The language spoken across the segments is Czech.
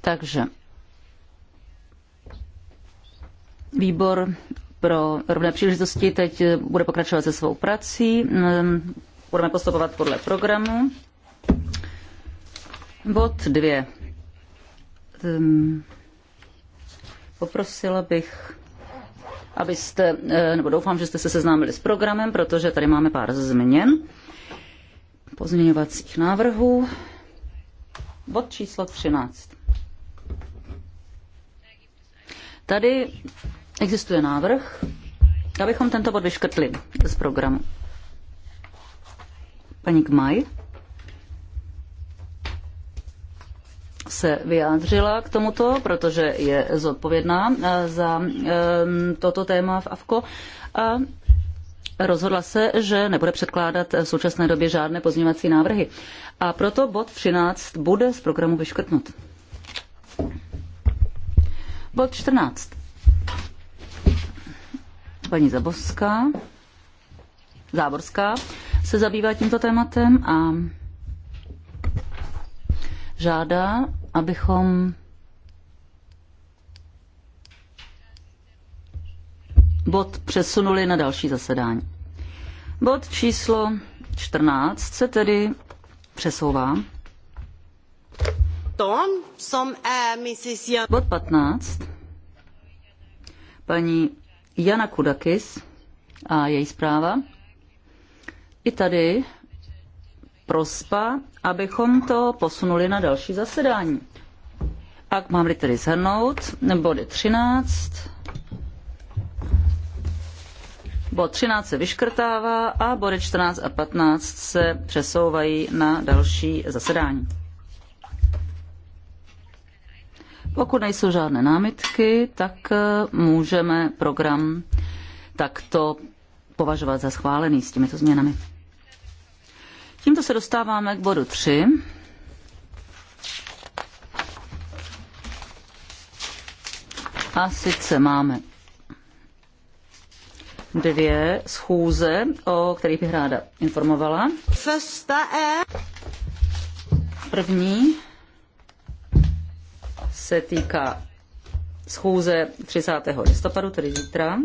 Takže výbor pro rovné příležitosti teď bude pokračovat se svou prací. Ehm, budeme postupovat podle programu. Bod dvě. Ehm, poprosila bych, abyste, eh, nebo doufám, že jste se seznámili s programem, protože tady máme pár změn pozměňovacích návrhů. Bod číslo 13. Tady existuje návrh, abychom tento bod vyškrtli z programu. Paní Kmaj se vyjádřila k tomuto, protože je zodpovědná eh, za eh, toto téma v AVKO a rozhodla se, že nebude předkládat v současné době žádné pozměňovací návrhy. A proto bod 13 bude z programu vyškrtnut. Bod 14. Paní Zaborská, Záborská se zabývá tímto tématem a žádá, abychom bod přesunuli na další zasedání. Bod číslo 14 se tedy přesouvá. Eh, bod 15. Paní Jana Kudakis a její zpráva. I tady prospa, abychom to posunuli na další zasedání. Ak mám-li tedy zhrnout, body 13, Bod 13 se vyškrtává a body 14 a 15 se přesouvají na další zasedání. Pokud nejsou žádné námitky, tak eh, můžeme program takto považovat za schválený s těmito změnami. Tímto se dostáváme k bodu 3. A sice máme dvě schůze, o kterých bych ráda informovala. E. První se týká schůze 30. listopadu, tedy zítra.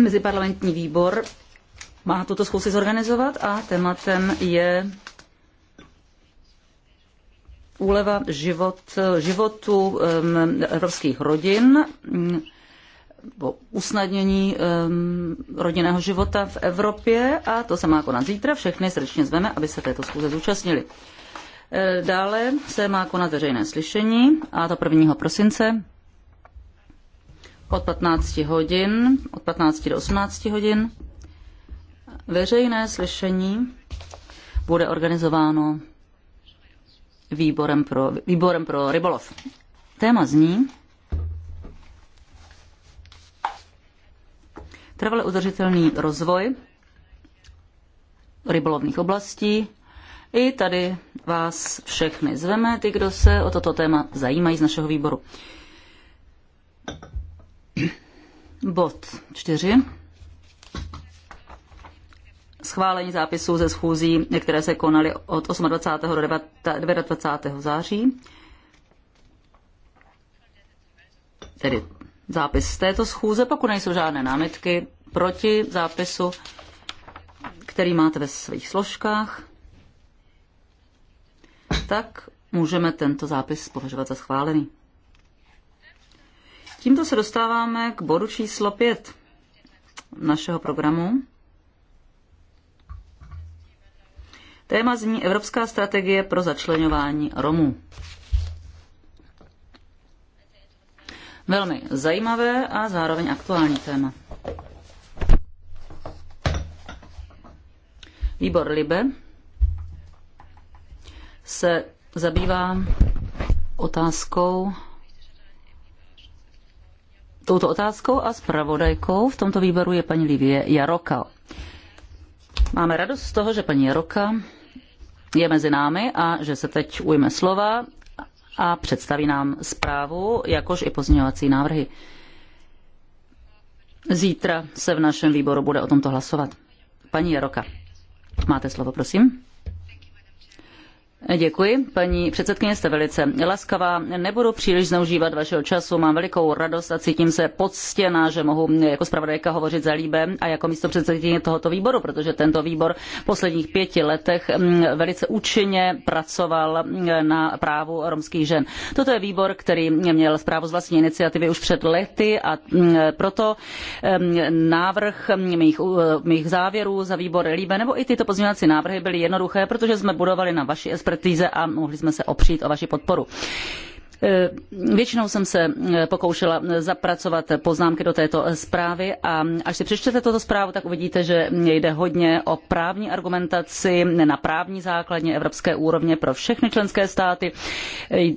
Meziparlamentní výbor má tuto schůzi zorganizovat a tématem je úleva život, životu um, evropských rodin usnadnění rodinného života v Evropě a to se má konat zítra. Všechny srdečně zveme, aby se této schůze zúčastnili. E, dále se má konat veřejné slyšení a to 1. prosince od 15 hodin, od 15 do 18 hodin. Veřejné slyšení bude organizováno výborem pro, výborem pro rybolov. Téma zní Trvale udržitelný rozvoj rybolovných oblastí. I tady vás všechny zveme, ty, kdo se o toto téma zajímají z našeho výboru. Bod 4. Schválení zápisů ze schůzí, které se konaly od 28. do 29. září. Tedy zápis z této schůze, pokud nejsou žádné námitky proti zápisu, který máte ve svých složkách, tak můžeme tento zápis považovat za schválený. Tímto se dostáváme k bodu číslo 5 našeho programu. Téma zní Evropská strategie pro začlenování Romů. Velmi zajímavé a zároveň aktuální téma. Výbor Libe se zabývá otázkou touto otázkou a zpravodajkou v tomto výboru je paní Livie Jaroka. Máme radost z toho, že paní Jaroka je mezi námi a že se teď ujme slova a představí nám zprávu, jakož i pozměňovací návrhy. Zítra se v našem výboru bude o tomto hlasovat. Paní Jaroka, máte slovo, prosím. Děkuji, paní předsedkyně, jste velice laskavá. Nebudu příliš zneužívat vašeho času, mám velikou radost a cítím se poctěná, že mohu jako zpravodajka hovořit za Líbe a jako místo předsedkyně tohoto výboru, protože tento výbor v posledních pěti letech mm, velice účinně pracoval mm, na právu romských žen. Toto je výbor, který měl zprávu z vlastní iniciativy už před lety a mm, proto návrh mých, mých závěrů za výbor líbe nebo i tyto pozměňovací návrhy byly jednoduché, protože jsme budovali na vaší expertize a mohli jsme se opřít o vaši podporu. E, většinou jsem se e, pokoušela zapracovat poznámky do této zprávy a až si přečtete toto zprávu, tak uvidíte, že jde hodně o právní argumentaci na právní základně evropské úrovně pro všechny členské státy e,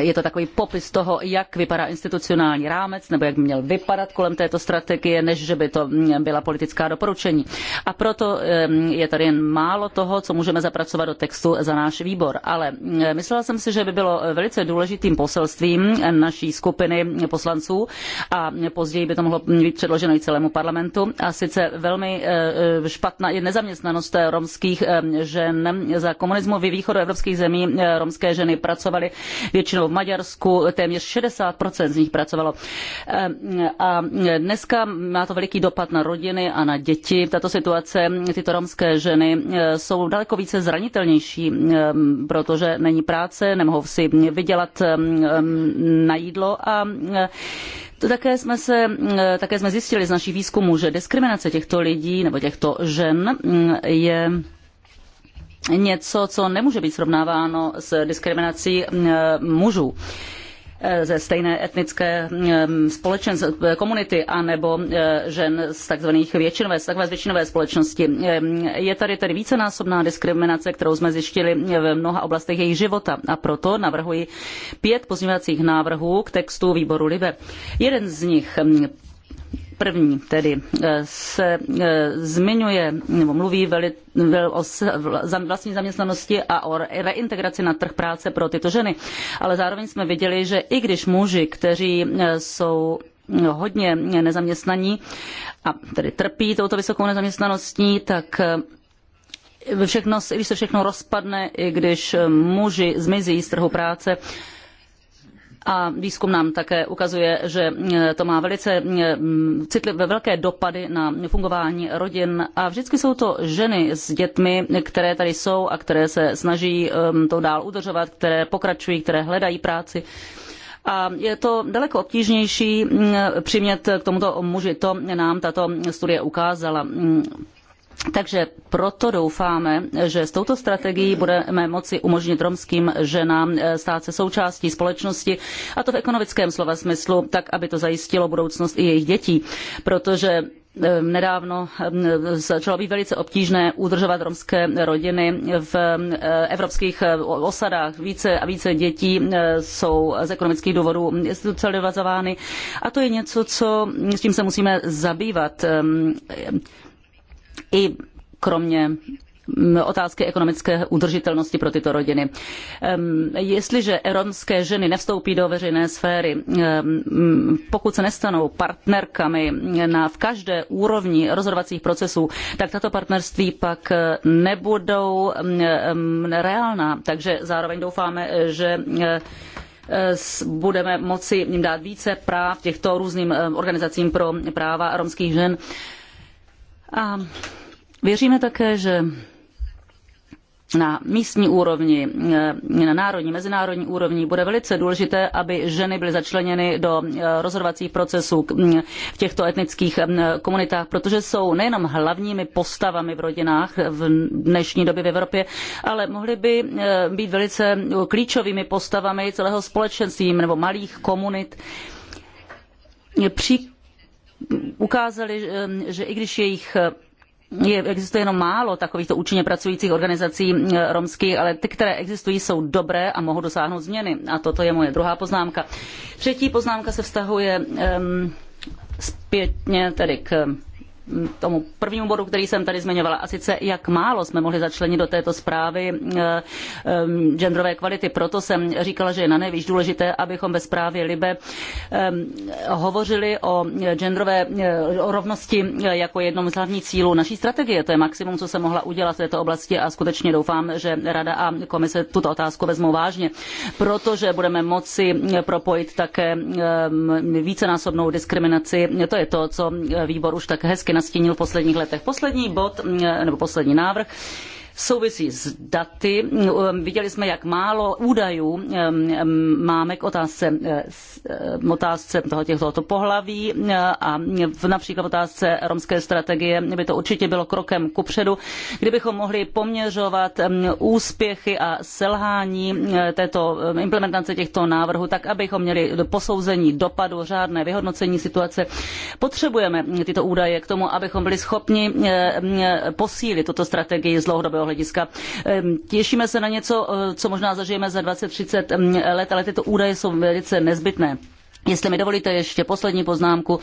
je to takový popis toho, jak vypadá institucionální rámec, nebo jak by měl vypadat kolem této strategie, než že by to mm, byla politická doporučení. A proto mm, je tady jen málo toho, co můžeme zapracovat do textu za náš výbor. Ale mm, myslela jsem si, že by bylo velice důležitým poselstvím naší skupiny poslanců a později by to mohlo být předloženo i celému parlamentu. A sice velmi eh, špatná je nezaměstnanost romských eh, žen. Za komunismu ve východu evropských zemí eh, romské ženy pracovaly většinou většinou v Maďarsku, téměř 60% z nich pracovalo. Eh, a dneska má to veliký dopad na rodiny a na děti. Tato situace, tyto romské ženy eh, jsou daleko více zranitelnější, eh, protože není práce, nemohou si vydělat na jídlo a také jsme, se, také jsme zjistili z našich výzkumů, že diskriminace těchto lidí nebo těchto žen mm, je něco, co nemůže být srovnáváno s diskriminací eh, mužů eh, ze stejné etnické eh, společenství, komunity, anebo žen z takzvaných většinové, z takové většinové společnosti. Je tady tedy vícenásobná diskriminace, kterou jsme zjištili v mnoha oblastech jejich života a proto navrhuji pět pozměňovacích návrhů k textu výboru Libe. Jeden z nich První tedy eh, se eh, zmiňuje nebo mluví veli, vel, o vlastní zaměstnanosti a o reintegraci na trh práce pro tyto ženy. Ale zároveň jsme viděli, že i když muži, kteří eh, jsou hm, hodně nezaměstnaní a tedy trpí touto vysokou nezaměstnaností, tak všechno, když se všechno rozpadne, i když muži zmizí z trhu práce, a výzkum nám také ukazuje, že e, to má velice e, citlivé velké dopady na fungování rodin a vždycky jsou to ženy s dětmi, které tady jsou a které se snaží e, to dál udržovat, které pokračují, které hledají práci. A je to daleko obtížnější přimět k tomuto muži. To nám tato studie ukázala. Takže proto doufáme, že s touto strategií budeme moci umožnit romským ženám eh, stát se součástí společnosti, a to v ekonomickém slova smyslu, tak aby to zajistilo budoucnost i jejich dětí, protože eh, nedávno hm, začalo být velice obtížné udržovat romské rodiny v eh, evropských osadách. Více a více dětí jsou z ekonomických důvodů institucionalizovány a to je něco, co, s tím se musíme zabývat hm, i kromě mm, otázky ekonomické udržitelnosti pro tyto rodiny. Jestliže romské ženy nevstoupí do veřejné sféry, pokud se nestanou partnerkami na, v každé úrovni rozhodovacích procesů, tak tato partnerství pak eh, nebudou reálná. Takže zároveň doufáme, že eh, eh, budeme moci jim dát více práv těchto různým organizacím pro práva romských žen. A Věříme také, že na místní úrovni, eh, na národní, mezinárodní úrovni bude velice důležité, aby ženy byly začleněny do eh, rozhodovacích procesů mm, v těchto etnických eh, komunitách, protože jsou nejenom hlavními postavami v rodinách v dnešní době v Evropě, ale mohly by být velice klíčovými postavami celého společenství nebo malých komunit. Při ukázali, že i když jejich je, existuje jenom málo takovýchto účinně pracujících organizací eh, romských, ale ty, které existují, jsou dobré a mohou dosáhnout změny. A toto je moje druhá poznámka. Třetí poznámka se vztahuje um, zpětně tedy k tomu prvnímu bodu, který jsem tady zmiňovala, a sice jak málo jsme mohli začlenit do této zprávy eh, eh, genderové kvality. Proto jsem říkala, že je na nejvíc důležité, abychom ve zprávě Libe eh, hovořili o genderové o rovnosti jako jednom z hlavních cílů naší strategie. To je maximum, co jsem mohla udělat v této oblasti a skutečně doufám, že Rada a komise tuto otázku vezmou vážně, protože budeme moci propojit také vícenásobnou diskriminaci. To je to, co výbor už tak hezky nastínil v posledních letech. Poslední bod, mm, nebo poslední návrh, souvisí s daty. Um, viděli jsme, jak málo údajů um, um, máme k otázce, uh, otázce toho pohlaví uh, a například otázce romské strategie by to určitě bylo krokem kupředu, kdybychom mohli poměřovat úspěchy a selhání uh, této implementace těchto návrhů, tak abychom měli posouzení dopadu, řádné vyhodnocení situace. Potřebujeme tyto údaje k tomu, abychom byli schopni posílit tuto strategii z dlouhodobého dlouhodobého hlediska. Těšíme se na něco, eh, co možná zažijeme za 20-30 let, ale tyto údaje jsou velice nezbytné. Jestli mi dovolíte ještě poslední poznámku.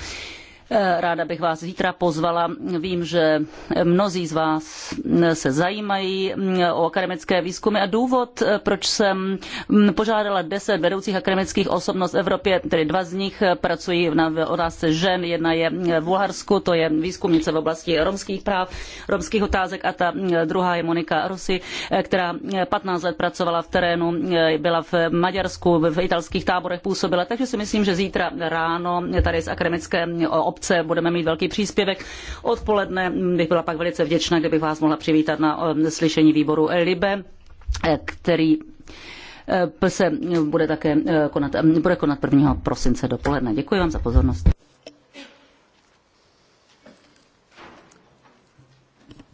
Eh, ráda bych vás zítra pozvala. Vím, že mnozí z vás mm, se zajímají mm, o akademické výzkumy a důvod, eh, proč jsem mm, požádala deset vedoucích akademických osobností v Evropě, tedy dva z nich eh, pracují na otázce žen, jedna je v Bulharsku, to je výzkumnice v oblasti romských práv, romských otázek a ta druhá je Monika Rosy, která 15 let pracovala v terénu, byla v Maďarsku, v italských táborech působila, takže si myslím, že zítra ráno tady z akademické obce obce, budeme mít velký příspěvek. Odpoledne bych byla pak velice vděčná, kdybych vás mohla přivítat na eh, slyšení výboru LIBE, eh, který eh, se bude také konat, bude konat 1. prosince dopoledne. Děkuji vám za pozornost.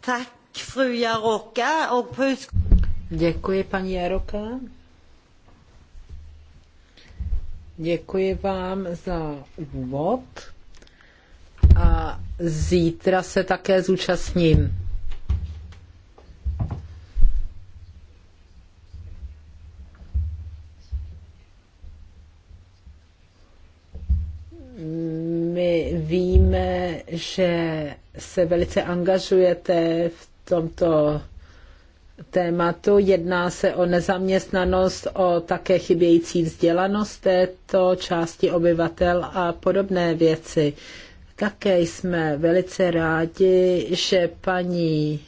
Tak, fru Jaroka. Děkuji, paní Jaroka. Děkuji vám za úvod a zítra se také zúčastním. My víme, že se velice angažujete v tomto tématu. Jedná se o nezaměstnanost, o také chybějící vzdělanost této části obyvatel a podobné věci. Také jsme velice rádi, že paní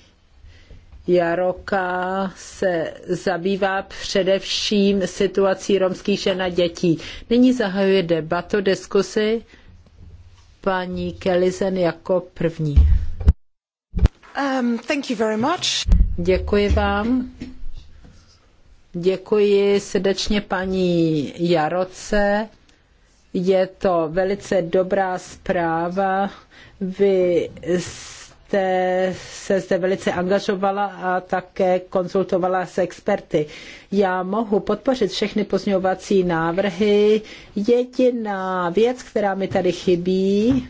Jaroka se zabývá především situací romských žen a dětí. Nyní zahajuje debatu, diskusy paní Kelizen jako první. Um, thank you very much. Děkuji vám. Děkuji srdečně paní Jaroce je to velice dobrá zpráva. Vy jste se zde velice angažovala a také konzultovala s experty. Já mohu podpořit všechny pozměňovací návrhy. Jediná věc, která mi tady chybí,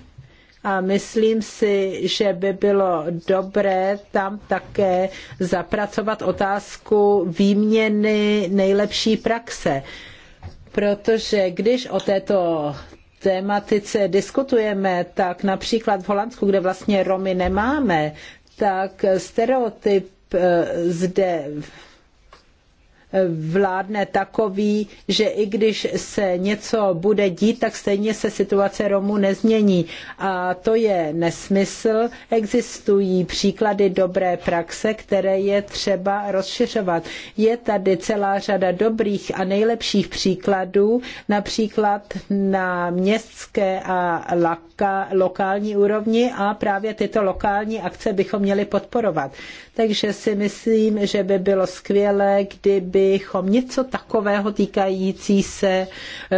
a myslím si, že by bylo dobré tam také zapracovat otázku výměny nejlepší praxe. Uh, protože když o této tematice diskutujeme, tak například v Holandsku, kde vlastně Romy nemáme, tak stereotyp eh, zde vládne takový, že i když se něco bude dít, tak stejně se situace Romů nezmění. A to je nesmysl. Existují příklady dobré praxe, které je třeba rozšiřovat. Je tady celá řada dobrých a nejlepších příkladů, například na městské a lokální úrovni a právě tyto lokální akce bychom měli podporovat. Takže si myslím, že by bylo skvělé, kdyby abychom něco takového týkající se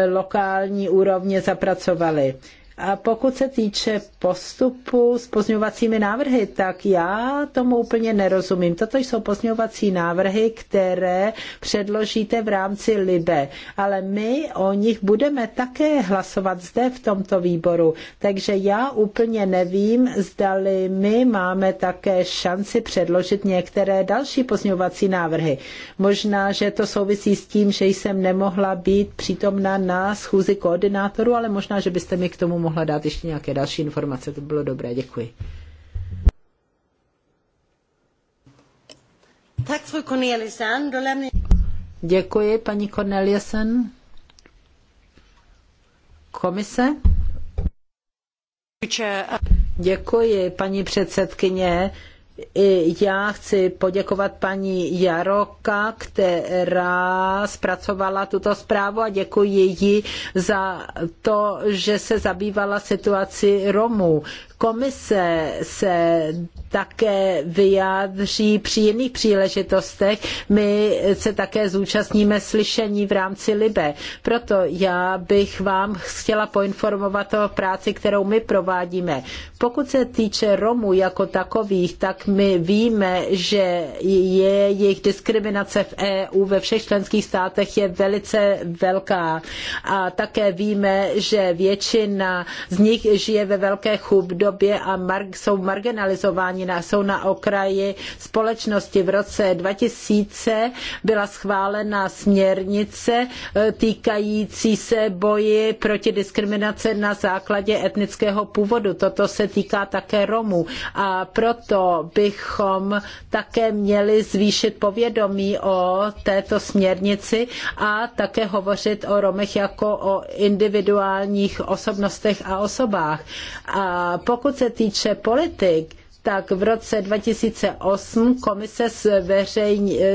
lokální úrovně zapracovali. A pokud se týče postupu s pozňovacími návrhy, tak já tomu úplně nerozumím. Toto jsou pozňovací návrhy, které předložíte v rámci LIBE, ale my o nich budeme také hlasovat zde v tomto výboru. Takže já úplně nevím, zdali my máme také šanci předložit některé další pozňovací návrhy. Možná, že to souvisí s tím, že jsem nemohla být přítomna na schůzi koordinátoru, ale možná, že byste mi k tomu mohli mohla dát ještě nějaké další informace, to bylo dobré. Děkuji. Tak, fru Cornelissen, Děkuji, paní Cornelissen. Komise? Děkuji, paní předsedkyně. I já chci poděkovat paní Jaroka, která zpracovala tuto zprávu a děkuji jí za to, že se zabývala situací Romů. Komise se také vyjádří při jiných příležitostech. My se také zúčastníme slyšení v rámci Libe. Proto já bych vám chtěla poinformovat o práci, kterou my provádíme. Pokud se týče Romů jako takových, tak my víme, že je jejich diskriminace v EU ve všech členských státech je velice velká. A také víme, že většina z nich žije ve velké chudobě chudobě a mar- jsou marginalizováni, jsou na okraji společnosti. V roce 2000 byla schválena směrnice e, týkající se boji proti diskriminaci na základě etnického původu. Toto se týká také Romů a proto bychom také měli zvýšit povědomí o této směrnici a také hovořit o Romech jako o individuálních osobnostech a osobách. A pokud pokud se týče politik, tak v roce 2008 komise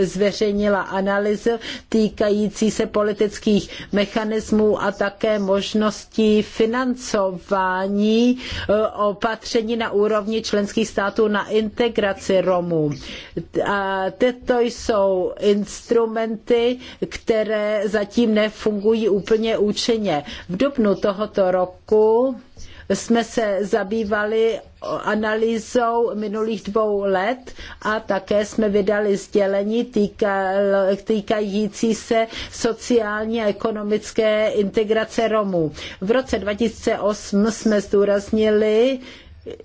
zveřejnila analýzu týkající se politických mechanismů a také možností financování eh, opatření na úrovni členských států na integraci Romů. A tyto jsou instrumenty, které zatím nefungují úplně účinně. V dubnu tohoto roku jsme se zabývali analýzou minulých dvou let a také jsme vydali sdělení týka, týkající se sociální a ekonomické integrace Romů. V roce 2008 jsme zdůraznili,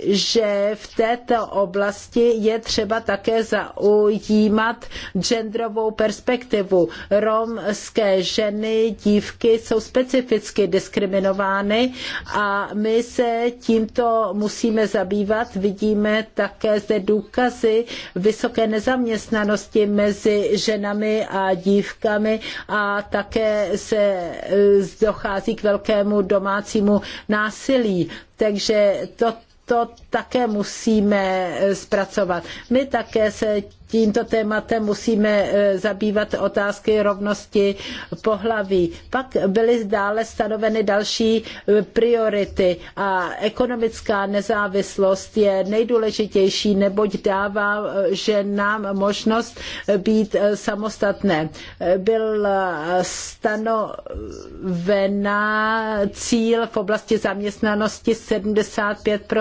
že v této oblasti je třeba také zaujímat genderovou perspektivu. Romské ženy, dívky jsou specificky diskriminovány a my se tímto musíme zabývat. Vidíme také zde důkazy vysoké nezaměstnanosti mezi ženami a dívkami a také se eh, dochází k velkému domácímu násilí. Takže toto to také musíme eh, zpracovat. My také se tímto tématem musíme e, zabývat otázky rovnosti pohlaví. Pak byly dále stanoveny další e, priority a ekonomická nezávislost je nejdůležitější, neboť dává e, ženám možnost být samostatné. Byla stanovena cíl v oblasti zaměstnanosti 75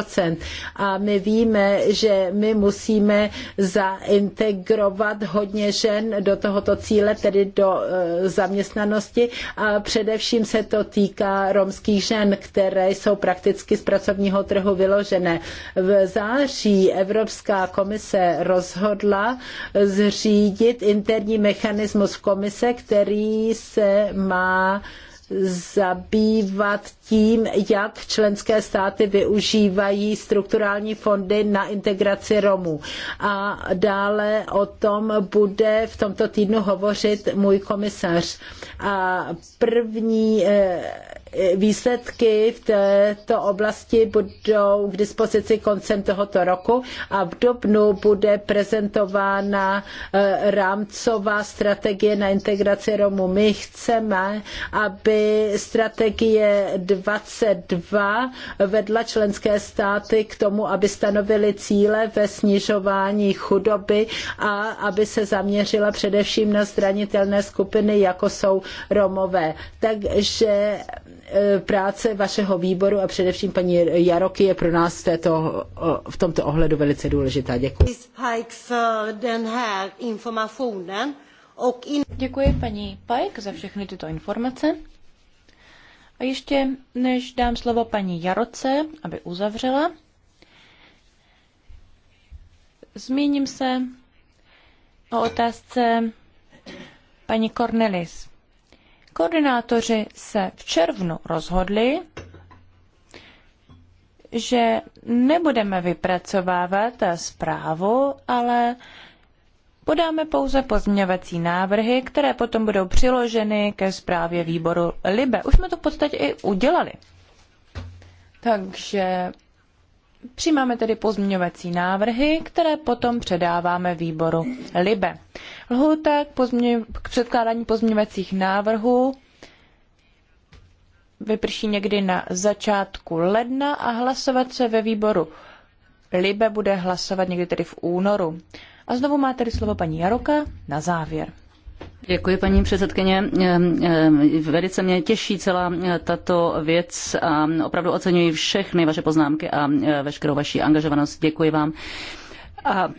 a my víme, že my musíme zainteresovat integrovat hodně žen do tohoto cíle, tedy do e, zaměstnanosti a především se to týká romských žen, které jsou prakticky z pracovního trhu vyložené. V září Evropská komise rozhodla zřídit interní mechanismus komise, který se má zabývat tím, jak členské státy využívají strukturální fondy na integraci Romů. A dále o tom bude v tomto týdnu hovořit můj komisař. A první eh, Eh, výsledky v této oblasti budou k dispozici koncem tohoto roku a v dubnu bude prezentována eh, rámcová strategie na integraci Romů. My chceme, aby strategie 22 vedla členské státy k tomu, aby stanovili cíle ve snižování chudoby a aby se zaměřila především na zranitelné skupiny, jako jsou Romové. Takže Eh, práce vašeho výboru a především paní Jaroky je pro nás v, této, v tomto ohledu velice důležitá. Děkuji. Děkuji paní Pike za všechny tyto informace. A ještě než dám slovo paní Jaroce, aby uzavřela, zmíním se o otázce paní Cornelis. Koordinátoři se v červnu rozhodli, že nebudeme vypracovávat zprávu, ale podáme pouze pozměňovací návrhy, které potom budou přiloženy ke zprávě výboru LIBE. Už jsme to v podstatě i udělali. Takže přijímáme tedy pozměňovací návrhy, které potom předáváme výboru LIBE. Lhůta k, pozměň, k předkládání pozměňovacích návrhů vyprší někdy na začátku ledna a hlasovat se ve výboru Libe bude hlasovat někdy tedy v únoru. A znovu má tedy slovo paní Jaroka na závěr. Děkuji, paní předsedkyně. Velice mě těší celá eh, tato věc a opravdu oceňuji všechny vaše poznámky a eh, veškerou vaši angažovanost. Děkuji vám. A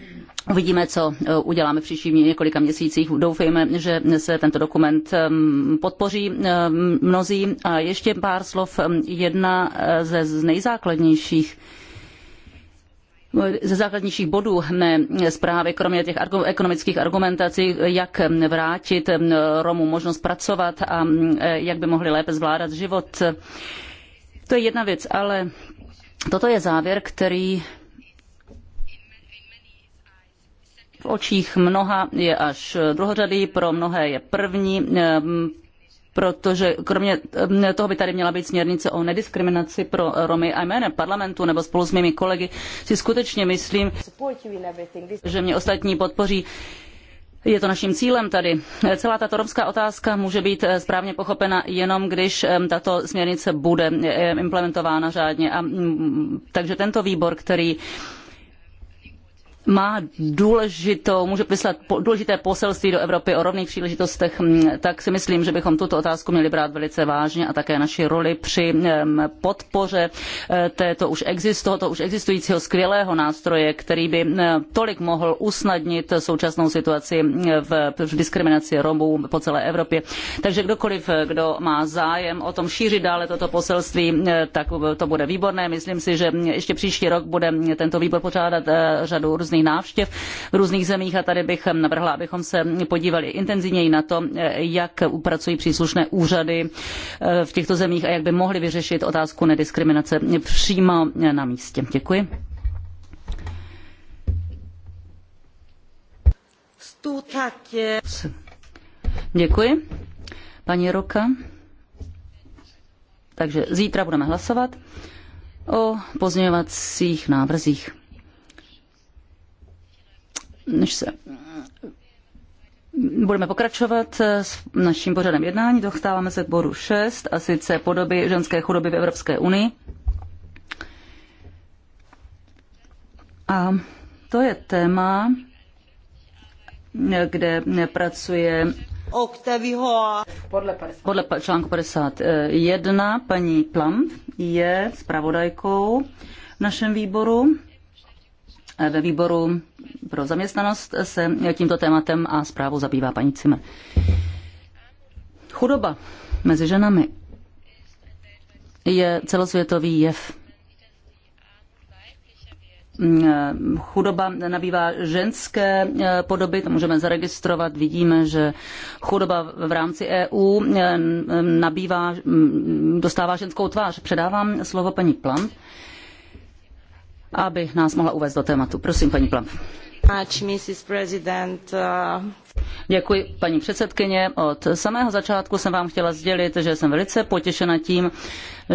Uvidíme, co e, uděláme v příštích několika měsících. Doufejme, že se tento dokument e, podpoří e, mnozí. A ještě pár slov. Jedna ze nejzákladnějších ze základnějších bodů mé zprávy, kromě těch ekonomických argumentací, jak vrátit Romům možnost pracovat a jak by mohli lépe zvládat život. To je jedna věc, ale toto je závěr, který v očích mnoha je až druhořadý, pro mnohé je první, eh, protože kromě eh, toho by tady měla být směrnice o nediskriminaci pro Romy a jménem parlamentu nebo spolu s mými kolegy si skutečně myslím, že mě ostatní podpoří. Je to naším cílem tady. Celá tato romská otázka může být eh, správně pochopena jenom, když tato směrnice bude implementována řádně. A, mm, takže tento výbor, který má důležitou, může vyslat důležité poselství do Evropy o rovných příležitostech, mm, tak si myslím, že bychom tuto otázku měli brát velice vážně a také naši roli při mm, podpoře eh, této už exist, tohoto už existujícího skvělého nástroje, který by mm, tolik mohl usnadnit současnou situaci v, v diskriminaci Romů po celé Evropě. Takže kdokoliv, eh, kdo má zájem o tom šířit dále toto poselství, tak to bude výborné. Myslím si, že ještě příští rok bude tento výbor pořádat eh, řadu různých různých návštěv v různých zemích a tady bych hm, navrhla, abychom se podívali intenzivněji na to, eh, jak pracují příslušné úřady eh, v těchto zemích a jak by mohly vyřešit otázku nediskriminace přímo eh, na místě. Děkuji. Děkuji. Paní Roka. Takže zítra budeme hlasovat o pozměňovacích návrzích než se Budeme pokračovat s naším pořadem jednání. Dostáváme se k bodu 6, a sice podoby ženské chudoby v Evropské unii. A to je téma, kde pracuje podle článku 51 paní Plum je zpravodajkou v našem výboru, eh, ve výboru pro zaměstnanost se tímto tématem a zprávou zabývá paní Cimer. Chudoba mezi ženami je celosvětový jev. Chudoba nabývá ženské eh, podoby, to můžeme zaregistrovat. Vidíme, že chudoba v rámci EU eh, nabývá, mm, dostává ženskou tvář. Předávám slovo paní Plant aby nás mohla uvést do tématu. Prosím, paní Plamp. Uh, Děkuji, paní předsedkyně. Od samého začátku jsem vám chtěla sdělit, že jsem velice potěšena tím,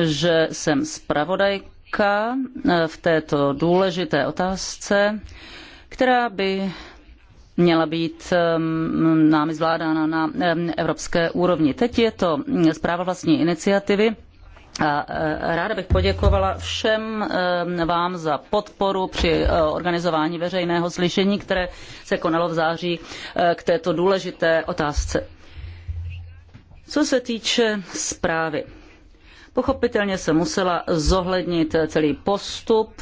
že jsem zpravodajka eh, v této důležité otázce, která by měla být ehm, námi zvládána na ehm, evropské úrovni. Teď je to mm, zpráva vlastní iniciativy a e, ráda bych poděkovala všem e, vám za podporu při e, organizování veřejného slyšení, které se konalo v září k této důležité otázce. Co se týče zprávy, Pochopitelně se musela zohlednit celý postup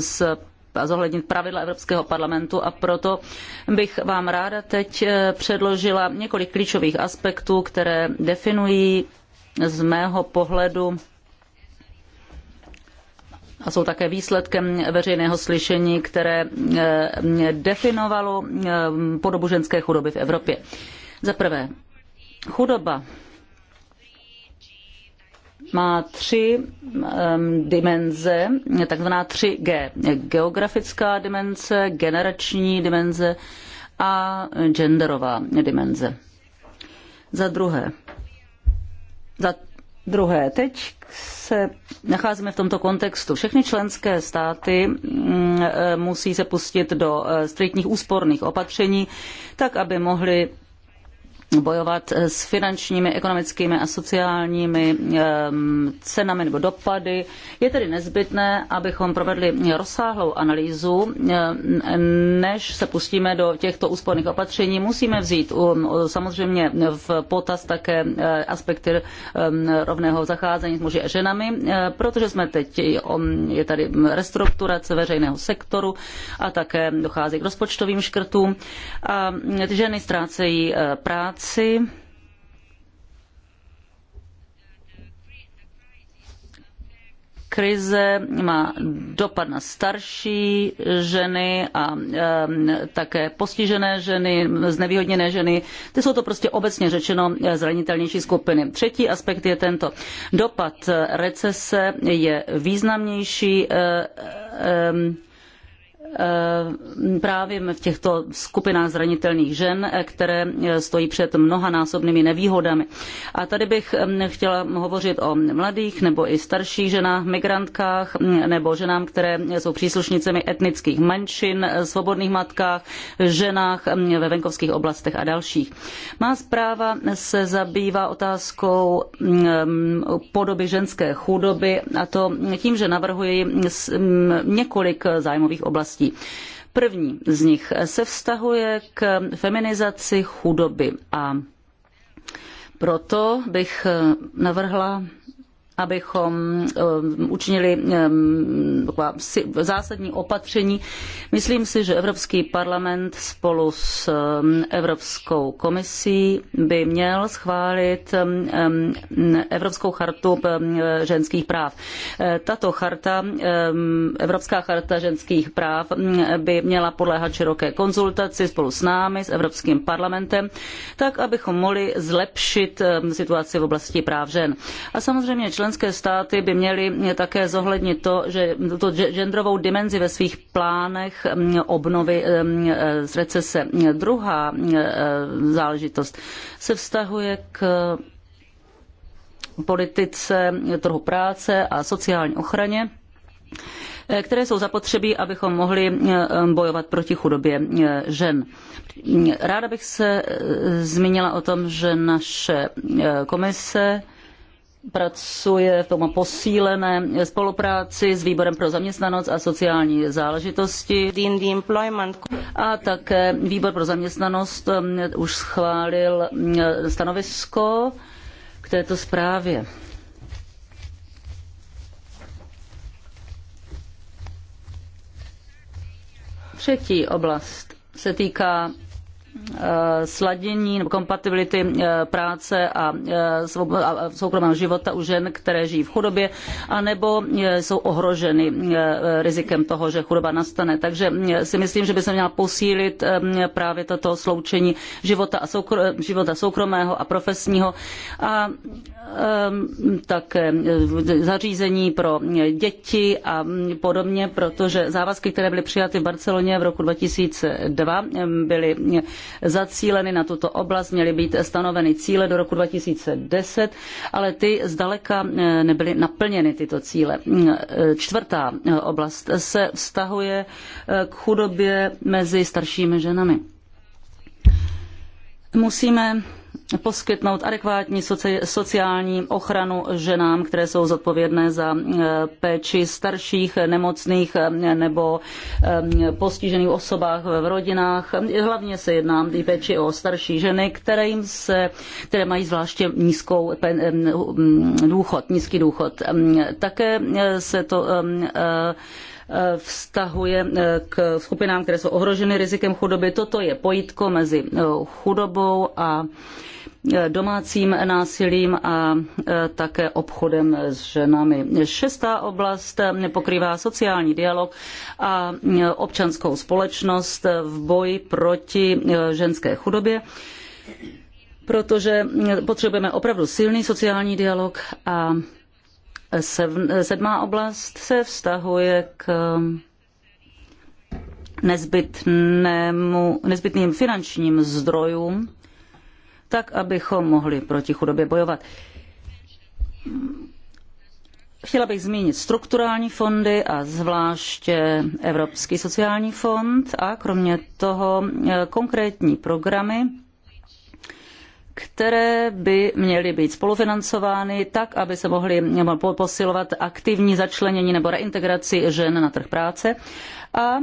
s a zohlednit pravidla Evropského parlamentu a proto bych vám ráda teď předložila několik klíčových aspektů, které definují z mého pohledu a jsou také výsledkem veřejného slyšení, které eh, definovalo eh, podobu ženské chudoby v Evropě. Za prvé, chudoba má tři ehm, dimenze, takzvaná 3G. Geografická dimenze, generační dimenze a genderová dimenze. Za druhé, za druhé, teď se nacházíme v tomto kontextu. Všechny členské státy mm, e, musí se pustit do e, striktních úsporných opatření, tak aby mohly bojovat eh, s finančními, ekonomickými a sociálními ehm, cenami nebo dopady. Je tedy nezbytné, abychom provedli rozsáhlou analýzu, eh, než se pustíme do těchto úsporných opatření. Musíme vzít um, samozřejmě v potaz také eh, aspekty ehm, rovného zacházení s muži a ženami, protože jsme teď, je tady restrukturace veřejného sektoru a také dochází k rozpočtovým škrtům. A mm, ženy ztrácejí práci říci, krize má dopad na starší ženy a také postižené ženy, znevýhodněné ženy. Ty jsou to prostě obecně řečeno eh, zranitelnější skupiny. Třetí aspekt je tento. Dopad recese je významnější eh, Eh, právě v těchto skupinách zranitelných žen, eh, které eh, stojí před mnoha násobnými nevýhodami. A tady bych chtěla hovořit o mladých nebo i starších ženách, migrantkách mm, nebo ženám, které jsou příslušnicemi etnických menšin, svobodných matkách, ženách mm, ve venkovských oblastech a dalších. Má zpráva se zabývá otázkou mm, podoby ženské chudoby a to tím, že navrhuji několik zájmových oblastí oblastí. První z nich se vztahuje k feminizaci chudoby a proto bych navrhla abychom um, učinili um, zásadní opatření. Myslím si, že Evropský parlament spolu s um, Evropskou komisí by měl schválit Evropskou chartu ženských práv. Eh, tato charta, Evropská charta ženských práv by měla podléhat široké konzultaci spolu s námi, s Evropským parlamentem, tak abychom mohli zlepšit situaci v oblasti práv žen. A samozřejmě člen členské státy by měly také zohlednit to, že tuto genderovou dimenzi ve svých plánech mm, obnovy mm, z recese. Druhá mm, e, záležitost se vztahuje k politice trhu práce a sociální ochraně e, které jsou zapotřebí, abychom mohli e, bojovat proti chudobě žen. Ráda bych se zmínila o tom, že naše komise pracuje v tom posílené spolupráci s Výborem pro zaměstnanost a sociální záležitosti. A také Výbor pro zaměstnanost um, už schválil um, stanovisko k této zprávě. Třetí oblast se týká Eh, sladění nebo kompatibility eh, práce eh, a soukromého života u žen, které žijí v chudobě, anebo jsou ohroženy rizikem toho, že chudoba nastane. Takže si myslím, že by se měla posílit právě toto sloučení života, a soukro, života soukromého a profesního. A Ehm, také ehm, zařízení pro děti a podobně, protože závazky, které byly přijaty v Barceloně v roku 2002, ehm, byly zacíleny na tuto oblast, měly být stanoveny cíle do roku 2010, ale ty zdaleka nebyly naplněny tyto cíle. Čtvrtá oblast se vztahuje k chudobě mezi staršími ženami. Musíme poskytnout adekvátní sociální ochranu ženám, které jsou zodpovědné za eh, péči starších, nemocných eh, nebo eh, postižených osobách v rodinách. Hlavně se jedná i péči o starší ženy, které, jim se, které mají zvláště nízkou hm, důchod, nízký důchod. Hm, také se to hm, vztahuje k skupinám, které jsou ohroženy rizikem chudoby. Toto je pojítko mezi chudobou a domácím násilím a e, také obchodem s ženami. Šestá oblast e, pokrývá sociální dialog a e, občanskou společnost v boji proti ženské chudobě protože potřebujeme opravdu silný sociální dialog a sedmá oblast se vztahuje k nezbytnému, nezbytným finančním zdrojům tak abychom mohli proti chudobě bojovat. Chtěla bych zmínit strukturální fondy a zvláště Evropský sociální fond a kromě toho eh, konkrétní programy, které by měly být spolufinancovány tak, aby se mohly posilovat aktivní začlenění nebo reintegraci žen na trh práce a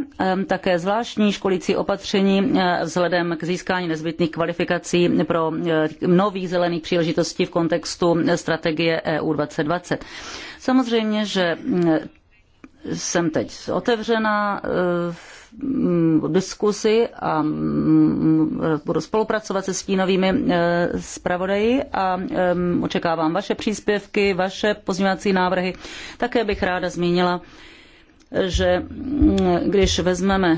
také zvláštní školicí opatření eh, vzhledem k získání nezbytných kvalifikací pro eh, nových zelených příležitostí v kontextu strategie EU 2020. Samozřejmě, že eh, jsem teď otevřená mm, diskusi a mm, budu spolupracovat se stínovými zpravodaji a očekávám vaše příspěvky, vaše pozměňovací návrhy. Také bych ráda zmínila, že mm, když vezmeme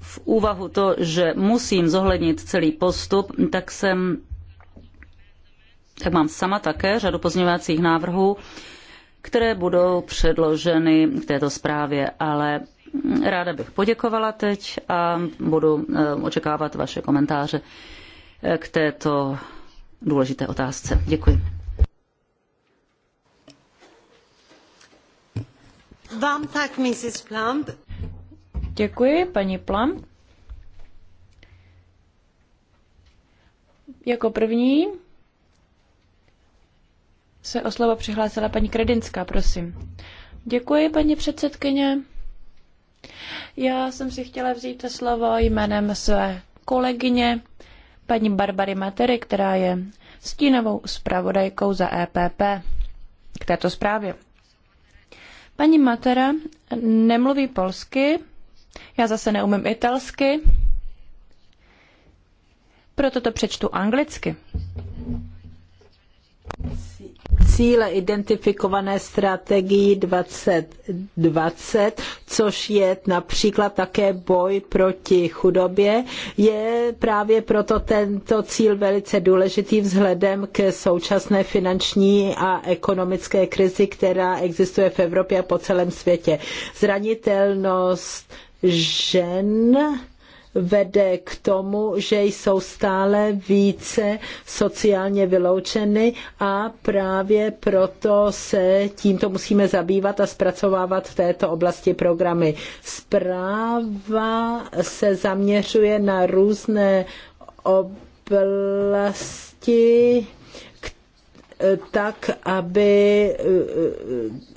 v úvahu to, že musím zohlednit celý postup, tak jsem tak mám sama také řadu pozměňovacích návrhů, které budou předloženy k této zprávě, ale mm, ráda bych poděkovala teď a budu e, očekávat vaše komentáře e, k této důležité otázce. Děkuji. Vám tak, Mrs. Plump. Děkuji, paní Plump. Jako první se o slovo přihlásila paní Kredinská, prosím. Děkuji, paní předsedkyně. Já jsem si chtěla vzít to slovo jménem své kolegyně, paní Barbary Matery, která je stínovou zpravodajkou za EPP k této zprávě. Paní Matera nemluví polsky, já zase neumím italsky, proto to přečtu anglicky cíle identifikované strategií 2020, což je například také boj proti chudobě, je právě proto tento cíl velice důležitý vzhledem k současné finanční a ekonomické krizi, která existuje v Evropě a po celém světě. Zranitelnost žen vede k tomu, že jsou stále více sociálně vyloučeny a právě proto se tímto musíme zabývat a zpracovávat v této oblasti programy. Zpráva se zaměřuje na různé oblasti oblasti tak, aby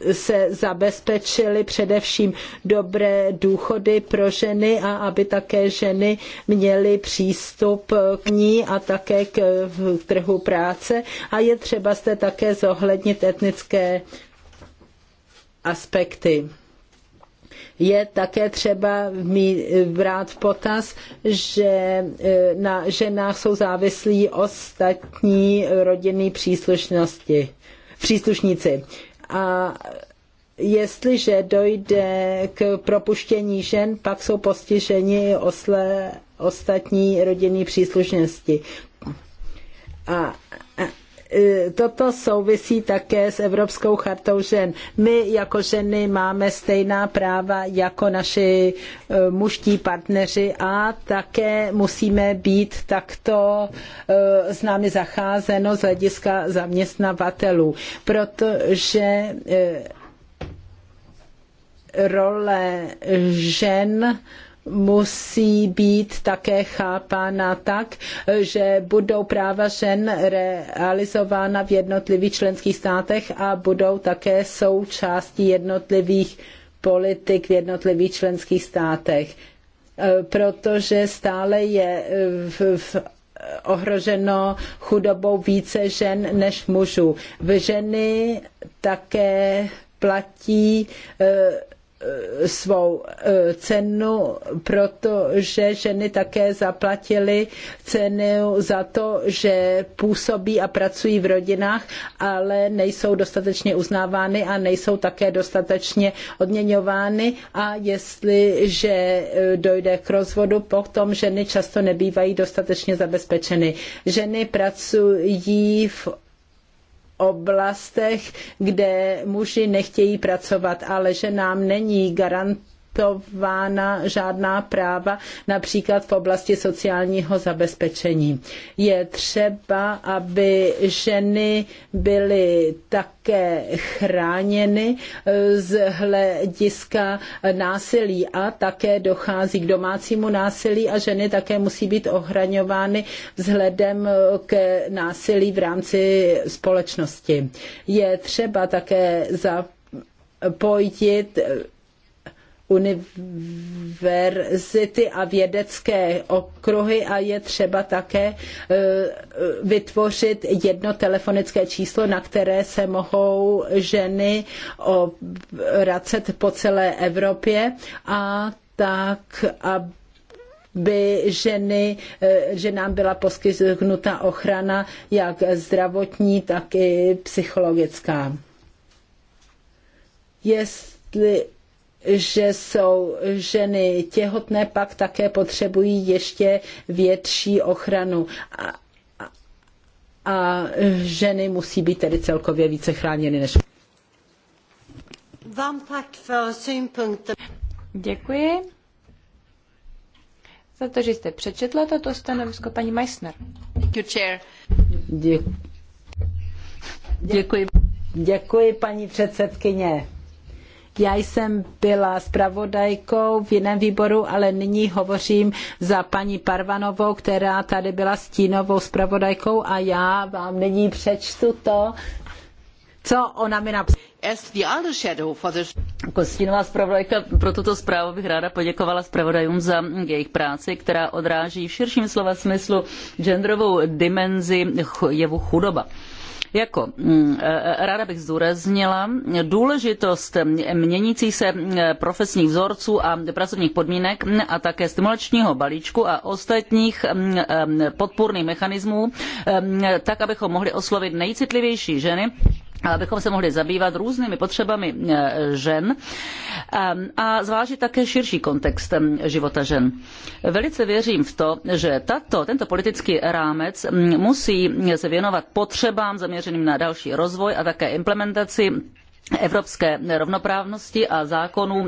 eh, se zabezpečily především dobré důchody pro ženy a aby také ženy měly přístup k ní a také k trhu práce. A je třeba zde také zohlednit etnické aspekty je také třeba brát v potaz, že e, na ženách jsou závislí ostatní rodinní příslušnosti, příslušníci. A jestliže dojde k propuštění žen, pak jsou postiženi osle, ostatní rodinní příslušnosti. A E, toto souvisí také s Evropskou chartou žen. My jako ženy máme stejná práva jako naši e, mužští partneři a také musíme být takto e, s námi zacházeno z hlediska zaměstnavatelů, protože role žen musí být také chápána tak, že budou práva žen realizována v jednotlivých členských státech a budou také součástí jednotlivých politik v jednotlivých členských státech. E, protože stále je e, v, v ohroženo chudobou více žen než mužů. Ženy také platí e, Eh, svou eh, cenu, protože ženy také zaplatily cenu za to, že působí a pracují v rodinách, ale nejsou dostatečně uznávány a nejsou také dostatečně odměňovány a jestliže eh, dojde k rozvodu, potom ženy často nebývají dostatečně zabezpečeny. Ženy pracují v oblastech, kde muži nechtějí pracovat, ale že nám není garant respektována žádná práva, například v oblasti sociálního zabezpečení. Je třeba, aby ženy byly také chráněny eh, z hlediska násilí a také dochází k domácímu násilí a ženy také musí být ochraňovány vzhledem eh, k násilí v rámci společnosti. Je třeba také zapojit eh, univerzity a vědecké okruhy a je třeba také e, vytvořit jedno telefonické číslo, na které se mohou ženy obracet po celé Evropě a tak, aby ženy, e, že ženám byla poskytnuta ochrana jak zdravotní, tak i psychologická. Jestli že jsou ženy těhotné, pak také potřebují ještě větší ochranu. A, a, a ženy musí být tedy celkově více chráněny než. Děkuji za to, že jste přečetla toto stanovisko paní Meissner. Děkuji. Děkuji, Děkuji paní předsedkyně. Já jsem byla zpravodajkou v jiném výboru, ale nyní hovořím za paní Parvanovou, která tady byla stínovou zpravodajkou a já vám nyní přečtu to, co ona mi napsala. Jako stínová zpravodajka pro tuto zprávu bych ráda poděkovala zpravodajům za jejich práci, která odráží v širším slova smyslu genderovou dimenzi jevu chudoba. Jako mm, e, e, ráda bych zdůraznila důležitost měnící se mm, profesních vzorců a pracovních podmínek a také stimulačního balíčku a ostatních mm, e, podpůrných mechanismů, tak abychom mohli oslovit nejcitlivější ženy ale abychom se mohli zabývat různými potřebami eh, žen eh, a zvážit také širší kontext eh, života žen. Velice věřím v to, že tato, tento politický rámec mm, musí se věnovat potřebám zaměřeným na další rozvoj a také implementaci evropské rovnoprávnosti a zákonů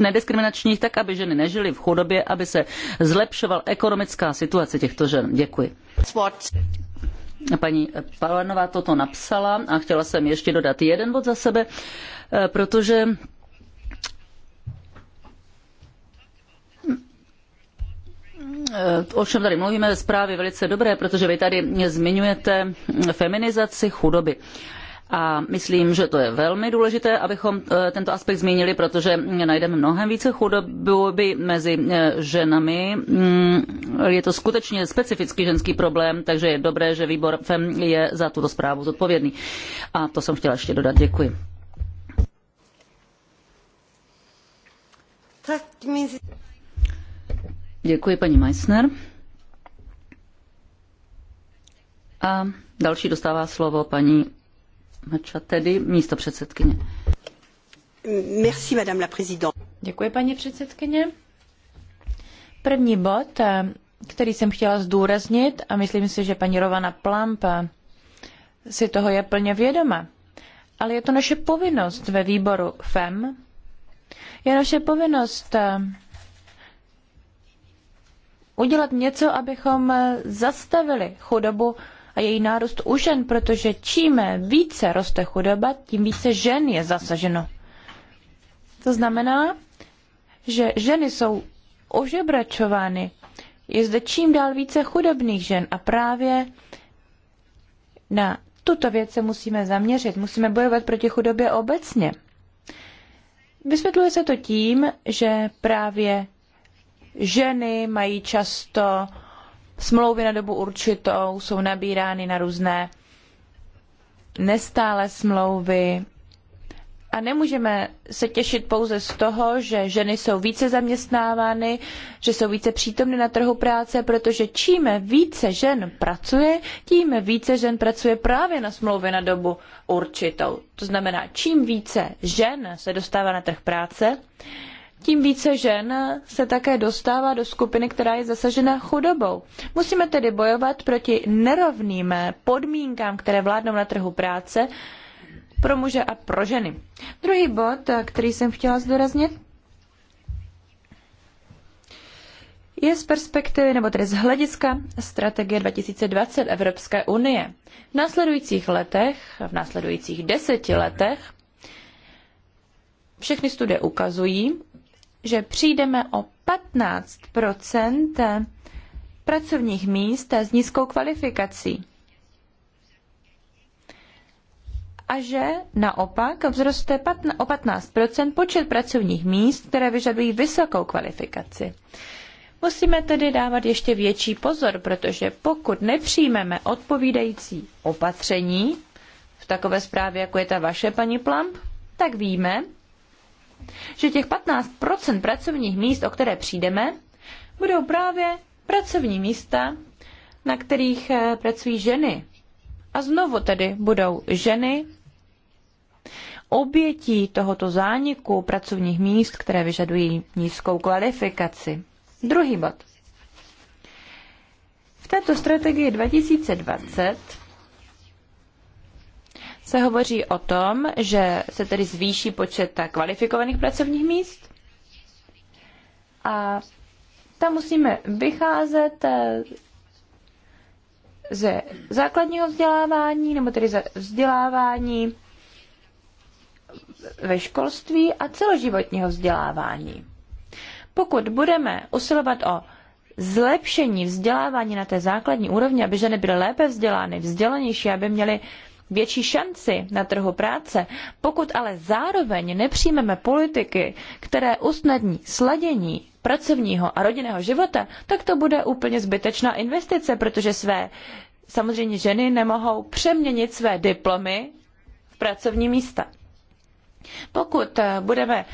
nediskriminačních, tak aby ženy nežily v chudobě, aby se zlepšovala ekonomická situace těchto žen. Děkuji. Paní Palanová toto napsala a chtěla jsem ještě dodat jeden bod za sebe, eh, protože eh, o čem tady mluvíme, zprávy velice dobré, protože vy tady zmiňujete feminizaci chudoby. A myslím, že to je velmi důležité, abychom e, tento aspekt zmínili, protože najdeme mnohem více chudoby mezi e, ženami. Mm, je to skutečně specifický ženský problém, takže je dobré, že výbor FEM je za tuto zprávu zodpovědný. A to jsem chtěla ještě dodat. Děkuji. Děkuji paní Meissner. A další dostává slovo paní místo předsedkyně. Merci, madame la Děkuji, paní předsedkyně. První bod, eh, který jsem chtěla zdůraznit, a myslím si, že paní Rovana Plamp eh, si toho je plně vědoma, ale je to naše povinnost ve výboru FEM, je naše povinnost eh, udělat něco, abychom zastavili chudobu a její nárůst u žen, protože čím více roste chudoba, tím více žen je zasaženo. To znamená, že ženy jsou ožebračovány. Je zde čím dál více chudobných žen a právě na tuto věc se musíme zaměřit. Musíme bojovat proti chudobě obecně. Vysvětluje se to tím, že právě ženy mají často smlouvy na dobu určitou, jsou nabírány na různé nestále smlouvy. A nemůžeme se těšit pouze z toho, že ženy jsou více zaměstnávány, že jsou více přítomny na trhu práce, protože čím více žen pracuje, tím více žen pracuje právě na smlouvě na dobu určitou. To znamená, čím více žen se dostává na trh práce, tím více žen se také dostává do skupiny, která je zasažena chudobou. Musíme tedy bojovat proti nerovným podmínkám, které vládnou na trhu práce pro muže a pro ženy. Druhý bod, který jsem chtěla zdůraznit, je z perspektivy, nebo tedy z hlediska strategie 2020 Evropské unie. V následujících letech, v následujících deseti letech, všechny studie ukazují, že přijdeme o 15 pracovních míst s nízkou kvalifikací. A že naopak vzroste o 15 počet pracovních míst, které vyžadují vysokou kvalifikaci. Musíme tedy dávat ještě větší pozor, protože pokud nepřijmeme odpovídající opatření v takové zprávě, jako je ta vaše, paní Plump, tak víme, že těch 15% pracovních míst, o které přijdeme, budou právě pracovní místa, na kterých eh, pracují ženy. A znovu tedy budou ženy obětí tohoto zániku pracovních míst, které vyžadují nízkou kvalifikaci. Druhý bod. V této strategii 2020 se hovoří o tom, že se tedy zvýší počet kvalifikovaných pracovních míst a tam musíme vycházet eh, ze základního vzdělávání, nebo tedy ze vzdělávání ve školství a celoživotního vzdělávání. Pokud budeme usilovat o zlepšení vzdělávání na té základní úrovni, aby ženy byly lépe vzdělány, vzdělanější, aby měly větší šanci na trhu práce, pokud ale zároveň nepřijmeme politiky, které usnadní sladění pracovního a rodinného života, tak to bude úplně zbytečná investice, protože své samozřejmě ženy nemohou přeměnit své diplomy v pracovní místa. Pokud eh, budeme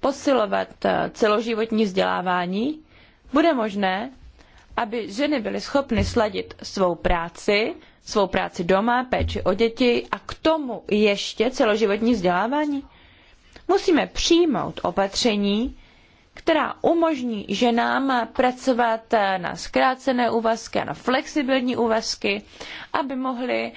posilovat eh, celoživotní vzdělávání, bude možné aby ženy byly schopny sladit svou práci, svou práci doma, péči o děti a k tomu ještě celoživotní vzdělávání? Musíme přijmout opatření, která umožní ženám pracovat na zkrácené úvazky a na flexibilní úvazky, aby mohly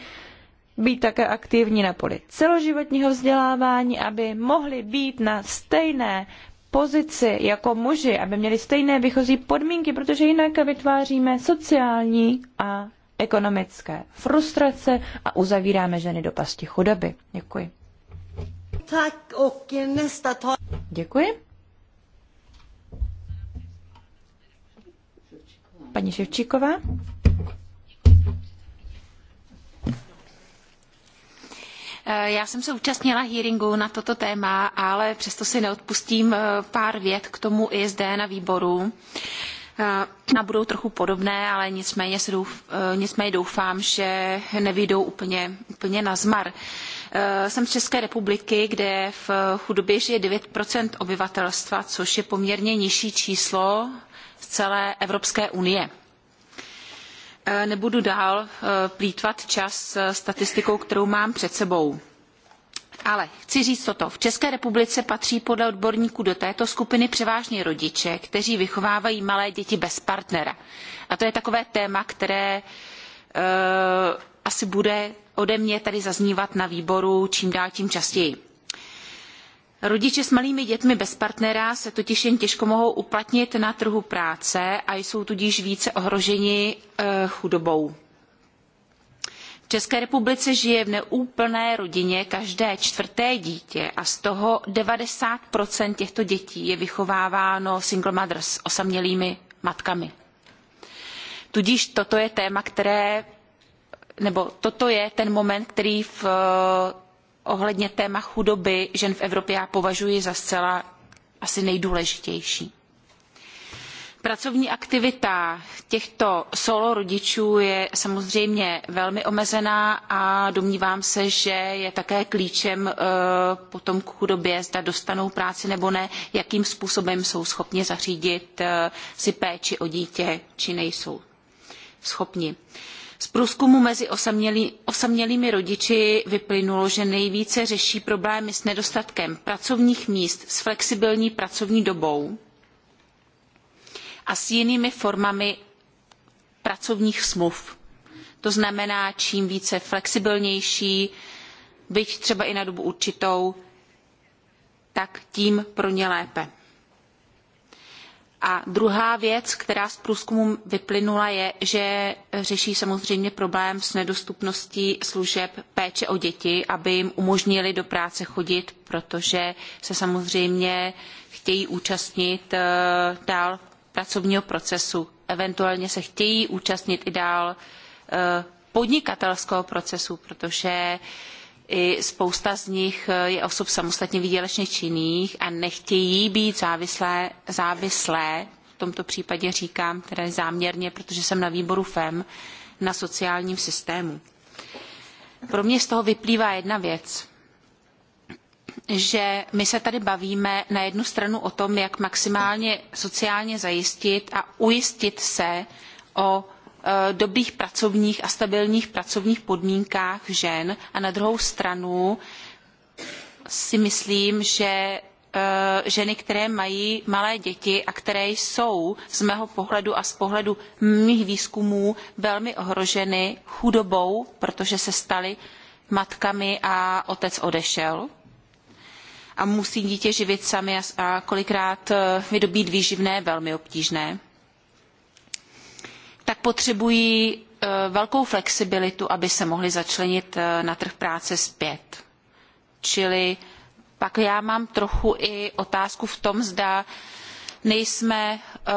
být také aktivní na poli celoživotního vzdělávání, aby mohly být na stejné pozici jako muži, aby měli stejné výchozí podmínky, protože jinak vytváříme sociální a ekonomické frustrace a uzavíráme ženy do pasti chudoby. Děkuji. Tak, ok, nesta Děkuji. Paní Ševčíková. Eh, já jsem se účastnila hearingu na toto téma, ale přesto si neodpustím eh, pár vět k tomu i zde na výboru. Eh, na budou trochu podobné, ale nicméně, se douf, nicméně doufám, že nevyjdou úplně, úplně na zmar. Jsem z České republiky, kde v chudobě žije 9 obyvatelstva, což je poměrně nižší číslo z celé Evropské unie. Eh, nebudu dál eh, plýtvat čas eh, statistikou, kterou mám před sebou. Ale chci říct toto. V České republice patří podle odborníků do této skupiny převážně rodiče, kteří vychovávají malé děti bez partnera. A to je takové téma, které asi bude ode mě tady zaznívat na výboru čím dál tím častěji Rodiče s malými dětmi bez partnera se totiž jen těžko mohou uplatnit na trhu práce a jsou tudíž více ohroženi eh, chudobou. V České republice žije v neúplné rodině každé čtvrté dítě a z toho 90 těchto dětí je vychováváno single mothers, osamělými matkami. Tudíž toto je téma, které, nebo toto je ten moment, který v ohledně téma chudoby žen v Evropě já považuji za zcela asi nejdůležitější. Pracovní aktivita těchto solo rodičů je samozřejmě velmi omezená a domnívám se, že je také klíčem eh, potom k chudobě, zda dostanou práci nebo ne, jakým způsobem jsou schopni zařídit eh, si péči o dítě, či nejsou schopni. Z průzkumu mezi osamělý, osamělými rodiči vyplynulo, že nejvíce řeší problémy s nedostatkem pracovních míst s flexibilní pracovní dobou a s jinými formami pracovních smluv. To znamená, čím více flexibilnější, byť třeba i na dobu určitou, tak tím pro ně lépe. A druhá věc, která z průzkumu vyplynula, je, že řeší samozřejmě problém s nedostupností služeb péče o děti, aby jim umožnili do práce chodit, protože se samozřejmě chtějí účastnit eh, dál pracovního procesu. Eventuálně se chtějí účastnit i dál eh, podnikatelského procesu, protože i spousta z nich eh, je osob samostatně výdělečně činných a nechtějí být závislé, závislé v tomto případě říkám teda záměrně, protože jsem na výboru FEM, na sociálním systému. Pro mě z toho vyplývá jedna věc, že my se tady bavíme na jednu stranu o tom, jak maximálně sociálně zajistit a ujistit se o Eh, dobrých pracovních a stabilních pracovních podmínkách žen a na druhou stranu si myslím, že eh, ženy, které mají malé děti a které jsou z mého pohledu a z pohledu mých výzkumů velmi ohroženy chudobou, protože se staly matkami a otec odešel a musí dítě živit sami a kolikrát eh, vydobít výživné velmi obtížné tak potřebují eh, velkou flexibilitu, aby se mohli začlenit eh, na trh práce zpět. Čili pak já mám trochu i otázku v tom, zda nejsme, eh,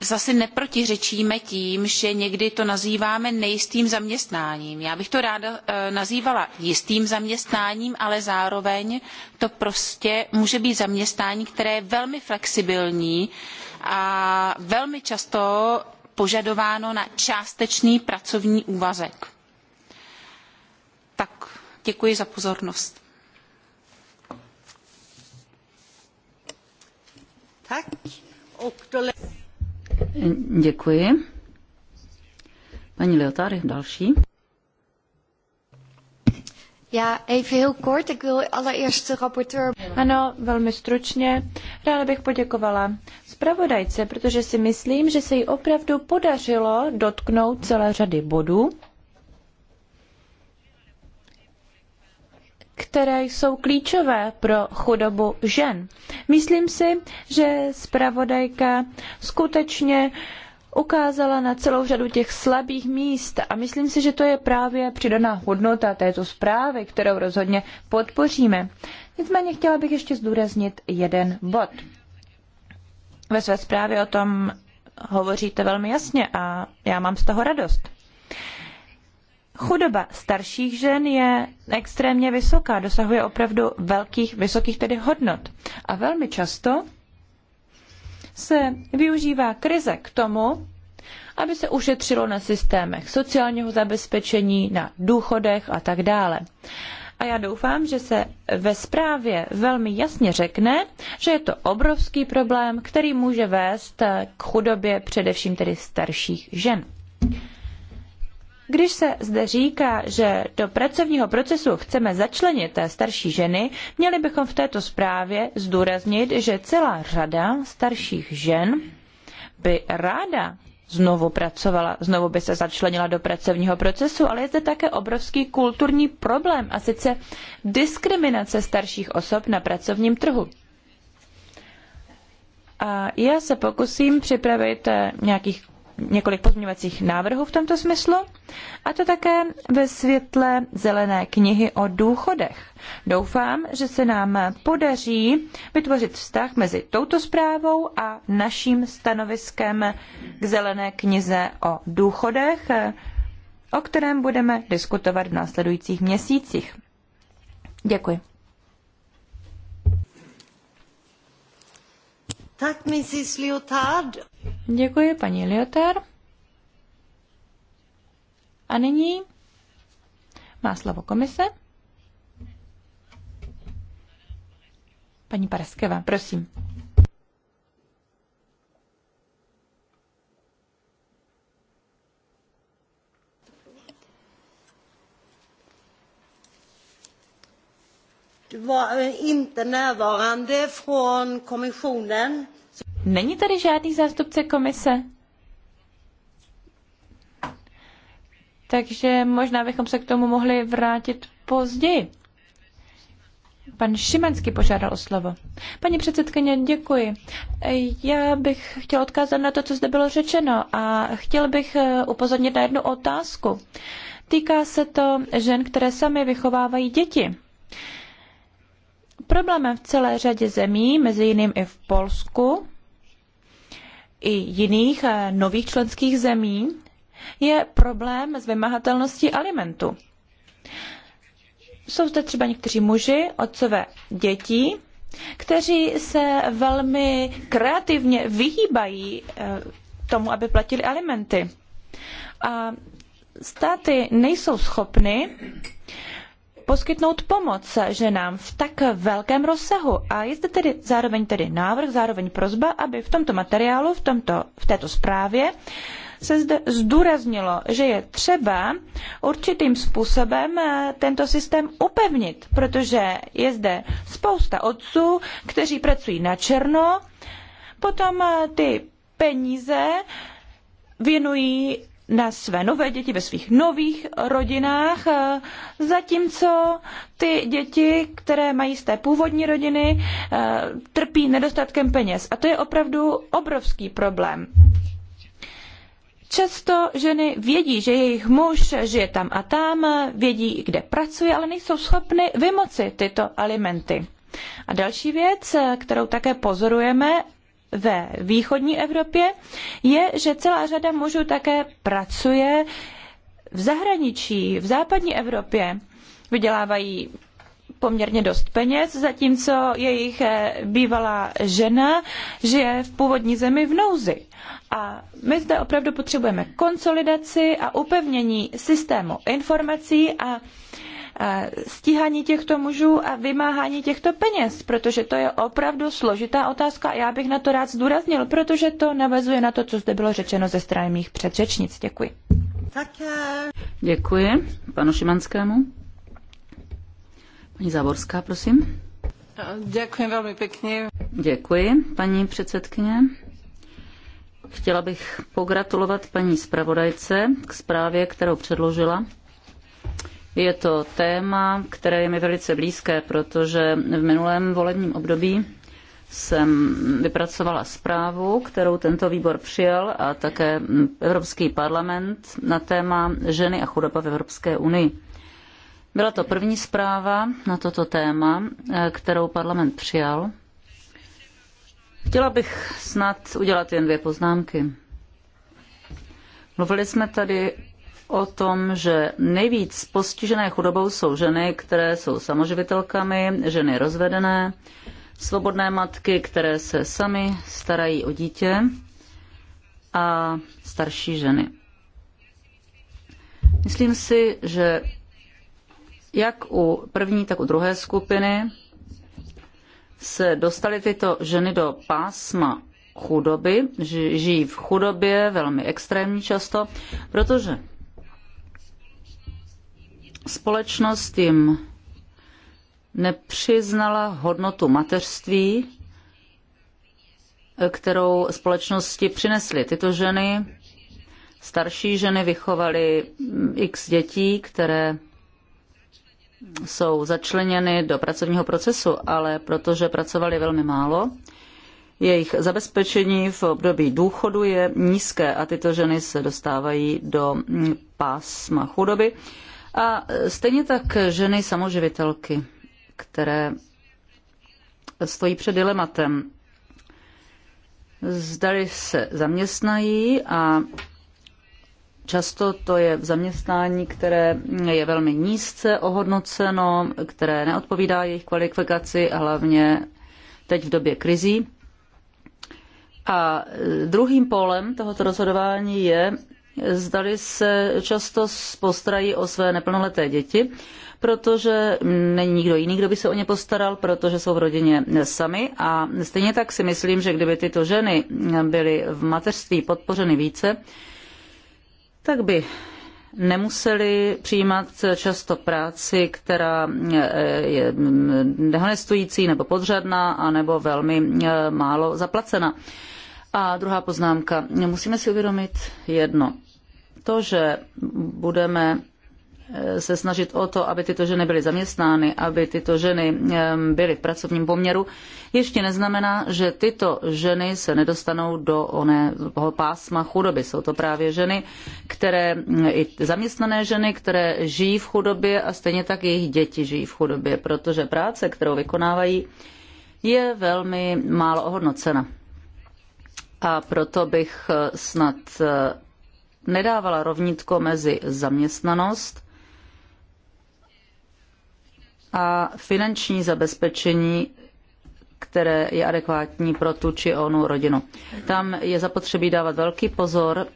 zase neprotiřečíme tím, že někdy to nazýváme nejistým zaměstnáním. Já bych to ráda nazývala jistým zaměstnáním, ale zároveň to prostě může být zaměstnání, které je velmi flexibilní a velmi často požadováno na částečný pracovní úvazek. Tak, děkuji za pozornost. Tak. Oktole. Děkuji. Paní Leotár, další. Já, even heel kort. Ik wil allereerst de rapporteur... Ano, velmi stručně. Ráda bych poděkovala zpravodajce, protože si myslím, že se jí opravdu podařilo dotknout celé řady bodů, které jsou klíčové pro chudobu žen. Myslím si, že zpravodajka skutečně ukázala na celou řadu těch slabých míst a myslím si, že to je právě přidaná hodnota této zprávy, kterou rozhodně podpoříme. Nicméně chtěla bych ještě zdůraznit jeden bod. Ve své zprávě o tom hovoříte velmi jasně a já mám z toho radost. Chudoba starších žen je extrémně vysoká, dosahuje opravdu velkých, vysokých tedy hodnot. A velmi často se využívá krize k tomu, aby se ušetřilo na systémech sociálního zabezpečení, na důchodech a tak dále. A já doufám, že se ve zprávě velmi jasně řekne, že je to obrovský problém, který může vést k chudobě především tedy starších žen. Když se zde říká, že do pracovního procesu chceme začlenit starší ženy, měli bychom v této zprávě zdůraznit, že celá řada starších žen by ráda znovu pracovala, znovu by se začlenila do pracovního procesu, ale je zde také obrovský kulturní problém a sice diskriminace starších osob na pracovním trhu. A já se pokusím připravit eh, nějakých několik pozměňovacích návrhů v tomto smyslu, a to také ve světle zelené knihy o důchodech. Doufám, že se nám podaří vytvořit vztah mezi touto zprávou a naším stanoviskem k zelené knize o důchodech, o kterém budeme diskutovat v následujících měsících. Děkuji. Tak, Mrs. Lyotard. Děkuji, paní Liotar. A nyní má slovo komise. Paní Pareskeva, prosím. var inte närvarande från kommissionen. Není tady žádný zástupce komise? Takže možná bychom se k tomu mohli vrátit později. Pan Šimanský požádal o slovo. Paní předsedkyně, děkuji. Já bych chtěl odkázat na to, co zde bylo řečeno a chtěl bych eh, upozornit na jednu otázku. Týká se to žen, které sami vychovávají děti. Problémem v celé řadě zemí, mezi jiným i v Polsku, i jiných eh, nových členských zemí, je problém s vymahatelností alimentu. Jsou zde třeba někteří muži, otcové dětí, kteří se velmi kreativně vyhýbají eh, tomu, aby platili alimenty. A státy nejsou schopny poskytnout pomoc ženám v tak velkém rozsahu. A je zde tedy zároveň tedy návrh, zároveň prozba, aby v tomto materiálu, v, tomto, v této zprávě se zde zdůraznilo, že je třeba určitým způsobem eh, tento systém upevnit, protože je zde spousta otců, kteří pracují na černo, potom eh, ty peníze věnují na své nové děti ve svých nových rodinách, eh, zatímco ty děti, které mají z té původní rodiny, eh, trpí nedostatkem peněz. A to je opravdu obrovský problém. Často ženy vědí, že jejich muž žije tam a tam, vědí, kde pracuje, ale nejsou schopny vymoci tyto alimenty. A další věc, eh, kterou také pozorujeme ve východní Evropě je, že celá řada mužů také pracuje v zahraničí, v západní Evropě. Vydělávají poměrně dost peněz, zatímco jejich eh, bývalá žena žije v původní zemi v nouzi. A my zde opravdu potřebujeme konsolidaci a upevnění systému informací a Eh, stíhání těchto mužů a vymáhání těchto peněz, protože to je opravdu složitá otázka a já bych na to rád zdůraznil, protože to navazuje na to, co zde bylo řečeno ze strany mých předřečnic. Děkuji. Také. Děkuji panu Šimanskému. Paní Záborská, prosím. Děkuji velmi pěkně. Děkuji, paní předsedkyně. Chtěla bych pogratulovat paní zpravodajce k zprávě, kterou předložila je to téma, které je mi velice blízké, protože v minulém volebním období jsem vypracovala zprávu, kterou tento výbor přijal a také Evropský parlament na téma ženy a chudoba v Evropské unii. Byla to první zpráva na toto téma, kterou parlament přijal. Chtěla bych snad udělat jen dvě poznámky. Mluvili jsme tady o tom, že nejvíc postižené chudobou jsou ženy, které jsou samoživitelkami, ženy rozvedené, svobodné matky, které se sami starají o dítě a starší ženy. Myslím si, že jak u první, tak u druhé skupiny se dostaly tyto ženy do pásma chudoby, žijí v chudobě velmi extrémní často, protože společnost jim nepřiznala hodnotu mateřství, kterou společnosti přinesly tyto ženy. Starší ženy vychovaly x dětí, které jsou začleněny do pracovního procesu, ale protože pracovali velmi málo, jejich zabezpečení v období důchodu je nízké a tyto ženy se dostávají do pásma chudoby a stejně tak ženy samoživitelky, které stojí před dilematem. Zdali se zaměstnají a Často to je zaměstnání, které je velmi nízce ohodnoceno, které neodpovídá jejich kvalifikaci, hlavně teď v době krizí. A druhým polem tohoto rozhodování je, zdali se často postarají o své neplnoleté děti, protože není nikdo jiný, kdo by se o ně postaral, protože jsou v rodině sami. A stejně tak si myslím, že kdyby tyto ženy byly v mateřství podpořeny více, tak by nemuseli přijímat často práci, která je dehonestující nebo podřadná, anebo velmi málo zaplacena. A druhá poznámka. Musíme si uvědomit jedno. To, že budeme eh, se snažit o to, aby tyto ženy byly zaměstnány, aby tyto ženy byly v pracovním poměru, ještě neznamená, že tyto ženy se nedostanou do oného pásma chudoby. Jsou to právě ženy, které, mm, i zaměstnané ženy, které žijí v chudobě a stejně tak jejich děti žijí v chudobě, protože práce, kterou vykonávají, je velmi málo ohodnocena a proto bych eh, snad eh, nedávala rovnítko mezi zaměstnanost a finanční zabezpečení, které je adekvátní pro tu či onu rodinu. Tam je zapotřebí dávat velký pozor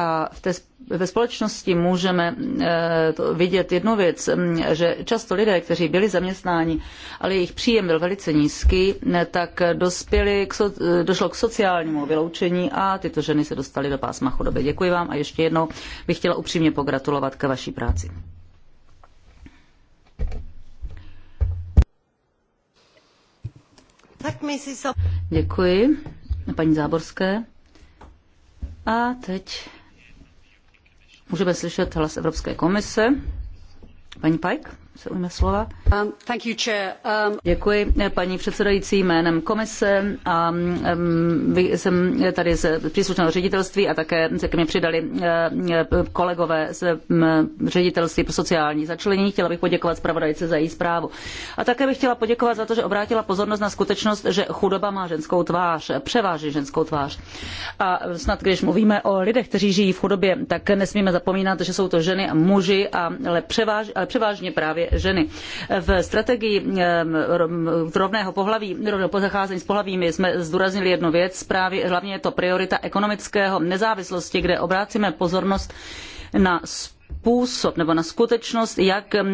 a v té, ve společnosti můžeme e, to vidět jednu věc, že často lidé, kteří byli zaměstnáni, ale jejich příjem byl velice nízký, tak dospěli k, došlo k sociálnímu vyloučení a tyto ženy se dostaly do pásma chudoby. Děkuji vám a ještě jednou bych chtěla upřímně pogratulovat k vaší práci. Děkuji paní Záborské. A teď Můžeme slyšet hlas Evropské komise. Paní Pajk? Um, um, Děkuji paní předsedající jménem komise a um, jsem tady z příslušného ředitelství a také se ke mně přidali uh, kolegové z ředitelství pro sociální začlenění. Chtěla bych poděkovat zpravodajce za její zprávu. A také bych chtěla poděkovat za to, že obrátila pozornost na skutečnost, že chudoba má ženskou tvář, převážně ženskou tvář. A snad když mluvíme o lidech, kteří žijí v chudobě, tak nesmíme zapomínat, že jsou to ženy a muži, ale, převáž, ale převážně právě ženy. V strategii rovného pohlaví, rovného zacházení s pohlavími jsme zdůraznili jednu věc, právě hlavně je to priorita ekonomického nezávislosti, kde obrácíme pozornost na způsob nebo na skutečnost, jak e,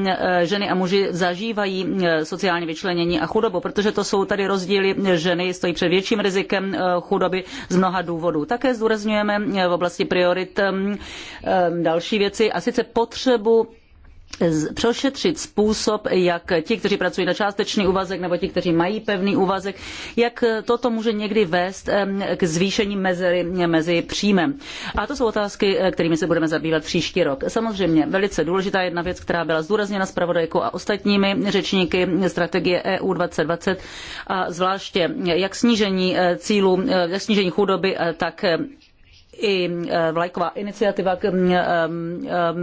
ženy a muži zažívají sociální vyčlenění a chudobu, protože to jsou tady rozdíly. Ženy stojí před větším rizikem e, chudoby z mnoha důvodů. Také zdůrazňujeme e, v oblasti priorit další věci a sice potřebu prošetřit způsob, jak ti, kteří pracují na částečný úvazek nebo ti, kteří mají pevný úvazek, jak toto může někdy vést k zvýšení mezery mezi příjmem. A to jsou otázky, eh, kterými se budeme zabývat příští rok. Samozřejmě velice důležitá jedna věc, která byla zdůrazněna zpravodajkou a ostatními řečníky strategie EU 2020 a zvláště jak snížení eh, cílů, eh, jak snížení chudoby, tak i e, vlajková iniciativa k e, e,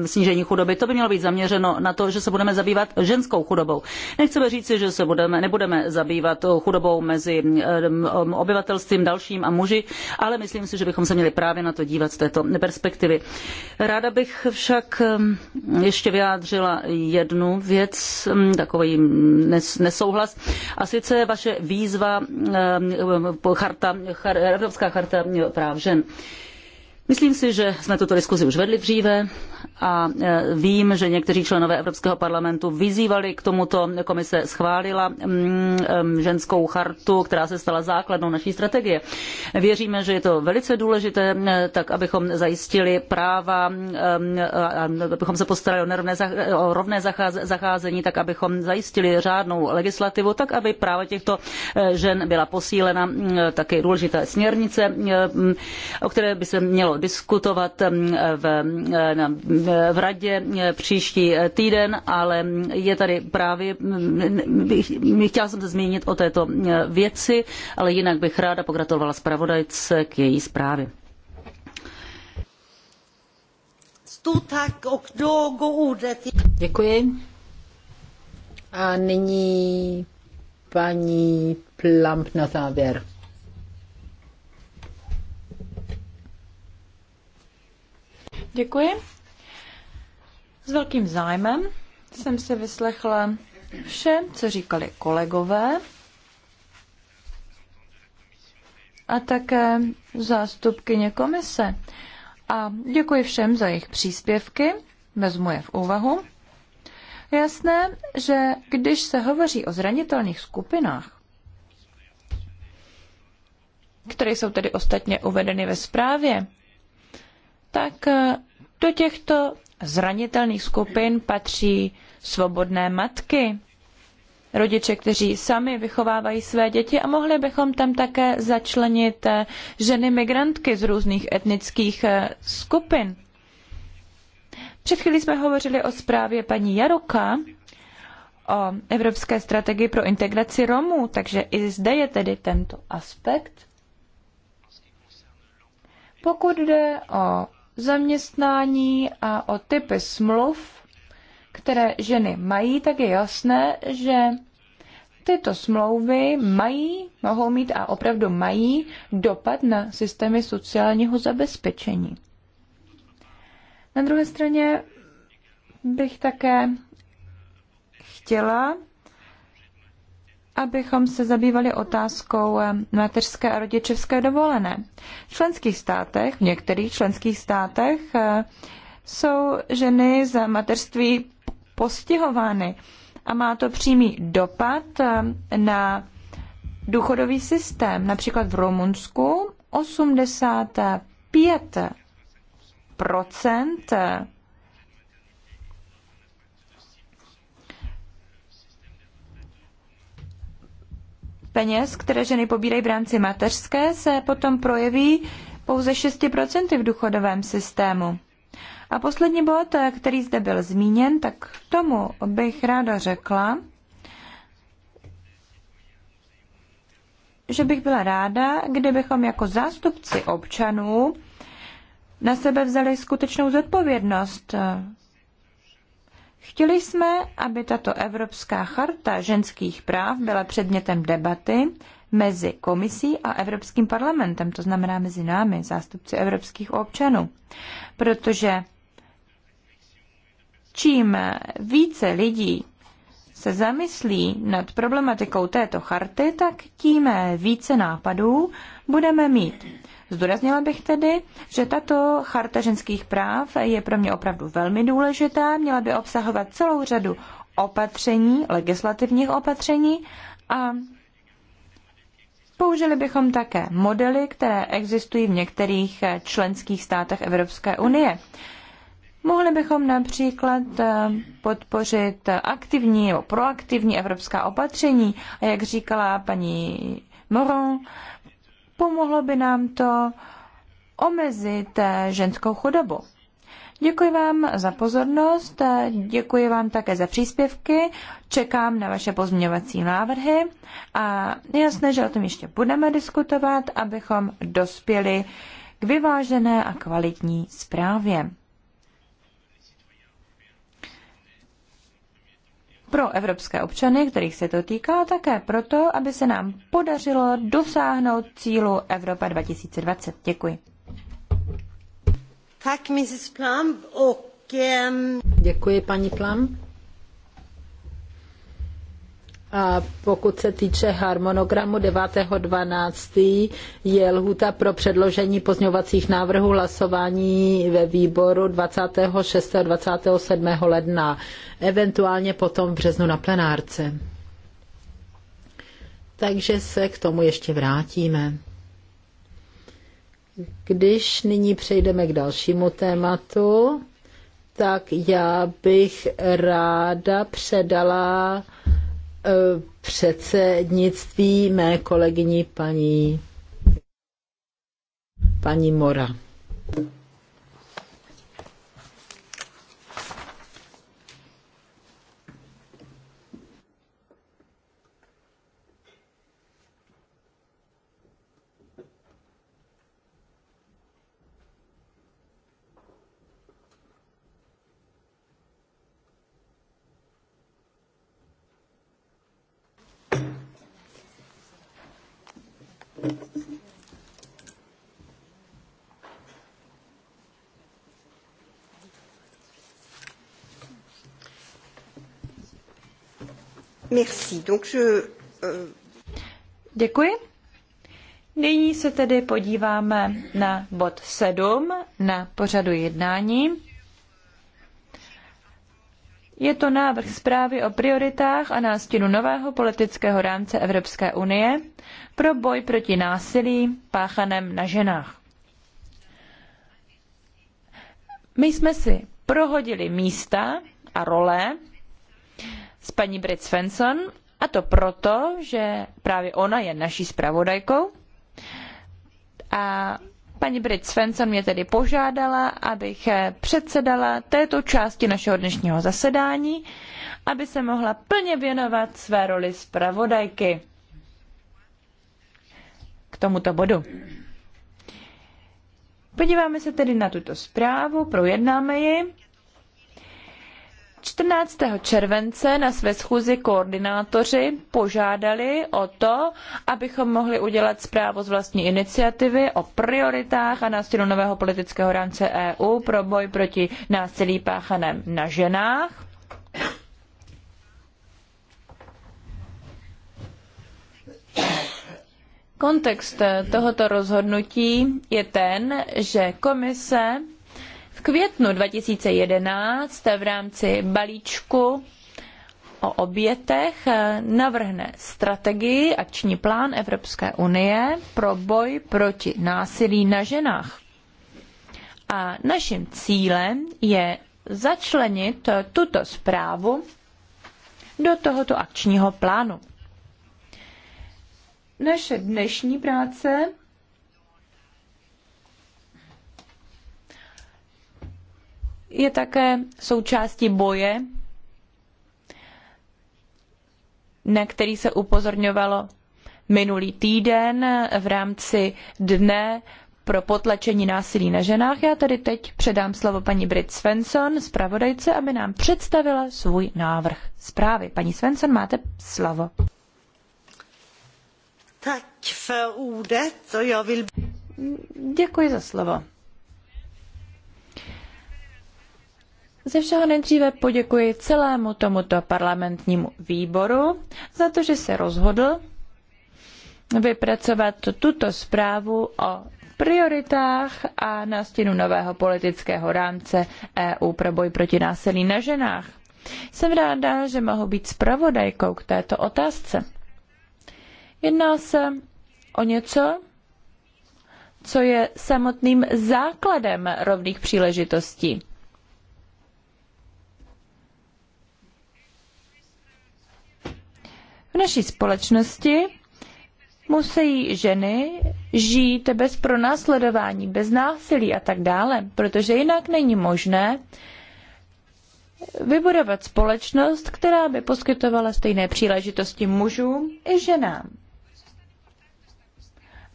snížení chudoby, to by mělo být zaměřeno na to, že se budeme zabývat ženskou chudobou. Nechceme říci, že se budeme, nebudeme zabývat chudobou mezi obyvatelstvím dalším a muži, ale myslím si, že bychom se měli právě na to dívat z této perspektivy. Ráda bych však ještě vyjádřila jednu věc, takový nesouhlas, a sice vaše výzva, charta, Evropská charta práv žen. Myslím si, že jsme tuto diskuzi už vedli dříve a e, vím, že někteří členové Evropského parlamentu vyzývali k tomuto. Komise schválila mm, ženskou chartu, která se stala základnou naší strategie. Věříme, že je to velice důležité, tak abychom zajistili práva, abychom se postarali o, nerovné, o rovné zacházení, tak abychom zajistili řádnou legislativu, tak aby práva těchto e, žen byla posílena. Také důležitá směrnice, o které by se mělo diskutovat v, v radě příští týden, ale je tady právě, chtěla jsem se zmínit o této věci, ale jinak bych ráda pogratulovala zpravodajce k její zprávě. Děkuji. A nyní paní Plamp na závěr. Děkuji. S velkým zájmem jsem si vyslechla vše, co říkali kolegové a také zástupkyně komise. A děkuji všem za jejich příspěvky, vezmu je v úvahu. Jasné, že když se hovoří o zranitelných skupinách, které jsou tedy ostatně uvedeny ve zprávě, tak eh, do těchto zranitelných skupin patří svobodné matky, rodiče, kteří sami vychovávají své děti a mohli bychom tam také začlenit eh, ženy migrantky z různých etnických eh, skupin. Před chvílí jsme hovořili o zprávě paní Jaroka o Evropské strategii pro integraci Romů, takže i zde je tedy tento aspekt. Pokud jde o zaměstnání a o typy smluv, které ženy mají, tak je jasné, že tyto smlouvy mají, mohou mít a opravdu mají dopad na systémy sociálního zabezpečení. Na druhé straně bych také chtěla abychom se zabývali otázkou eh, mateřské a rodičovské dovolené. V členských státech, v některých členských státech, eh, jsou ženy za mateřství postihovány a má to přímý dopad eh, na důchodový systém. Například v Rumunsku 85 procent peněz, které ženy pobírají v rámci mateřské, se potom projeví pouze 6% v důchodovém systému. A poslední bod, který zde byl zmíněn, tak k tomu bych ráda řekla, že bych byla ráda, kdybychom jako zástupci občanů na sebe vzali skutečnou zodpovědnost Chtěli jsme, aby tato Evropská charta ženských práv byla předmětem debaty mezi komisí a Evropským parlamentem, to znamená mezi námi, zástupci evropských občanů. Protože čím více lidí se zamyslí nad problematikou této charty, tak tím více nápadů budeme mít. Zdůraznila bych tedy, že tato charta ženských práv je pro mě opravdu velmi důležitá, měla by obsahovat celou řadu opatření, legislativních opatření a Použili bychom také modely, které existují v některých členských státech Evropské unie. Mohli bychom například eh, podpořit aktivní nebo proaktivní evropská opatření a jak říkala paní Moron, pomohlo by nám to omezit eh, ženskou chudobu. Děkuji vám za pozornost, eh, děkuji vám také za příspěvky, čekám na vaše pozměňovací návrhy a je jasné, že o tom ještě budeme diskutovat, abychom dospěli k vyvážené a kvalitní zprávě. pro evropské občany, kterých se to týká, a také proto, aby se nám podařilo dosáhnout cílu Evropa 2020. Děkuji. Tak, Mrs. Plum, ok. Děkuji, paní Plum. A pokud se týče harmonogramu 9.12. je lhůta pro předložení pozňovacích návrhů hlasování ve výboru 26. a 27. ledna, eventuálně potom v březnu na plenárce. Takže se k tomu ještě vrátíme. Když nyní přejdeme k dalšímu tématu, tak já bych ráda předala předsednictví mé kolegyni paní, paní Mora. Euh, Děkuji. Nyní se tedy podíváme na bod 7 na pořadu jednání. Je to návrh zprávy o prioritách a nástinu nového politického rámce Evropské unie pro boj proti násilí páchaném na ženách. My jsme si prohodili místa a role paní Brit Svensson, a to proto, že právě ona je naší zpravodajkou. A paní Brit Svensson mě tedy požádala, abych předsedala této části našeho dnešního zasedání, aby se mohla plně věnovat své roli zpravodajky k tomuto bodu. Podíváme se tedy na tuto zprávu, projednáme ji 14. července na své schůzi koordinátoři požádali o to, abychom mohli udělat zprávu z vlastní iniciativy o prioritách a nástilu nového politického rámce EU pro boj proti násilí páchaném na ženách. Kontext tohoto rozhodnutí je ten, že komise květnu 2011 v rámci balíčku o obětech navrhne strategii, akční plán Evropské unie pro boj proti násilí na ženách. A naším cílem je začlenit tuto zprávu do tohoto akčního plánu. Naše dnešní práce je také součástí boje, na který se upozorňovalo minulý týden v rámci dne pro potlačení násilí na ženách. Já tady teď předám slovo paní Brit Svensson, zpravodajce, aby nám představila svůj návrh zprávy. Paní Svensson, máte slovo. Tak för ordet och jag Děkuji za slovo. Ze všeho nejdříve poděkuji celému tomuto parlamentnímu výboru za to, že se rozhodl vypracovat tuto zprávu o prioritách a nástinu nového politického rámce EU pro boj proti násilí na ženách. Jsem ráda, že mohu být zpravodajkou k této otázce. Jedná se o něco, co je samotným základem rovných příležitostí. V naší společnosti musí ženy žít bez pronásledování, bez násilí a tak dále, protože jinak není možné vybudovat společnost, která by poskytovala stejné příležitosti mužům i ženám.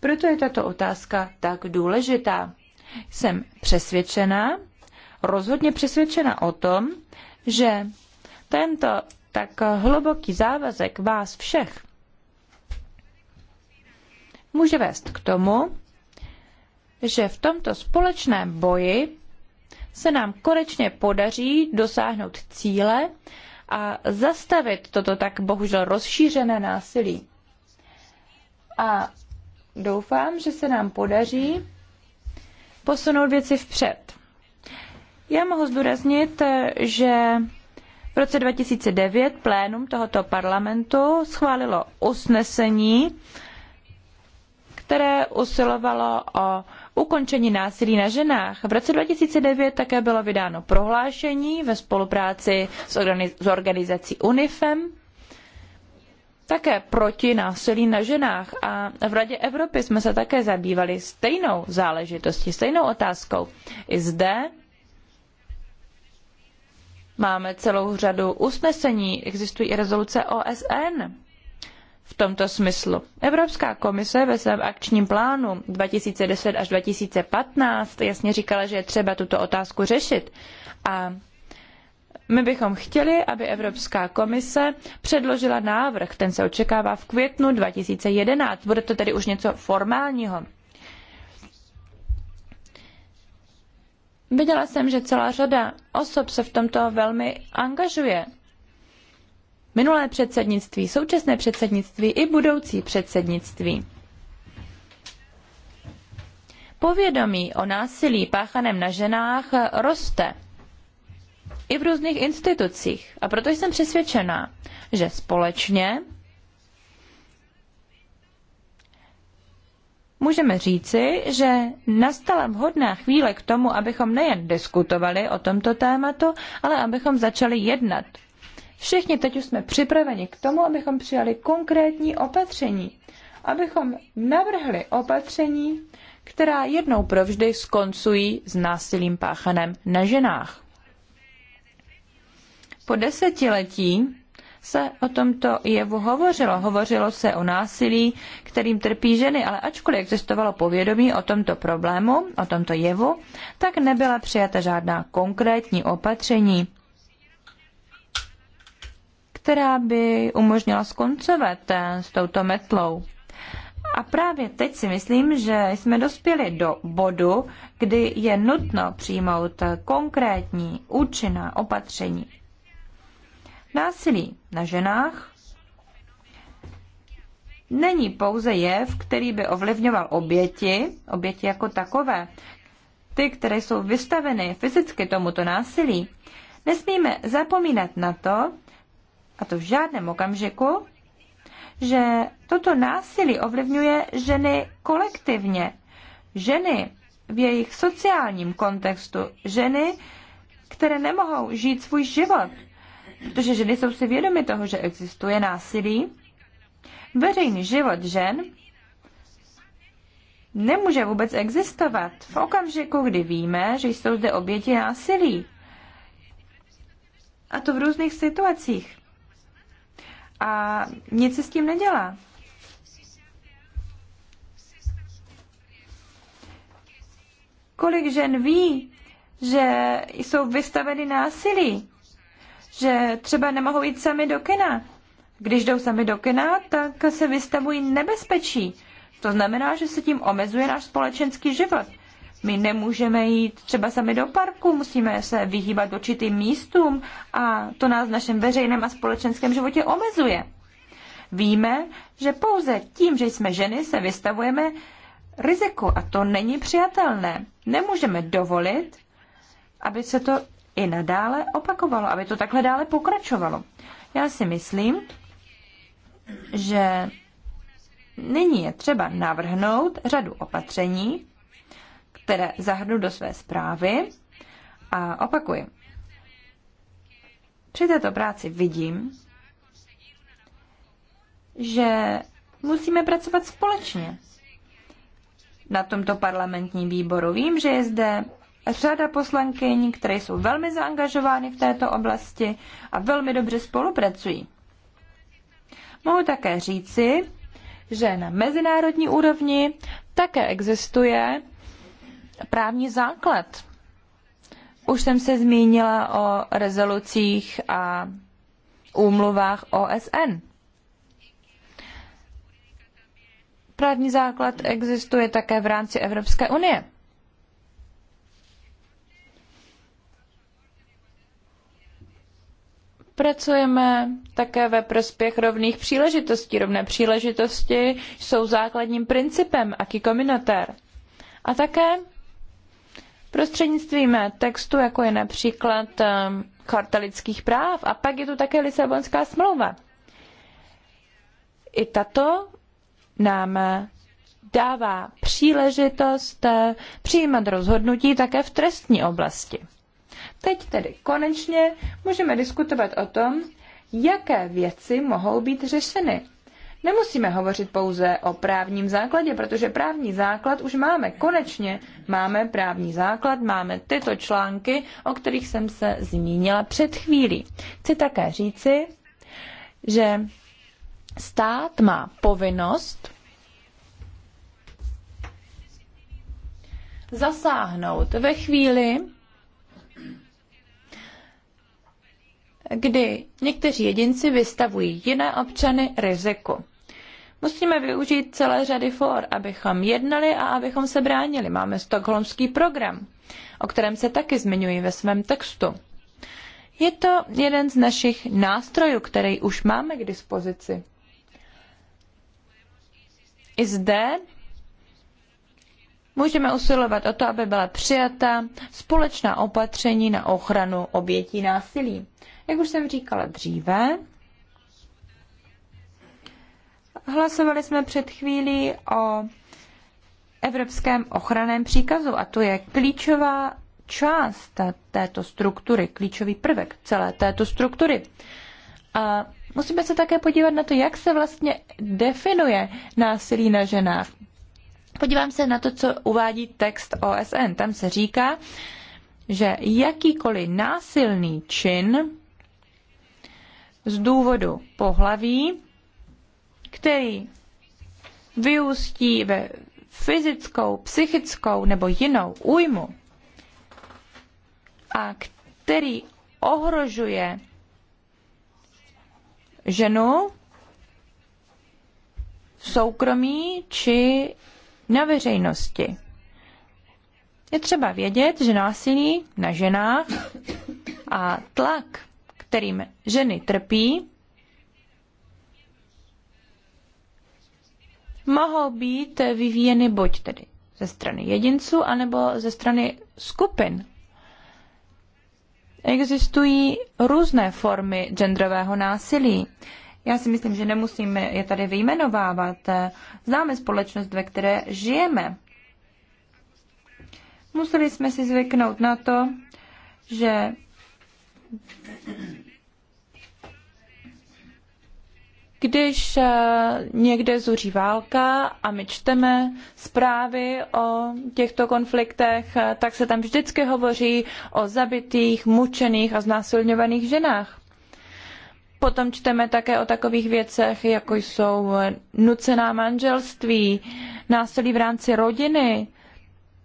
Proto je tato otázka tak důležitá. Jsem přesvědčena, rozhodně přesvědčena o tom, že tento tak hluboký závazek vás všech může vést k tomu, že v tomto společném boji se nám konečně podaří dosáhnout cíle a zastavit toto tak bohužel rozšířené násilí. A doufám, že se nám podaří posunout věci vpřed. Já mohu zdůraznit, že v roce 2009 plénum tohoto parlamentu schválilo usnesení, které usilovalo o ukončení násilí na ženách. V roce 2009 také bylo vydáno prohlášení ve spolupráci s organizací UNIFEM, také proti násilí na ženách a v Radě Evropy jsme se také zabývali stejnou záležitostí, stejnou otázkou. I zde Máme celou řadu usnesení, existují i rezoluce OSN v tomto smyslu. Evropská komise ve svém akčním plánu 2010 až 2015 jasně říkala, že je třeba tuto otázku řešit. A my bychom chtěli, aby Evropská komise předložila návrh, ten se očekává v květnu 2011. Bude to tedy už něco formálního. Viděla jsem, že celá řada osob se v tomto velmi angažuje. Minulé předsednictví, současné předsednictví i budoucí předsednictví. Povědomí o násilí páchaném na ženách roste i v různých institucích. A proto jsem přesvědčená, že společně můžeme říci, že nastala vhodná chvíle k tomu, abychom nejen diskutovali o tomto tématu, ale abychom začali jednat. Všichni teď už jsme připraveni k tomu, abychom přijali konkrétní opatření, abychom navrhli opatření, která jednou provždy skoncují s násilím páchanem na ženách. Po desetiletí se o tomto jevu hovořilo. Hovořilo se o násilí, kterým trpí ženy, ale ačkoliv existovalo povědomí o tomto problému, o tomto jevu, tak nebyla přijata žádná konkrétní opatření, která by umožnila skoncovat eh, s touto metlou. A právě teď si myslím, že jsme dospěli do bodu, kdy je nutno přijmout eh, konkrétní účinná opatření Násilí na ženách není pouze jev, který by ovlivňoval oběti, oběti jako takové. Ty, které jsou vystaveny fyzicky tomuto násilí, nesmíme zapomínat na to, a to v žádném okamžiku, že toto násilí ovlivňuje ženy kolektivně. Ženy v jejich sociálním kontextu, ženy, které nemohou žít svůj život, protože ženy jsou si vědomy toho, že existuje násilí. Veřejný život žen nemůže vůbec existovat v okamžiku, kdy víme, že jsou zde oběti násilí. A to v různých situacích. A nic se s tím nedělá. Kolik žen ví, že jsou vystaveny násilí? že třeba nemohou jít sami do kina. Když jdou sami do kina, tak se vystavují nebezpečí. To znamená, že se tím omezuje náš společenský život. My nemůžeme jít třeba sami do parku, musíme se vyhýbat určitým místům a to nás v našem veřejném a společenském životě omezuje. Víme, že pouze tím, že jsme ženy, se vystavujeme riziku a to není přijatelné. Nemůžeme dovolit, aby se to i nadále opakovalo, aby to takhle dále pokračovalo. Já si myslím, že nyní je třeba navrhnout řadu opatření, které zahrnu do své zprávy a opakuji. Při této práci vidím, že musíme pracovat společně. Na tomto parlamentním výboru vím, že je zde řada poslankyň, které jsou velmi zaangažovány v této oblasti a velmi dobře spolupracují. Mohu také říci, že na mezinárodní úrovni také existuje právní základ. Už jsem se zmínila o rezolucích a úmluvách OSN. Právní základ existuje také v rámci Evropské unie. Pracujeme také ve prospěch rovných příležitostí. Rovné příležitosti jsou základním principem aký communautaire. A také prostřednictvím textu, jako je například ehm, Charta lidských práv a pak je tu také Lisabonská smlouva. I tato nám dává příležitost eh, přijímat rozhodnutí také v trestní oblasti. Teď tedy konečně můžeme diskutovat o tom, jaké věci mohou být řešeny. Nemusíme hovořit pouze o právním základě, protože právní základ už máme. Konečně máme právní základ, máme tyto články, o kterých jsem se zmínila před chvílí. Chci také říci, že stát má povinnost zasáhnout ve chvíli, kdy někteří jedinci vystavují jiné občany riziku. Musíme využít celé řady for, abychom jednali a abychom se bránili. Máme stokholmský program, o kterém se taky zmiňuji ve svém textu. Je to jeden z našich nástrojů, který už máme k dispozici. I zde můžeme usilovat o to, aby byla přijata společná opatření na ochranu obětí násilí. Jak už jsem říkala dříve, hlasovali jsme před chvílí o evropském ochraném příkazu a to je klíčová část této struktury, klíčový prvek celé této struktury. A musíme se také podívat na to, jak se vlastně definuje násilí na ženách. Podívám se na to, co uvádí text OSN. Tam se říká, že jakýkoliv násilný čin z důvodu pohlaví, který vyústí ve fyzickou, psychickou nebo jinou újmu a který ohrožuje ženu v soukromí či na veřejnosti. Je třeba vědět, že násilí na ženách a tlak kterým ženy trpí, mohou být vyvíjeny buď tedy ze strany jedinců, anebo ze strany skupin. Existují různé formy genderového násilí. Já si myslím, že nemusíme je tady vyjmenovávat. Známe společnost, ve které žijeme. Museli jsme si zvyknout na to, že když eh, někde zuří válka a my čteme zprávy o těchto konfliktech, eh, tak se tam vždycky hovoří o zabitých, mučených a znásilňovaných ženách. Potom čteme také o takových věcech, jako jsou eh, nucená manželství, násilí v rámci rodiny,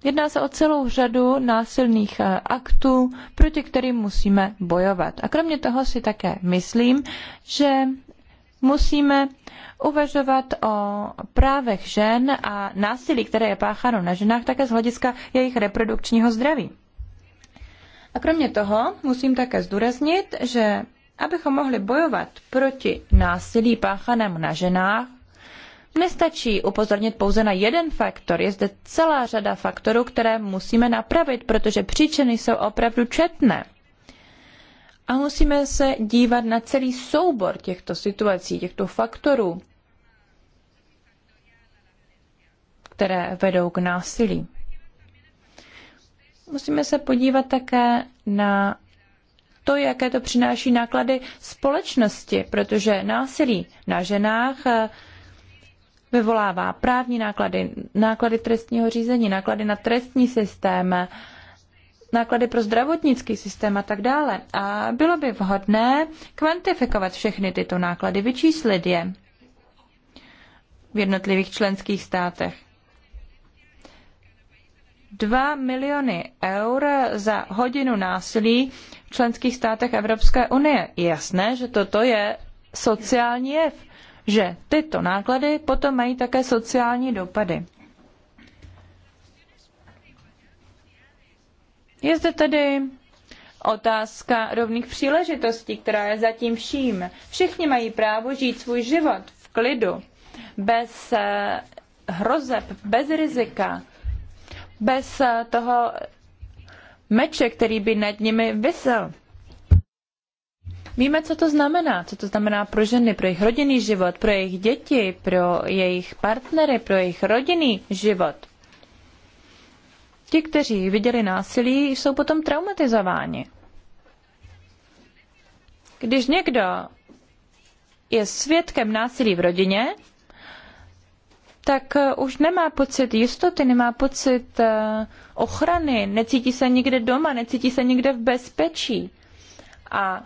Jedná se o celou řadu násilných eh, aktů, proti kterým musíme bojovat. A kromě toho si také myslím, že musíme uvažovat o právech žen a násilí, které je pácháno na ženách, také z hlediska jejich reprodukčního zdraví. A kromě toho musím také zdůraznit, že abychom mohli bojovat proti násilí páchanému na ženách, Nestačí upozornit pouze na jeden faktor, je zde celá řada faktorů, které musíme napravit, protože příčiny jsou opravdu četné. A musíme se dívat na celý soubor těchto situací, těchto faktorů, které vedou k násilí. Musíme se podívat také na to, jaké to přináší náklady společnosti, protože násilí na ženách vyvolává právní náklady, náklady trestního řízení, náklady na trestní systém, náklady pro zdravotnický systém a tak dále. A bylo by vhodné kvantifikovat všechny tyto náklady, vyčíslit je v jednotlivých členských státech. 2 miliony eur za hodinu násilí v členských státech Evropské unie. Je jasné, že toto je sociální jev že tyto náklady potom mají také sociální dopady. Je zde tedy otázka rovných příležitostí, která je zatím vším. Všichni mají právo žít svůj život v klidu, bez eh, hrozeb, bez rizika, bez eh, toho meče, který by nad nimi vysel. Víme, co to znamená. Co to znamená pro ženy, pro jejich rodinný život, pro jejich děti, pro jejich partnery, pro jejich rodinný život. Ti, kteří viděli násilí, jsou potom traumatizováni. Když někdo je svědkem násilí v rodině, tak eh, už nemá pocit jistoty, nemá pocit eh, ochrany, necítí se nikde doma, necítí se nikde v bezpečí. A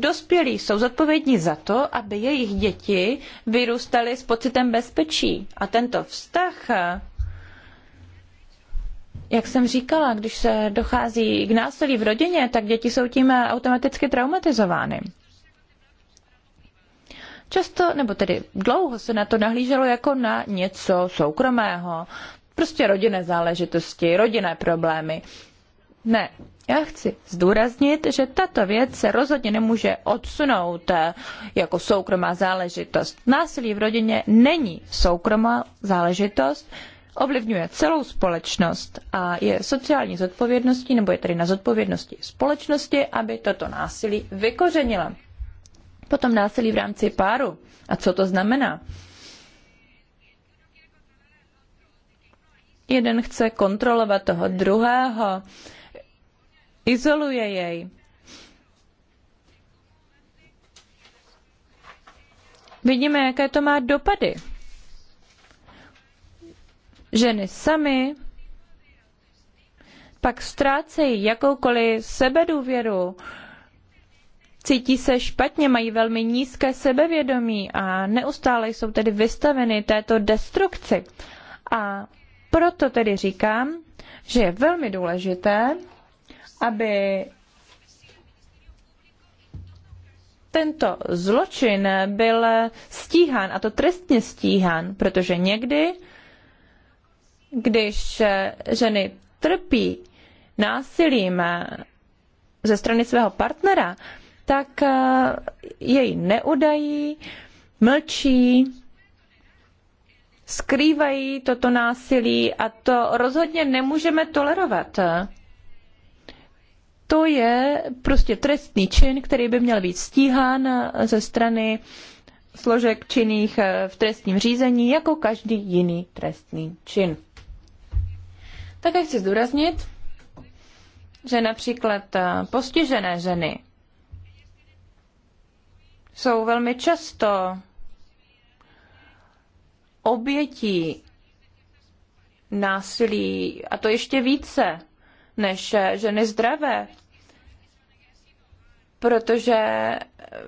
Dospělí jsou zodpovědní za to, aby jejich děti vyrůstaly s pocitem bezpečí. A tento vztah, jak jsem říkala, když se dochází k násilí v rodině, tak děti jsou tím automaticky traumatizovány. Často, nebo tedy dlouho se na to nahlíželo jako na něco soukromého, prostě rodinné záležitosti, rodinné problémy. Ne, já chci zdůraznit, že tato věc se rozhodně nemůže odsunout eh, jako soukromá záležitost. Násilí v rodině není soukromá záležitost, ovlivňuje celou společnost a je sociální zodpovědností, nebo je tedy na zodpovědnosti společnosti, aby toto násilí vykořenila. Potom násilí v rámci páru. A co to znamená? Jeden chce kontrolovat toho druhého, izoluje jej. Vidíme, jaké to má dopady. Ženy samy pak ztrácejí jakoukoliv sebedůvěru, cítí se špatně, mají velmi nízké sebevědomí a neustále jsou tedy vystaveny této destrukci. A proto tedy říkám, že je velmi důležité, aby tento zločin byl stíhán, a to trestně stíhán, protože někdy, když ženy trpí násilím ze strany svého partnera, tak eh, jej neudají, mlčí, skrývají toto násilí a to rozhodně nemůžeme tolerovat to je prostě trestný čin, který by měl být stíhán ze strany složek činných eh, v trestním řízení jako každý jiný trestný čin. Také chci zdůraznit, že například eh, postižené ženy jsou velmi často obětí násilí, a to ještě více než eh, ženy zdravé, protože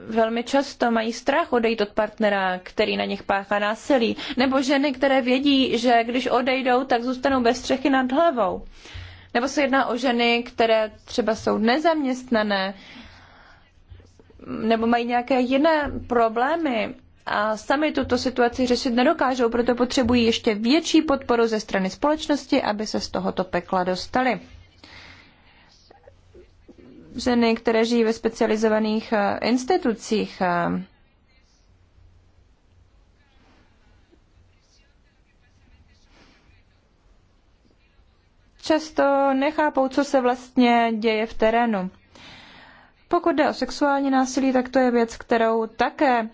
velmi často mají strach odejít od partnera, který na nich páchá násilí, nebo ženy, které vědí, že když odejdou, tak zůstanou bez střechy nad hlavou. Nebo se jedná o ženy, které třeba jsou nezaměstnané, nebo mají nějaké jiné problémy a sami tuto situaci řešit nedokážou, proto potřebují ještě větší podporu ze strany společnosti, aby se z tohoto pekla dostali ženy, které žijí ve specializovaných eh, institucích. Eh, často nechápou, co se vlastně děje v terénu. Pokud jde o sexuální násilí, tak to je věc, kterou také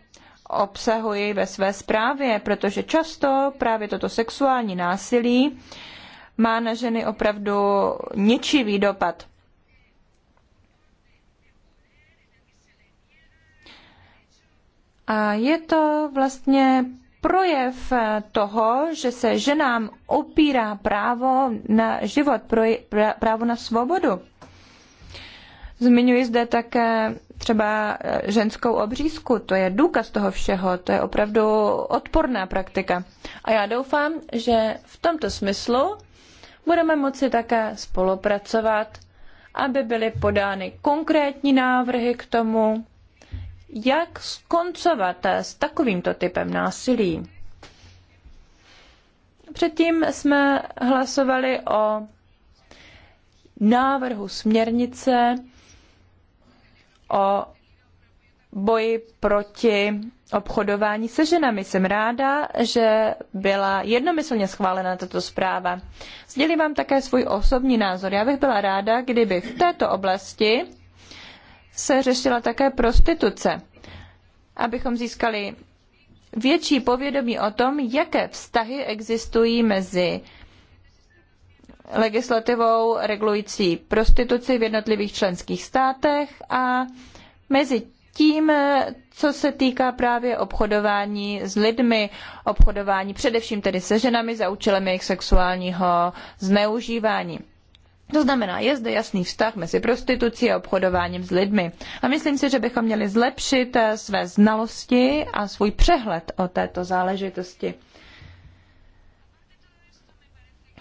obsahuji ve své zprávě, protože často právě toto sexuální násilí má na ženy opravdu ničivý dopad. A je to vlastně projev toho, že se ženám opírá právo na život, právo na svobodu. Zmiňuji zde také třeba eh, ženskou obřízku. To je důkaz toho všeho. To je opravdu odporná praktika. A já doufám, že v tomto smyslu budeme moci také spolupracovat, aby byly podány konkrétní návrhy k tomu, jak skoncovat s takovýmto typem násilí. Předtím jsme hlasovali o návrhu směrnice o boji proti obchodování se ženami. Jsem ráda, že byla jednomyslně schválena tato zpráva. Sdělím vám také svůj osobní názor. Já bych byla ráda, kdyby v této oblasti se řešila také prostituce, abychom získali větší povědomí o tom, jaké vztahy existují mezi legislativou regulující prostituci v jednotlivých členských státech a mezi tím, co se týká právě obchodování s lidmi, obchodování především tedy se ženami za účelem jejich sexuálního zneužívání. To znamená, je zde jasný vztah mezi prostitucí a obchodováním s lidmi. A myslím si, že bychom měli zlepšit eh, své znalosti a svůj přehled o této záležitosti.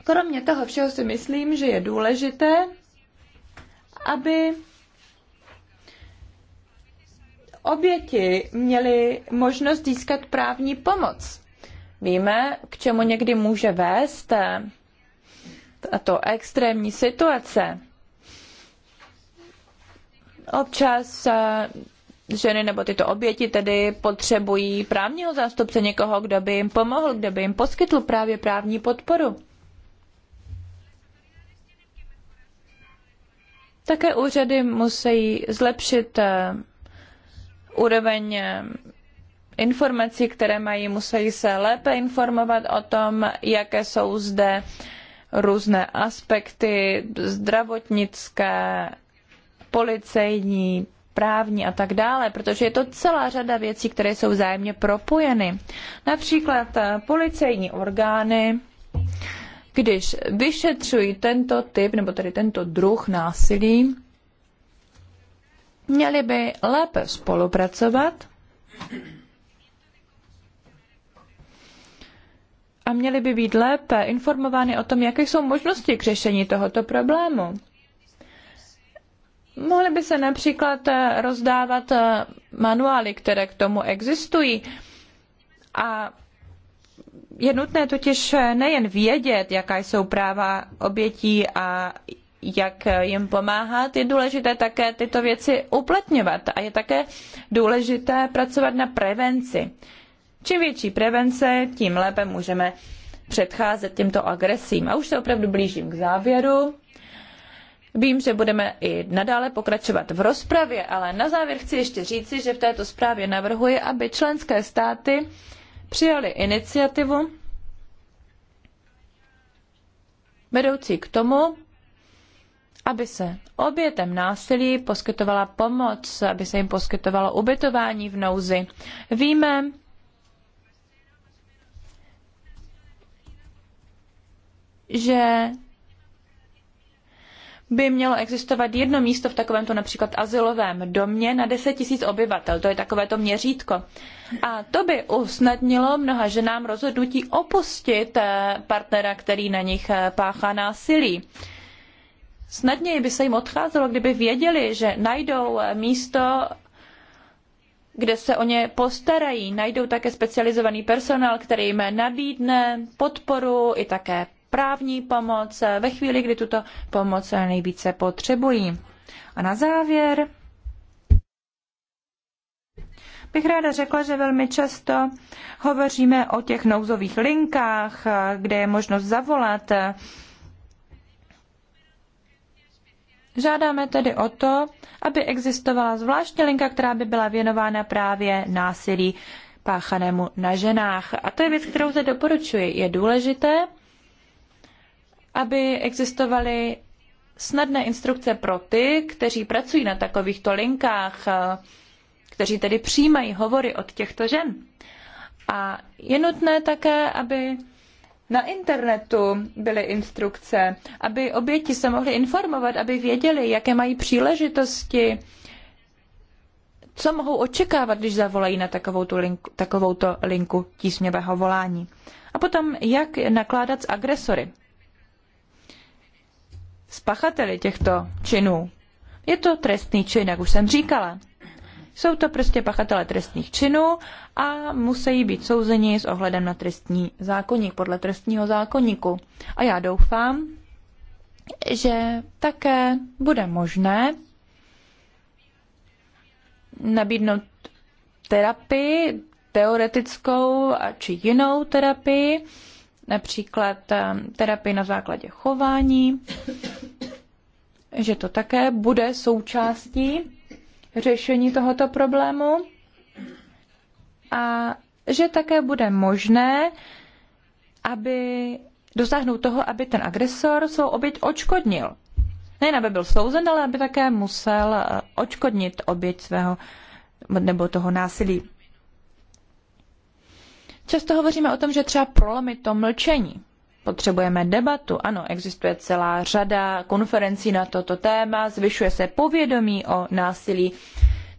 Kromě toho všeho si myslím, že je důležité, aby oběti měly možnost získat právní pomoc. Víme, k čemu někdy může vést eh, tato extrémní situace občas eh, ženy nebo tyto oběti tedy potřebují právního zástupce, někoho, kdo by jim pomohl, kdo by jim poskytl právě právní podporu. Také úřady musí zlepšit eh, úroveň eh, informací, které mají, musí se lépe informovat o tom, jaké jsou zde uh, různé aspekty zdravotnické, policejní, právní a tak dále, protože je to celá řada věcí, které jsou vzájemně propojeny. Například eh, policejní orgány, když vyšetřují tento typ nebo tedy tento druh násilí, měli by lépe spolupracovat a měly by být lépe informovány o tom, jaké jsou možnosti k řešení tohoto problému. Mohly by se například eh, rozdávat eh, manuály, které k tomu existují. A je nutné totiž eh, nejen vědět, jaká jsou práva obětí a jak jim pomáhat, je důležité také tyto věci uplatňovat a je také důležité pracovat na prevenci. Čím větší prevence, tím lépe můžeme předcházet těmto agresím. A už se opravdu blížím k závěru. Vím, že budeme i nadále pokračovat v rozpravě, ale na závěr chci ještě říci, že v této zprávě navrhuji, aby členské státy přijali iniciativu vedoucí k tomu, aby se obětem násilí poskytovala pomoc, aby se jim poskytovalo ubytování v nouzi. Víme, že by mělo existovat jedno místo v takovémto například asilovém domě na 10 tisíc obyvatel. To je takové to měřítko. A to by usnadnilo mnoha ženám rozhodnutí opustit eh, partnera, který na nich eh, páchá násilí. Snadněji by se jim odcházelo, kdyby věděli, že najdou eh, místo, kde se o ně postarají. Najdou také specializovaný personál, který jim nabídne podporu i také právní pomoc ve chvíli, kdy tuto pomoc nejvíce potřebují. A na závěr bych ráda řekla, že velmi často hovoříme o těch nouzových linkách, kde je možnost zavolat. Žádáme tedy o to, aby existovala zvláštní linka, která by byla věnována právě násilí páchanému na ženách. A to je věc, kterou se doporučuji. Je důležité, aby existovaly snadné instrukce pro ty, kteří pracují na takovýchto linkách, eh, kteří tedy přijímají hovory od těchto žen. A je nutné také, aby na internetu byly instrukce, aby oběti se mohly informovat, aby věděli, jaké mají příležitosti, co mohou očekávat, když zavolají na takovou tu linku, takovouto linku tísňového volání. A potom, jak nakládat s agresory s pachateli těchto činů. Je to trestný čin, jak už jsem říkala. Jsou to prostě pachatele trestných činů a musí být souzeni s ohledem na trestní zákonník, podle trestního zákonníku. A já doufám, že také bude možné nabídnout terapii, teoretickou či jinou terapii, například eh, terapii na základě chování, že to také bude součástí řešení tohoto problému a že také bude možné, aby dosáhnout toho, aby ten agresor svou oběť očkodnil. Nejen aby byl souzen, ale aby také musel eh, očkodnit oběť svého nebo toho násilí. Často hovoříme o tom, že třeba prolomit to mlčení. Potřebujeme debatu. Ano, existuje celá řada konferencí na toto téma, zvyšuje se povědomí o násilí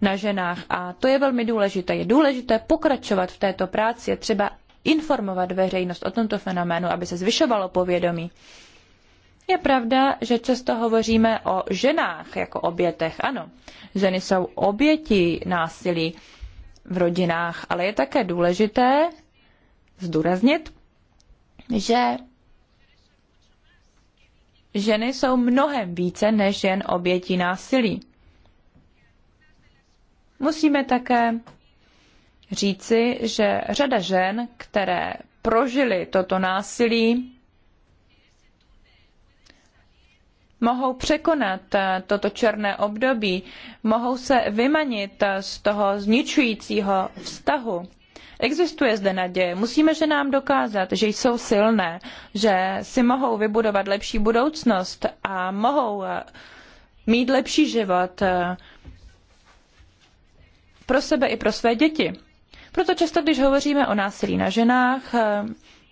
na ženách a to je velmi důležité. Je důležité pokračovat v této práci, je třeba informovat veřejnost o tomto fenoménu, aby se zvyšovalo povědomí. Je pravda, že často hovoříme o ženách jako obětech. Ano, ženy jsou oběti násilí v rodinách, ale je také důležité zdůraznit, že ženy jsou mnohem více než jen oběti násilí. Musíme také říci, že řada žen, které prožily toto násilí, mohou překonat eh, toto černé období, mohou se vymanit z toho zničujícího vztahu, Existuje zde naděje. Musíme že nám dokázat, že jsou silné, že si mohou vybudovat lepší budoucnost a mohou eh, mít lepší život eh, pro sebe i pro své děti. Proto často, když hovoříme o násilí na ženách, eh,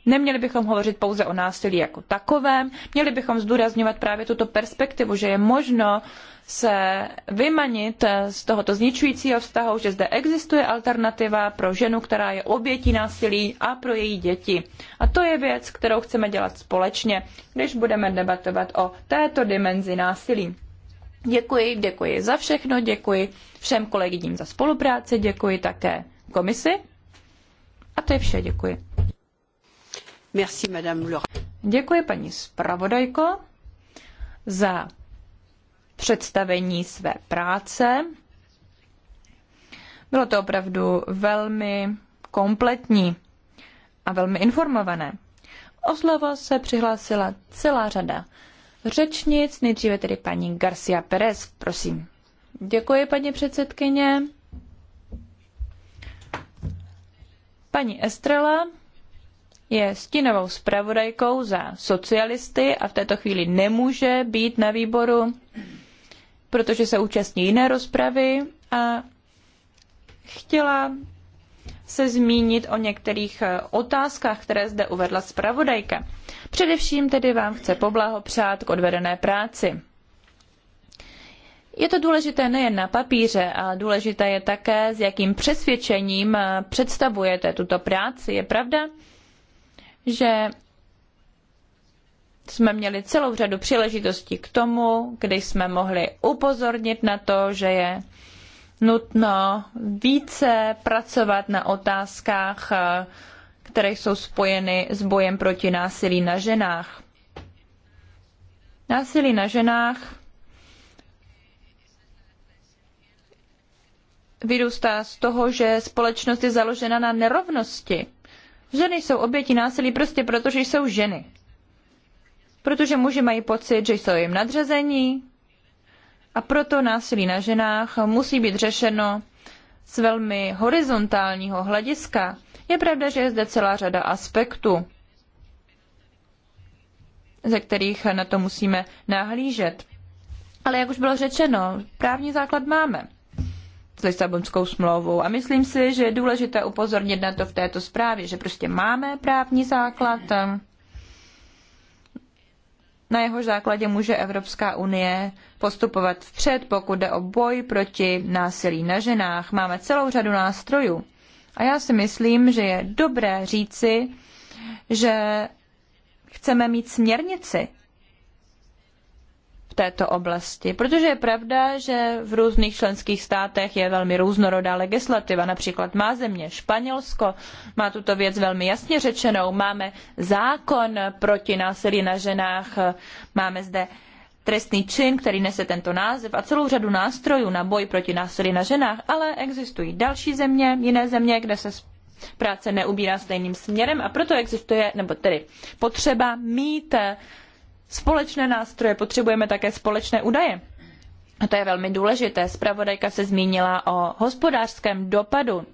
Neměli bychom hovořit pouze o násilí jako takovém, měli bychom zdůrazňovat právě tuto perspektivu, že je možno se vymanit z tohoto zničujícího vztahu, že zde existuje alternativa pro ženu, která je obětí násilí a pro její děti. A to je věc, kterou chceme dělat společně, když budeme debatovat o této dimenzi násilí. Děkuji, děkuji za všechno, děkuji všem kolegyním za spolupráci, děkuji také komisi. A to je vše, děkuji. Děkuji, paní zpravodajko, za představení své práce. Bylo to opravdu velmi kompletní a velmi informované. O slovo se přihlásila celá řada řečnic, nejdříve tedy paní Garcia Perez, prosím. Děkuji, paní předsedkyně. Paní Estrela je stínovou zpravodajkou za socialisty a v této chvíli nemůže být na výboru, protože se účastní jiné rozpravy a chtěla se zmínit o některých eh, otázkách, které zde uvedla zpravodajka. Především tedy vám chce poblahopřát k odvedené práci. Je to důležité nejen na papíře, ale důležité je také, s jakým přesvědčením eh, představujete tuto práci. Je pravda, že jsme měli celou řadu příležitostí k tomu, kdy jsme mohli upozornit na to, že je nutno více pracovat na otázkách, které jsou spojeny s bojem proti násilí na ženách. Násilí na ženách vyrůstá z toho, že společnost je založena na nerovnosti Ženy jsou oběti násilí prostě proto, že jsou ženy. Protože muži mají pocit, že jsou jim nadřazení a proto násilí na ženách musí být řešeno z velmi horizontálního hlediska. Je pravda, že je zde celá řada aspektů, ze kterých na to musíme nahlížet. Ale jak už bylo řečeno, právní základ máme s Lisabonskou smlouvou. A myslím si, že je důležité upozornit na to v této zprávě, že prostě máme právní základ, na jeho základě může Evropská unie postupovat vpřed, pokud jde o boj proti násilí na ženách. Máme celou řadu nástrojů. A já si myslím, že je dobré říci, že chceme mít směrnici, této oblasti. Protože je pravda, že v různých členských státech je velmi různorodá legislativa. Například má země Španělsko, má tuto věc velmi jasně řečenou. Máme zákon proti násilí na ženách, máme zde trestný čin, který nese tento název a celou řadu nástrojů na boj proti násilí na ženách, ale existují další země, jiné země, kde se práce neubírá stejným směrem a proto existuje, nebo tedy potřeba mít společné nástroje, potřebujeme také společné údaje. A to je velmi důležité. Spravodajka se zmínila o hospodářském dopadu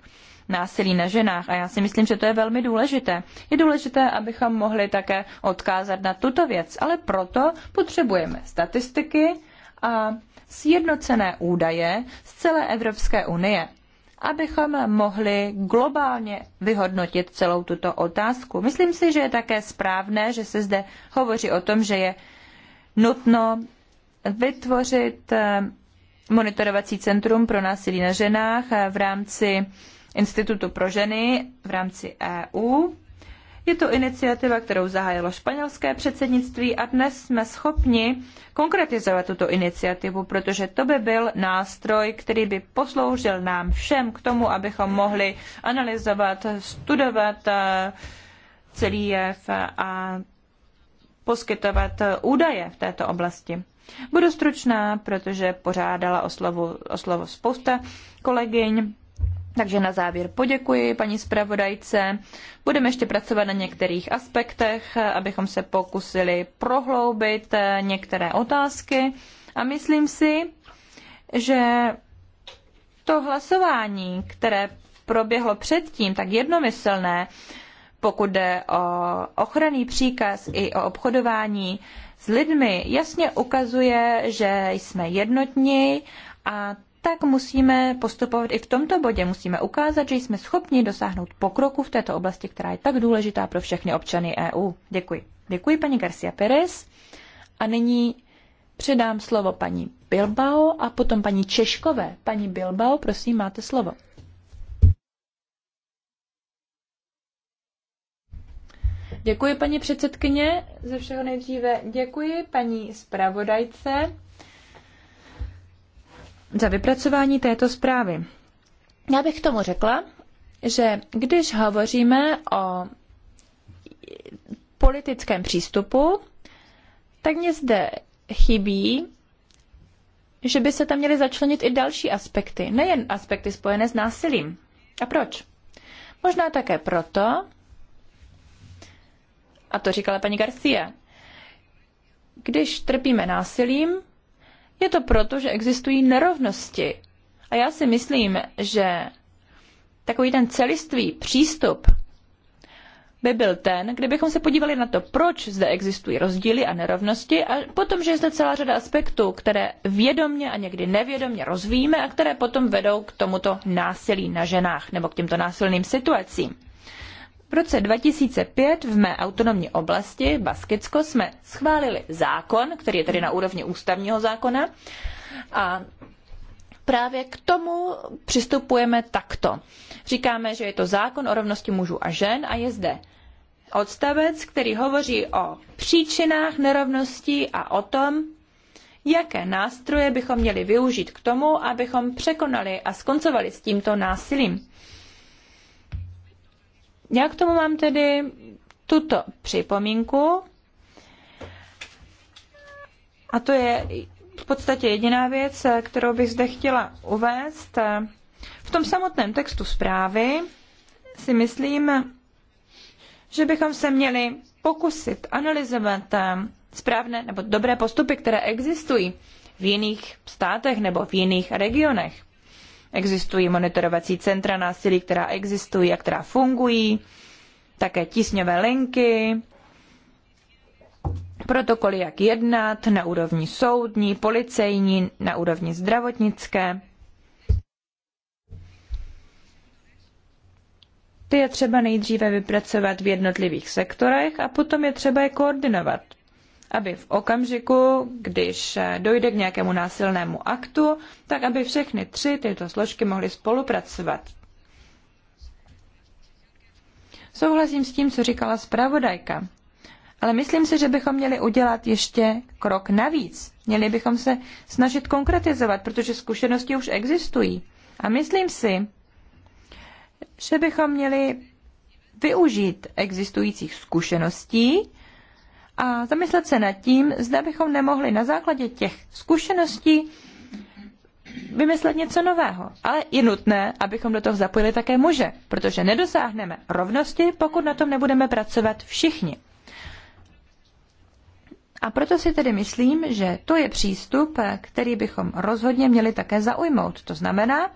násilí na ženách a já si myslím, že to je velmi důležité. Je důležité, abychom mohli také odkázat na tuto věc, ale proto potřebujeme statistiky a sjednocené údaje z celé Evropské unie abychom mohli globálně vyhodnotit celou tuto otázku. Myslím si, že je také správné, že se zde hovoří o tom, že je nutno vytvořit eh, monitorovací centrum pro násilí na ženách eh, v rámci Institutu pro ženy v rámci EU je to iniciativa, kterou zahájilo španělské předsednictví a dnes jsme schopni konkretizovat tuto iniciativu, protože to by byl nástroj, který by posloužil nám všem k tomu, abychom mohli analyzovat, studovat eh, celý jev a poskytovat eh, údaje v této oblasti. Budu stručná, protože pořádala o slovo, o slovo spousta kolegyň. Takže na závěr poděkuji paní zpravodajce. Budeme ještě pracovat na některých aspektech, abychom se pokusili prohloubit eh, některé otázky. A myslím si, že to hlasování, které proběhlo předtím, tak jednomyslné, pokud jde o ochranný příkaz i o obchodování s lidmi, jasně ukazuje, že jsme jednotní a tak musíme postupovat i v tomto bodě. Musíme ukázat, že jsme schopni dosáhnout pokroku v této oblasti, která je tak důležitá pro všechny občany EU. Děkuji. Děkuji paní Garcia Perez. A nyní předám slovo paní Bilbao a potom paní Češkové. Paní Bilbao, prosím, máte slovo. Děkuji, paní předsedkyně. Ze všeho nejdříve děkuji paní zpravodajce za vypracování této zprávy. Já bych k tomu řekla, že když hovoříme o politickém přístupu, tak mě zde chybí, že by se tam měly začlenit i další aspekty, nejen aspekty spojené s násilím. A proč? Možná také proto, a to říkala paní Garcia, když trpíme násilím, je to proto, že existují nerovnosti. A já si myslím, že takový ten celistvý přístup by byl ten, kdybychom se podívali na to, proč zde existují rozdíly a nerovnosti a potom, že je zde celá řada aspektů, které vědomně a někdy nevědomně rozvíjíme a které potom vedou k tomuto násilí na ženách nebo k těmto násilným situacím. V roce 2005 v mé autonomní oblasti Baskicko jsme schválili zákon, který je tedy na úrovni ústavního zákona a právě k tomu přistupujeme takto. Říkáme, že je to zákon o rovnosti mužů a žen a je zde odstavec, který hovoří o příčinách nerovností a o tom, jaké nástroje bychom měli využít k tomu, abychom překonali a skoncovali s tímto násilím. Já k tomu mám tedy tuto připomínku. A to je v podstatě jediná věc, kterou bych zde chtěla uvést. V tom samotném textu zprávy si myslím, že bychom se měli pokusit analyzovat eh, správné nebo dobré postupy, které existují v jiných státech nebo v jiných regionech. Existují monitorovací centra násilí, která existují a která fungují, také tísňové linky, protokoly, jak jednat na úrovni soudní, policejní, na úrovni zdravotnické. Ty je třeba nejdříve vypracovat v jednotlivých sektorech a potom je třeba je koordinovat aby v okamžiku, když dojde k nějakému násilnému aktu, tak aby všechny tři tyto složky mohly spolupracovat. Souhlasím s tím, co říkala zpravodajka. Ale myslím si, že bychom měli udělat ještě krok navíc. Měli bychom se snažit konkretizovat, protože zkušenosti už existují. A myslím si, že bychom měli využít existujících zkušeností a zamyslet se nad tím, zda bychom nemohli na základě těch zkušeností vymyslet něco nového. Ale je nutné, abychom do toho zapojili také muže, protože nedosáhneme rovnosti, pokud na tom nebudeme pracovat všichni. A proto si tedy myslím, že to je přístup, který bychom rozhodně měli také zaujmout. To znamená,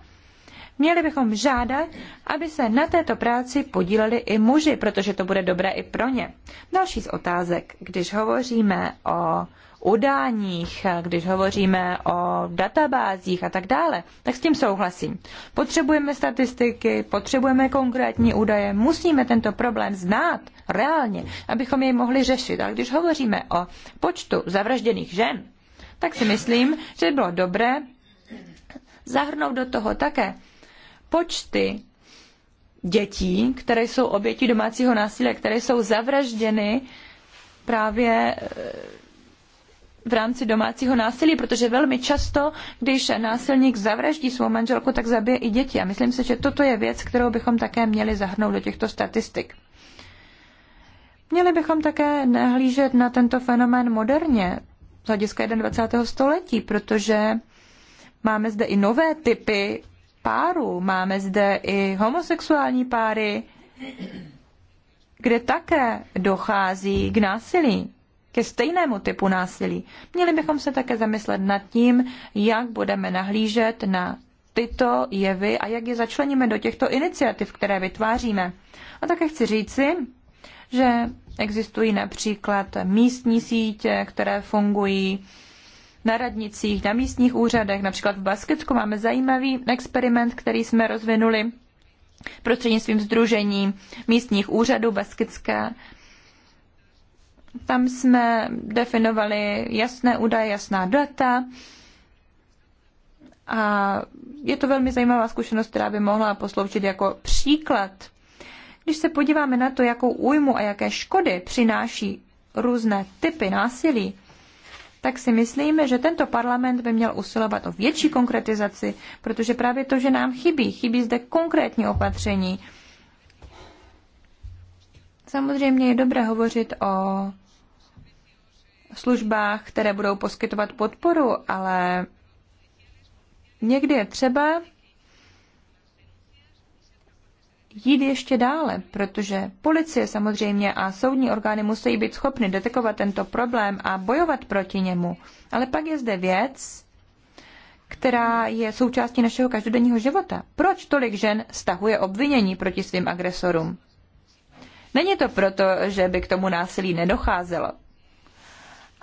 Měli bychom žádat, aby se na této práci podíleli i muži, protože to bude dobré i pro ně. Další z otázek, když hovoříme o udáních, když hovoříme o databázích a tak dále, tak s tím souhlasím. Potřebujeme statistiky, potřebujeme konkrétní údaje, musíme tento problém znát reálně, abychom jej mohli řešit. Ale když hovoříme o počtu zavražděných žen, tak si myslím, že by bylo dobré zahrnout do toho také počty dětí, které jsou oběti domácího násilí, které jsou zavražděny právě eh, v rámci domácího násilí, protože velmi často, když násilník zavraždí svou manželku, tak zabije i děti. A myslím si, že toto je věc, kterou bychom také měli zahrnout do těchto statistik. Měli bychom také nahlížet na tento fenomén moderně, z hlediska 21. století, protože máme zde i nové typy párů. Máme zde i homosexuální páry, kde také dochází k násilí, ke stejnému typu násilí. Měli bychom se také zamyslet nad tím, jak budeme nahlížet na tyto jevy a jak je začleníme do těchto iniciativ, které vytváříme. A také chci říci, že existují například místní sítě, které fungují na radnicích, na místních úřadech. Například v Basketku máme zajímavý experiment, který jsme rozvinuli prostřednictvím Združení místních úřadů Baskická. Tam jsme definovali jasné údaje, jasná data a je to velmi zajímavá zkušenost, která by mohla posloužit jako příklad. Když se podíváme na to, jakou újmu a jaké škody přináší různé typy násilí, tak si myslím, že tento parlament by měl usilovat o větší konkretizaci, protože právě to, že nám chybí, chybí zde konkrétní opatření. Samozřejmě je dobré hovořit o službách, které budou poskytovat podporu, ale někdy je třeba jít ještě dále, protože policie samozřejmě a soudní orgány musí být schopny detekovat tento problém a bojovat proti němu. Ale pak je zde věc, která je součástí našeho každodenního života. Proč tolik žen stahuje obvinění proti svým agresorům? Není to proto, že by k tomu násilí nedocházelo,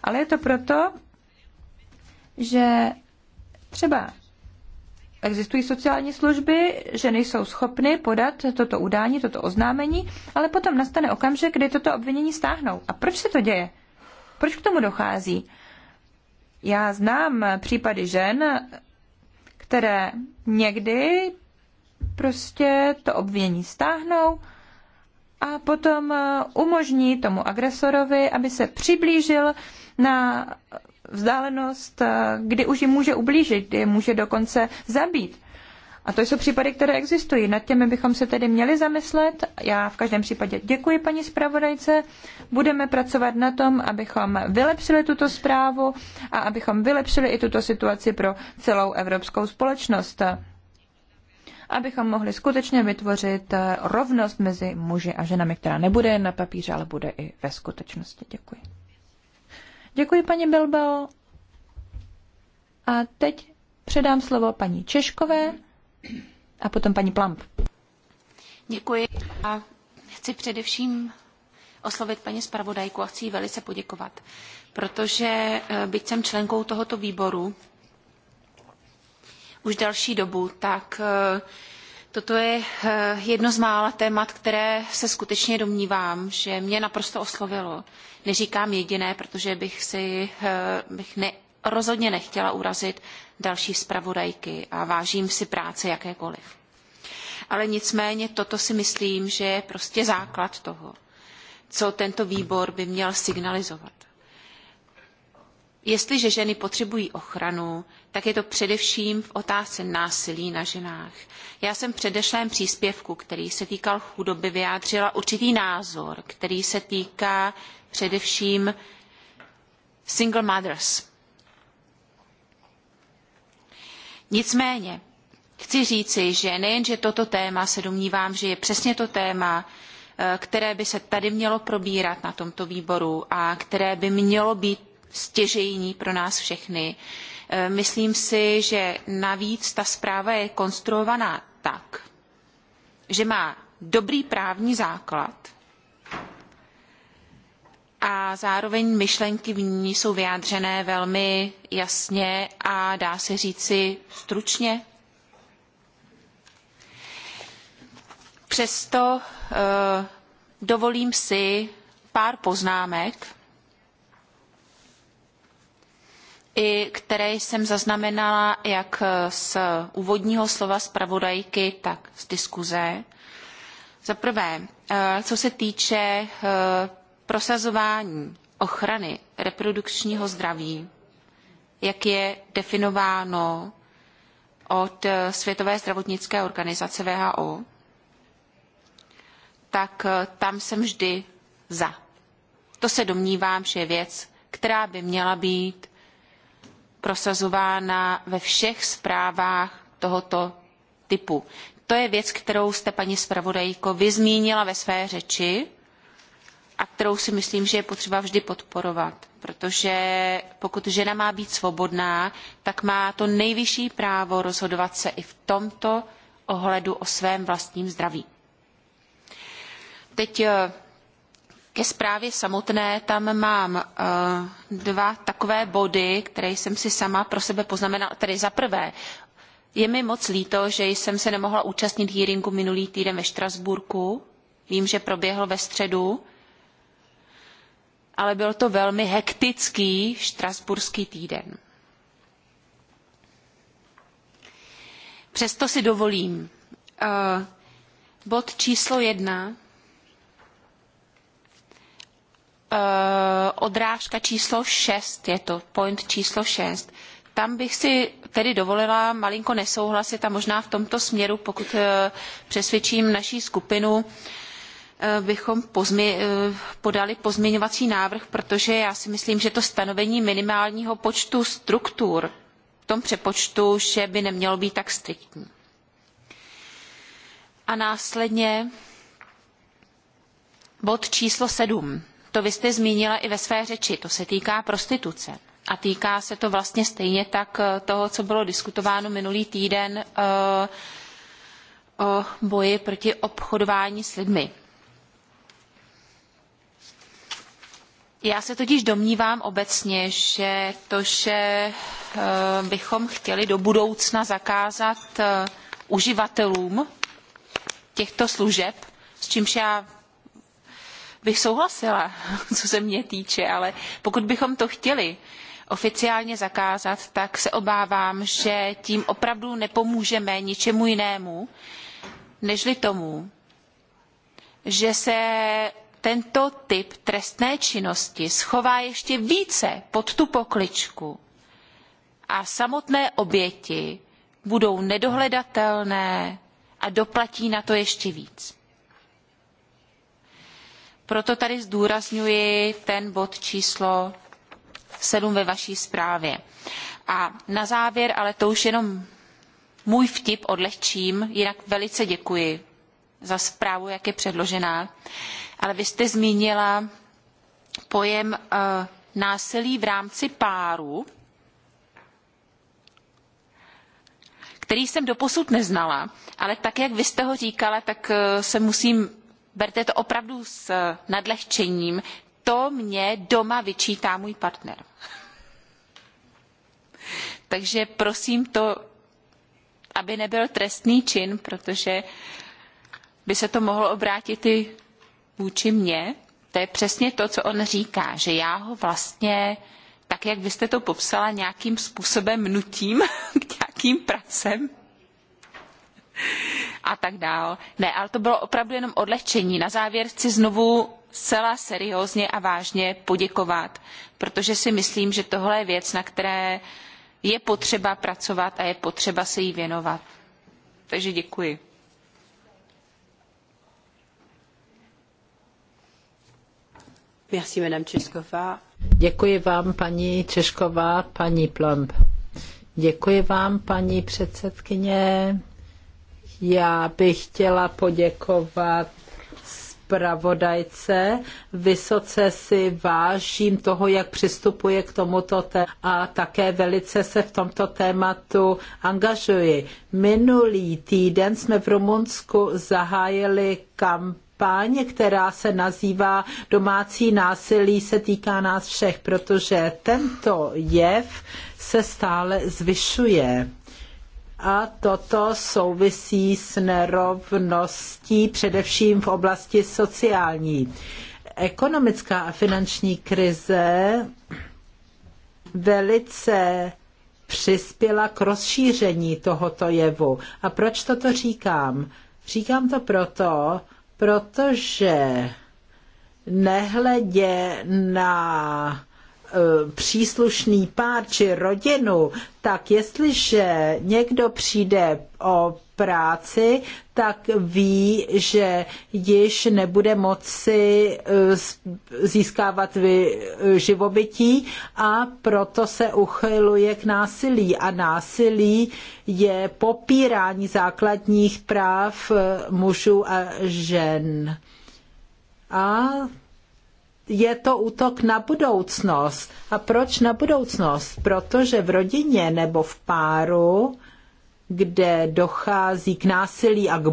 ale je to proto, že třeba existují sociální služby, že nejsou schopny podat toto udání, toto oznámení, ale potom nastane okamžik, kdy toto obvinění stáhnou. A proč se to děje? Proč k tomu dochází? Já znám případy žen, které někdy prostě to obvinění stáhnou a potom umožní tomu agresorovi, aby se přiblížil na vzdálenost, eh, kdy už jim může ublížit, kdy je může dokonce zabít. A to jsou případy, které existují. Nad těmi bychom se tedy měli zamyslet. Já v každém případě děkuji paní zpravodajce. Budeme pracovat na tom, abychom vylepšili tuto zprávu a abychom vylepšili i tuto situaci pro celou evropskou společnost. Abychom mohli skutečně vytvořit eh, rovnost mezi muži a ženami, která nebude jen na papíře, ale bude i ve skutečnosti. Děkuji. Děkuji, paní Bilbao. A teď předám slovo paní Češkové a potom paní Plamp. Děkuji a chci především oslovit paní zpravodajku a chci jí velice poděkovat, protože eh, byť jsem členkou tohoto výboru už další dobu, tak eh, Toto je eh, jedno z mála témat, které se skutečně domnívám, že mě naprosto oslovilo. Neříkám jediné, protože bych si eh, bych ne, rozhodně nechtěla urazit další zpravodajky a vážím si práce jakékoliv. Ale nicméně toto si myslím, že je prostě základ toho, co tento výbor by měl signalizovat. Jestliže ženy potřebují ochranu, tak je to především v otázce násilí na ženách. Já jsem v předešlém příspěvku, který se týkal chudoby, vyjádřila určitý názor, který se týká především single mothers. Nicméně chci říci, že nejenže toto téma se domnívám, že je přesně to téma, eh, které by se tady mělo probírat na tomto výboru a které by mělo být stěžejní pro nás všechny. E, myslím si, že navíc ta zpráva je konstruovaná tak, že má dobrý právní základ a zároveň myšlenky v ní jsou vyjádřené velmi jasně a dá se říci stručně. Přesto eh, dovolím si pár poznámek i které jsem zaznamenala jak z úvodního slova zpravodajky, tak z diskuze. Za prvé, eh, co se týče eh, prosazování ochrany reprodukčního zdraví, jak je definováno od eh, Světové zdravotnické organizace WHO, tak tam jsem vždy za. To se domnívám, že je věc, která by měla být prosazována ve všech zprávách tohoto typu. To je věc, kterou jste, paní zpravodajko, vy zmínila ve své řeči a kterou si myslím, že je potřeba vždy podporovat. Protože pokud žena má být svobodná, tak má to nejvyšší právo rozhodovat se i v tomto ohledu o svém vlastním zdraví. Teď eh, ke zprávě samotné tam mám eh, dva takové body, které jsem si sama pro sebe poznamenala. Tedy za prvé, je mi moc líto, že jsem se nemohla účastnit hearingu minulý týden ve Štrasburku. Vím, že proběhl ve středu, ale byl to velmi hektický štrasburský týden. Přesto si dovolím. Eh, bod číslo jedna Eh, odrážka číslo 6, je to point číslo 6. Tam bych si tedy dovolila malinko nesouhlasit a možná v tomto směru, pokud eh, přesvědčím naší skupinu, eh, bychom pozmi, podali pozměňovací návrh, protože já si myslím, že to stanovení minimálního počtu struktur v tom přepočtu, že by nemělo být tak striktní. A následně bod číslo 7 to vy jste zmínila i ve své řeči, to se týká prostituce. A týká se to vlastně stejně tak eh, toho, co bylo diskutováno minulý týden eh, o boji proti obchodování s lidmi. Já se totiž domnívám obecně, že to, že eh, bychom chtěli do budoucna zakázat uživatelům těchto služeb, s čímž já bych souhlasila, co se mě týče, ale pokud bychom to chtěli oficiálně zakázat, tak se obávám, že tím opravdu nepomůžeme ničemu jinému, nežli tomu, že se tento typ trestné činnosti schová ještě více pod tu pokličku a samotné oběti budou nedohledatelné a doplatí na to ještě víc. Proto tady zdůrazňuji ten bod číslo 7 ve vaší zprávě. A na závěr, ale to už jenom můj vtip odlehčím, jinak velice děkuji za zprávu, jak je předložená. Ale vy jste zmínila pojem eh, násilí v rámci páru, který jsem doposud neznala, ale tak, jak vy jste ho říkala, tak eh, se musím berte to opravdu s eh, nadlehčením, to mě doma vyčítá můj partner. Takže prosím to, aby nebyl trestný čin, protože by se to mohlo obrátit i vůči mně. To je přesně to, co on říká, že já ho vlastně, tak jak byste to popsala, nějakým způsobem nutím k nějakým pracem a tak dál. Ne, ale to bylo opravdu jenom odlehčení. Na závěr chci znovu zcela seriózně a vážně poděkovat, protože si myslím, že tohle je věc, na které je potřeba pracovat a je potřeba se jí věnovat. Takže děkuji. Merci, Madame Česková. Děkuji vám, paní Češková, paní Plomb. Děkuji vám, paní předsedkyně. Já bych chtěla poděkovat pravodajce. Vysoce si vážím toho, jak přistupuje k tomuto tématu a také velice se v tomto tématu angažuji. Minulý týden jsme v Rumunsku zahájili kampaň, která se nazývá Domácí násilí se týká nás všech, protože tento jev se stále zvyšuje a toto souvisí s nerovností především v oblasti sociální. Ekonomická a finanční krize velice přispěla k rozšíření tohoto jevu. A proč toto říkám? Říkám to proto, protože nehledě na Eh, příslušný pár či rodinu, tak jestliže někdo přijde o práci, tak ví, že již nebude moci eh, získávat eh, živobytí a proto se uchyluje k násilí. A násilí je popírání základních práv mužů a žen. A je to útok na budoucnost. A proč na budoucnost? Protože v rodině nebo v páru, kde dochází k násilí a k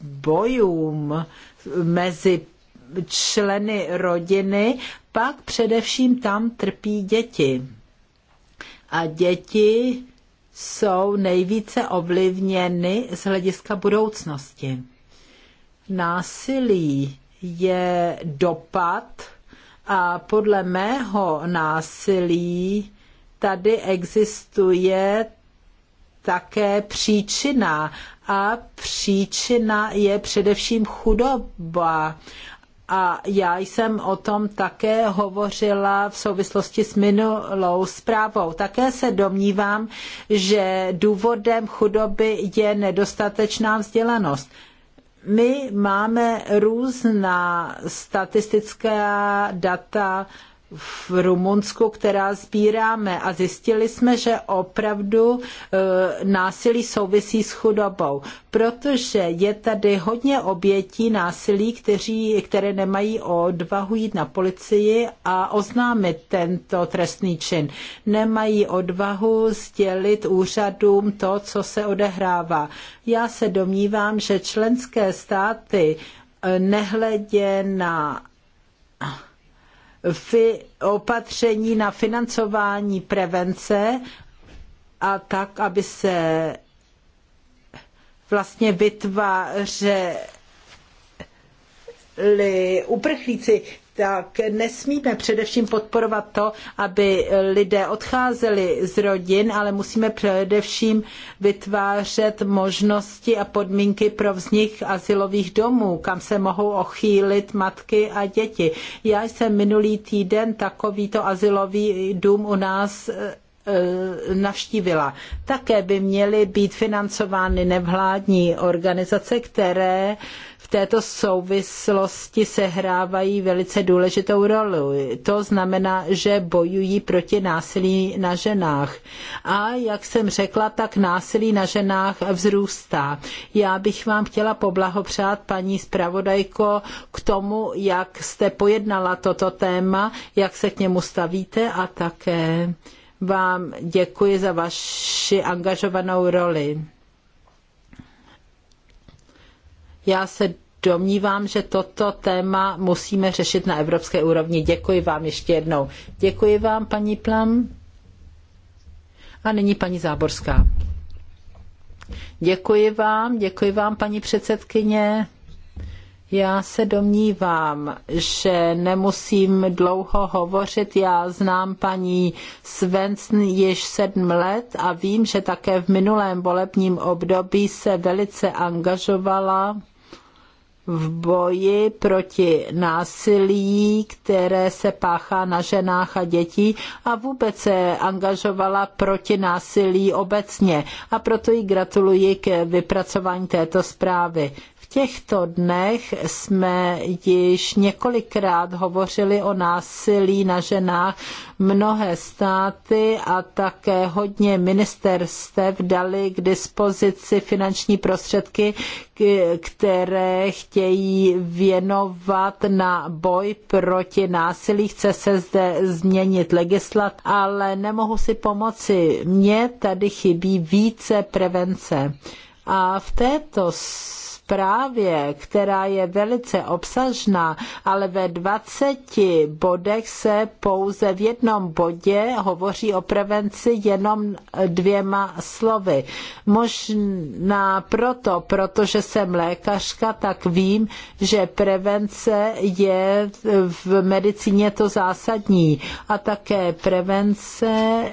bojům mezi členy rodiny, pak především tam trpí děti. A děti jsou nejvíce ovlivněny z hlediska budoucnosti. Násilí je dopad a podle mého násilí tady existuje také příčina. A příčina je především chudoba. A já jsem o tom také hovořila v souvislosti s minulou zprávou. Také se domnívám, že důvodem chudoby je nedostatečná vzdělanost my máme různá statistická data v Rumunsku, která sbíráme a zjistili jsme, že opravdu e, násilí souvisí s chudobou, protože je tady hodně obětí násilí, kteří, které nemají odvahu jít na policii a oznámit tento trestný čin. Nemají odvahu sdělit úřadům to, co se odehrává. Já se domnívám, že členské státy e, nehledě na fi, opatření na financování prevence a tak, aby se vlastně vytvářely uprchlíci, tak nesmíme především podporovat to, aby lidé odcházeli z rodin, ale musíme především vytvářet možnosti a podmínky pro vznik asilových domů, kam se mohou ochýlit matky a děti. Já jsem minulý týden takovýto asilový dům u nás e, e, navštívila. Také by měly být financovány nevládní organizace, které této souvislosti sehrávají velice důležitou roli. To znamená, že bojují proti násilí na ženách. A jak jsem řekla, tak násilí na ženách vzrůstá. Já bych vám chtěla poblahopřát, paní zpravodajko, k tomu, jak jste pojednala toto téma, jak se k němu stavíte a také vám děkuji za vaši angažovanou roli. Já se domnívám, že toto téma musíme řešit na evropské úrovni. Děkuji vám ještě jednou. Děkuji vám, paní Plam. A nyní paní Záborská. Děkuji vám, děkuji vám, paní předsedkyně. Já se domnívám, že nemusím dlouho hovořit. Já znám paní Svensson již sedm let a vím, že také v minulém volebním období se velice angažovala v boji proti násilí, které se páchá na ženách a dětí a vůbec se angažovala proti násilí obecně. A proto jí gratuluji k vypracování této zprávy těchto dnech jsme již několikrát hovořili o násilí na ženách. Mnohé státy a také hodně ministerstev dali k dispozici finanční prostředky, které chtějí věnovat na boj proti násilí. Chce se zde změnit legislat, ale nemohu si pomoci. Mně tady chybí více prevence. A v této zprávě, která je velice obsažná, ale ve 20 bodech se pouze v jednom bodě hovoří o prevenci jenom dvěma slovy. Možná proto, protože jsem lékařka, tak vím, že prevence je v medicíně to zásadní. A také prevence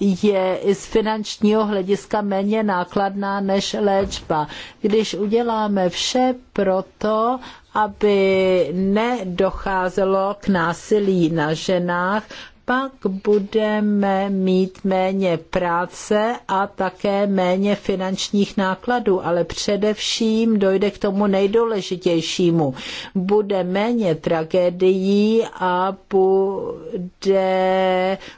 je z finančního hlediska méně nákladná než léčba. Když uděláme vše proto, aby nedocházelo k násilí na ženách pak budeme mít méně práce a také méně finančních nákladů, ale především dojde k tomu nejdůležitějšímu. Bude méně tragédií a bude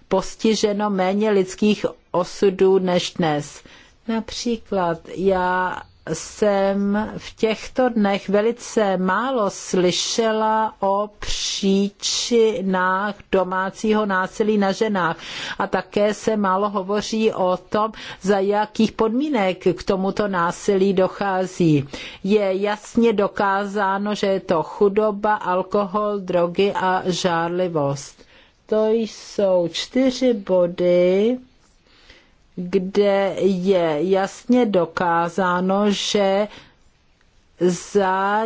postiženo méně lidských osudů než dnes. Například já jsem v těchto dnech velice málo slyšela o příčinách domácího násilí na ženách a také se málo hovoří o tom, za jakých podmínek k tomuto násilí dochází. Je jasně dokázáno, že je to chudoba, alkohol, drogy a žárlivost. To jsou čtyři body, kde je jasně dokázáno, že za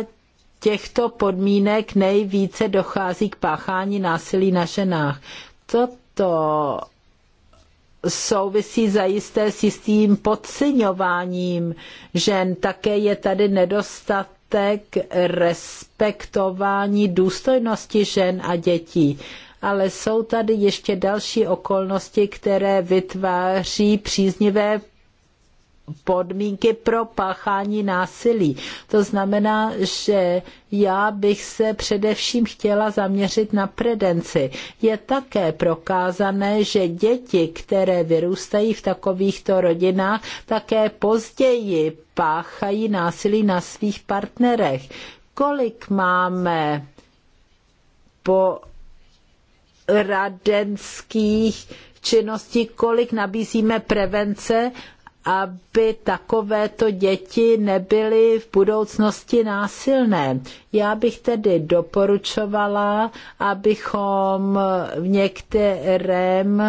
těchto podmínek nejvíce dochází k páchání násilí na ženách. Toto souvisí zajisté s jistým podceňováním žen. Také je tady nedostatek respektování důstojnosti žen a dětí ale jsou tady ještě další okolnosti, které vytváří příznivé podmínky pro páchání násilí. To znamená, že já bych se především chtěla zaměřit na predenci. Je také prokázané, že děti, které vyrůstají v takovýchto rodinách, také později páchají násilí na svých partnerech. Kolik máme po radenských činností, kolik nabízíme prevence, aby takovéto děti nebyly v budoucnosti násilné. Já bych tedy doporučovala, abychom v některém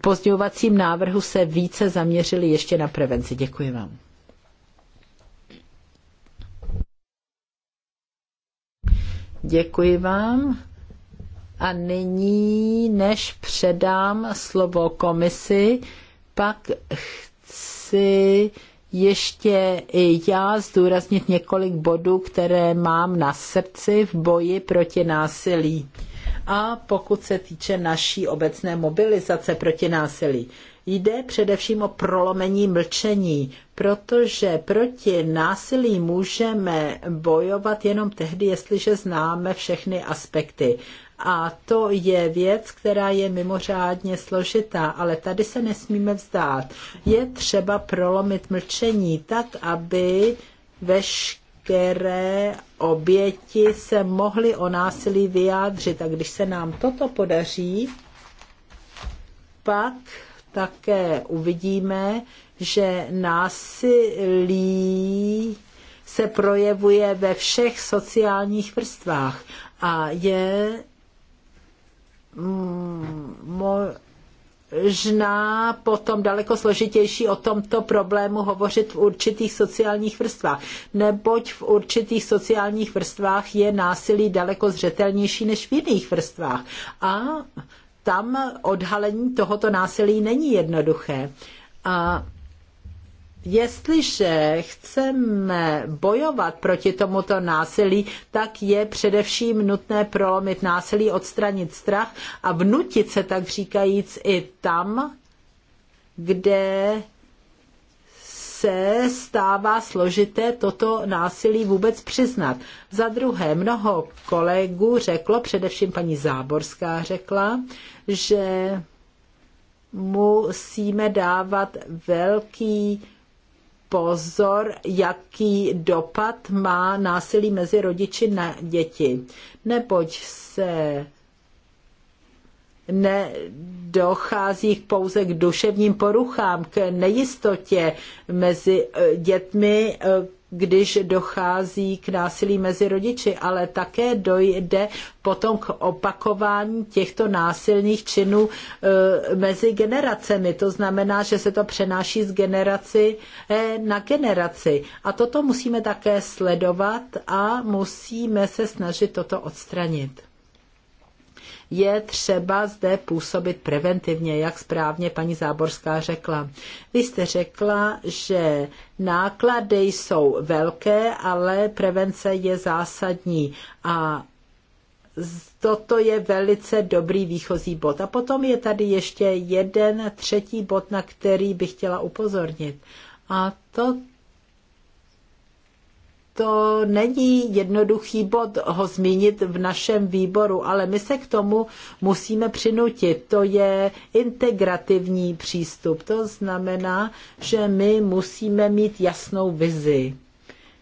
pozdějovacím návrhu se více zaměřili ještě na prevenci. Děkuji vám. Děkuji vám. A nyní, než předám slovo komisi, pak chci ještě i já zdůraznit několik bodů, které mám na srdci v boji proti násilí. A pokud se týče naší obecné mobilizace proti násilí, jde především o prolomení mlčení, protože proti násilí můžeme bojovat jenom tehdy, jestliže známe všechny aspekty. A to je věc, která je mimořádně složitá, ale tady se nesmíme vzdát. Je třeba prolomit mlčení tak, aby veškeré oběti se mohly o násilí vyjádřit. A když se nám toto podaří, pak také uvidíme, že násilí se projevuje ve všech sociálních vrstvách a je Mm, možná potom daleko složitější o tomto problému hovořit v určitých sociálních vrstvách, neboť v určitých sociálních vrstvách je násilí daleko zřetelnější než v jiných vrstvách. A tam odhalení tohoto násilí není jednoduché. A Jestliže chceme bojovat proti tomuto násilí, tak je především nutné prolomit násilí, odstranit strach a vnutit se, tak říkajíc, i tam, kde se stává složité toto násilí vůbec přiznat. Za druhé, mnoho kolegů řeklo, především paní Záborská řekla, že musíme dávat velký pozor, jaký dopad má násilí mezi rodiči na děti. Neboť se nedochází pouze k duševním poruchám, k nejistotě mezi eh, dětmi, eh, když dochází k násilí mezi rodiči, ale také dojde potom k opakování těchto násilných činů e, mezi generacemi. To znamená, že se to přenáší z generaci e, na generaci. A toto musíme také sledovat a musíme se snažit toto odstranit je třeba zde působit preventivně, jak správně paní Záborská řekla. Vy jste řekla, že náklady jsou velké, ale prevence je zásadní a toto je velice dobrý výchozí bod. A potom je tady ještě jeden třetí bod, na který bych chtěla upozornit. A to to není jednoduchý bod ho zmínit v našem výboru, ale my se k tomu musíme přinutit. To je integrativní přístup. To znamená, že my musíme mít jasnou vizi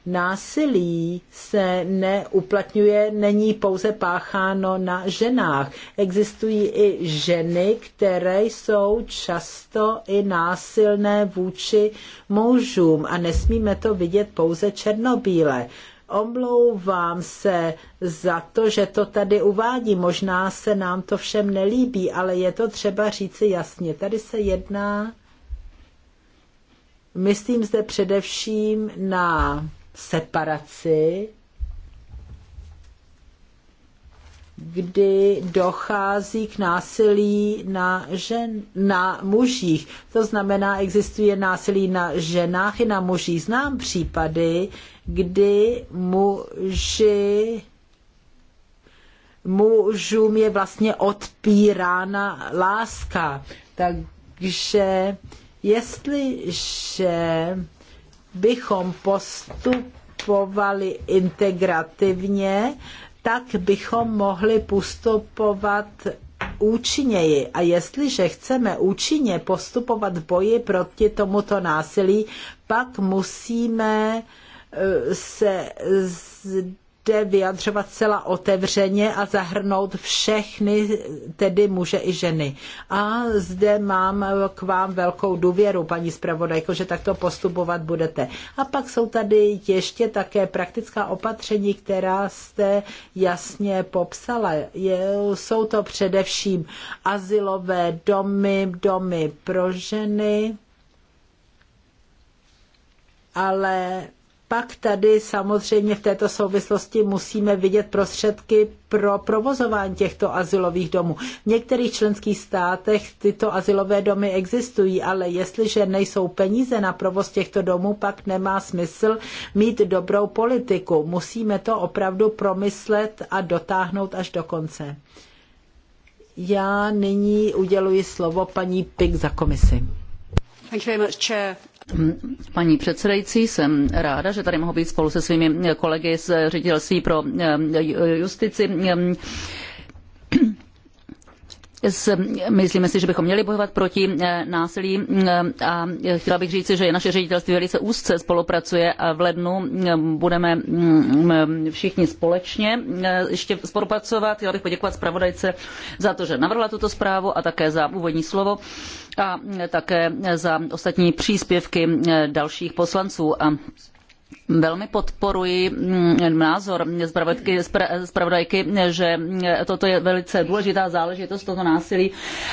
násilí se neuplatňuje, není pouze pácháno na ženách. Existují i ženy, které jsou často i násilné vůči mužům a nesmíme to vidět pouze černobíle. Omlouvám se za to, že to tady uvádí. Možná se nám to všem nelíbí, ale je to třeba říci jasně. Tady se jedná, myslím zde především na separaci, kdy dochází k násilí na, žen, na mužích. To znamená, existuje násilí na ženách i na mužích. Znám případy, kdy muži mužům je vlastně odpírána láska. Takže jestliže bychom postupovali integrativně, tak bychom mohli postupovat účinněji. A jestliže chceme účinně postupovat v boji proti tomuto násilí, pak musíme eh, se jde vyjadřovat celá otevřeně a zahrnout všechny, tedy muže i ženy. A zde mám k vám velkou důvěru, paní zpravodajko, že takto postupovat budete. A pak jsou tady ještě také praktická opatření, která jste jasně popsala. Je, jsou to především asilové domy, domy pro ženy, ale pak tady samozřejmě v této souvislosti musíme vidět prostředky pro provozování těchto asilových domů. V některých členských státech tyto asilové domy existují, ale jestliže nejsou peníze na provoz těchto domů, pak nemá smysl mít dobrou politiku. Musíme to opravdu promyslet a dotáhnout až do konce. Já nyní uděluji slovo paní Pik za komisi. Thank you very much, Chair. Paní předsedající, jsem ráda, že tady mohu být spolu se svými kolegy z ředitelství pro eh, justici. Myslíme si, že bychom měli bojovat proti eh, násilí eh, a chtěla bych říct, že naše ředitelství velice úzce spolupracuje a v lednu mm, budeme mm, mm, všichni společně eh, ještě spolupracovat. Chtěla bych poděkovat zpravodajce za to, že navrhla tuto zprávu a také za úvodní slovo a také za ostatní příspěvky dalších poslanců. A Velmi podporuji mm, názor zpravodajky, že toto je velice důležitá záležitost, toto násilí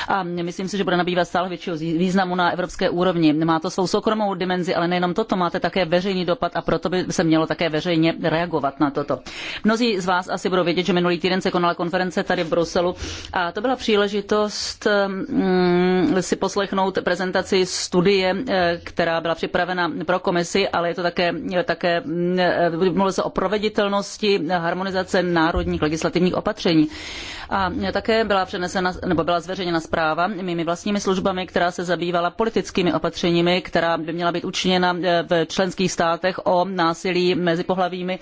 a myslím si, že bude nabývat stále většího významu na evropské úrovni. Má to svou soukromou dimenzi, ale nejenom toto, máte také veřejný dopad a proto by se mělo také veřejně reagovat na toto. Mnozí z vás asi budou vědět, že minulý týden se konala konference tady v Bruselu a to byla příležitost mm, si poslechnout prezentaci studie, eh, která byla připravena pro komisi, ale je to také, také také eh, mluvilo se o proveditelnosti harmonizace národních legislativních opatření. A také byla přenesena, nebo byla zveřejněna zpráva mými vlastními službami, která se zabývala politickými opatřeními, která by měla být učiněna eh, v členských státech o násilí mezi pohlavími.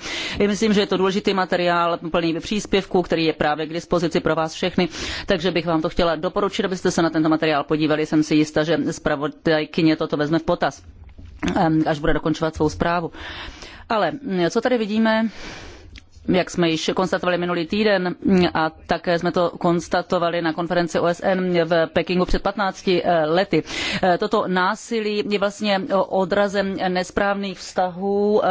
Myslím, že je to důležitý materiál plný příspěvků, který je právě k dispozici pro vás všechny, takže bych vám to chtěla doporučit, abyste se na tento materiál podívali. Jsem si jista, že zpravodajkyně toto vezme v potaz. Ehm, až bude dokončovat svou zprávu. Ale mm, co tady vidíme, jak jsme již konstatovali minulý týden a také jsme to konstatovali na konferenci OSN v Pekingu před 15 eh, lety. Eh, toto násilí je vlastně odrazem nesprávných vztahů,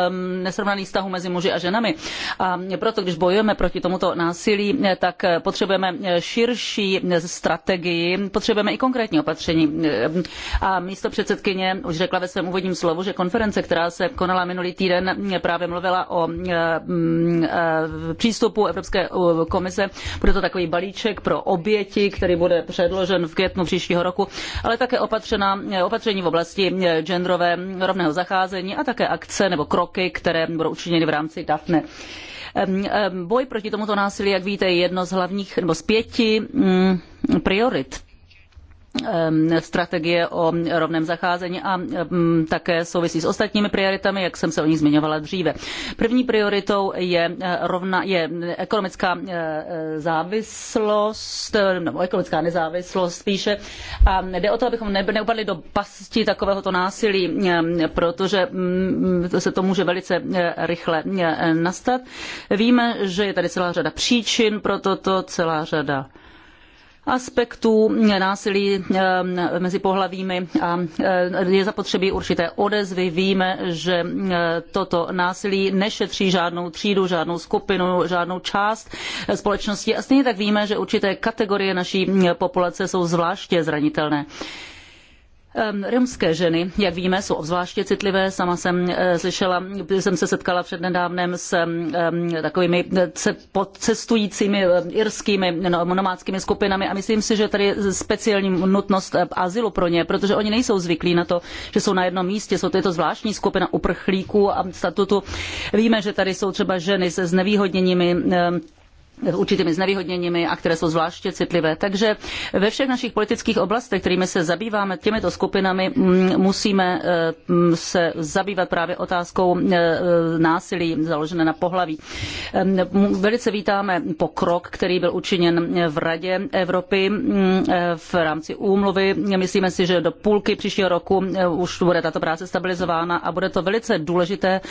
nesrovnaných vztahů mezi muži a ženami. A proto, když bojujeme proti tomuto násilí, eh, tak potřebujeme širší strategii, potřebujeme i konkrétní opatření. A místo předsedkyně už řekla ve svém úvodním slovu, že konference, která se konala minulý týden, právě mluvila o Eh, přístupu Evropské eh, komise. Bude to takový balíček pro oběti, který bude předložen v květnu příštího roku, ale také opatřena, eh, opatření v oblasti genderové rovného zacházení a také akce nebo kroky, které budou učiněny v rámci DAFNE. Boj proti tomuto násilí, jak víte, je jedno z hlavních nebo z pěti mm, priorit Ehm, strategie o rovném zacházení a ehm, také souvisí s ostatními prioritami, jak jsem se o nich zmiňovala dříve. První prioritou je, eh, rovna, je ekonomická eh, eh, závislost, nebo ekonomická nezávislost spíše. A jde o to, abychom neupadli do pasti takovéhoto násilí, ehm, protože mm, se to může velice rychle nastat. Víme, že je tady celá řada příčin pro toto, celá řada aspektů násilí eh, mezi pohlavími a eh, je zapotřebí určité odezvy. Víme, že eh, toto násilí nešetří žádnou třídu, žádnou skupinu, žádnou část společnosti a stejně tak víme, že určité kategorie naší populace jsou zvláště zranitelné. Romské ženy, jak víme, jsou obzvláště citlivé. Sama jsem e, slyšela, jsem se setkala přednedávnem s takovými e, cestujícími e, irskými no, nomádskými skupinami a myslím si, že tady je speciální nutnost azylu pro ně, protože oni nejsou zvyklí na to, že jsou na jednom místě. Jsou to, to zvláštní skupina uprchlíků a statutu. Víme, že tady jsou třeba ženy se znevýhodněními určitými znevýhodněními a které jsou zvláště citlivé. Takže ve všech našich politických oblastech, kterými se zabýváme těmito skupinami, mm, musíme eh, mm, se zabývat právě otázkou eh, násilí založené na pohlaví. Ehm, velice vítáme pokrok, který byl učiněn v Radě Evropy mm, eh, v rámci úmluvy. Myslíme si, že do půlky příštího roku už bude tato práce stabilizována a bude to velice důležité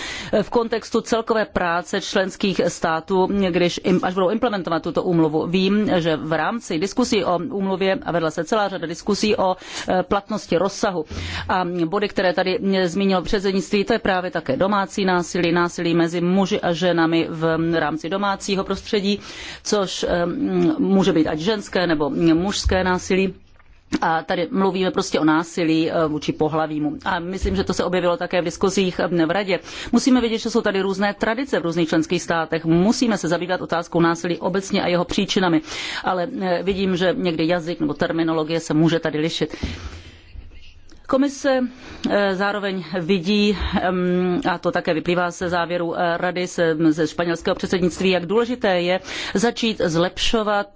v kontextu celkové práce členských států, když až budou implementovat tuto úmluvu. Vím, že v rámci diskusí o úmluvě a vedla se celá řada diskusí o e, platnosti rozsahu a body, které tady zmínilo předsednictví, to je právě také domácí násilí, násilí mezi muži a ženami v rámci domácího prostředí, což e, může být ať ženské nebo mužské násilí a tady mluvíme prostě o násilí eh, vůči pohlavímu. A myslím, že to se objevilo také v diskuzích eh, v radě. Musíme vidět, že jsou tady různé tradice v různých členských státech. Musíme se zabývat otázkou násilí obecně a jeho příčinami. Ale eh, vidím, že někdy jazyk nebo terminologie se může tady lišit. Komise zároveň vidí, ehm, a to také vyplývá ze závěru rady ze španělského předsednictví, jak důležité je začít zlepšovat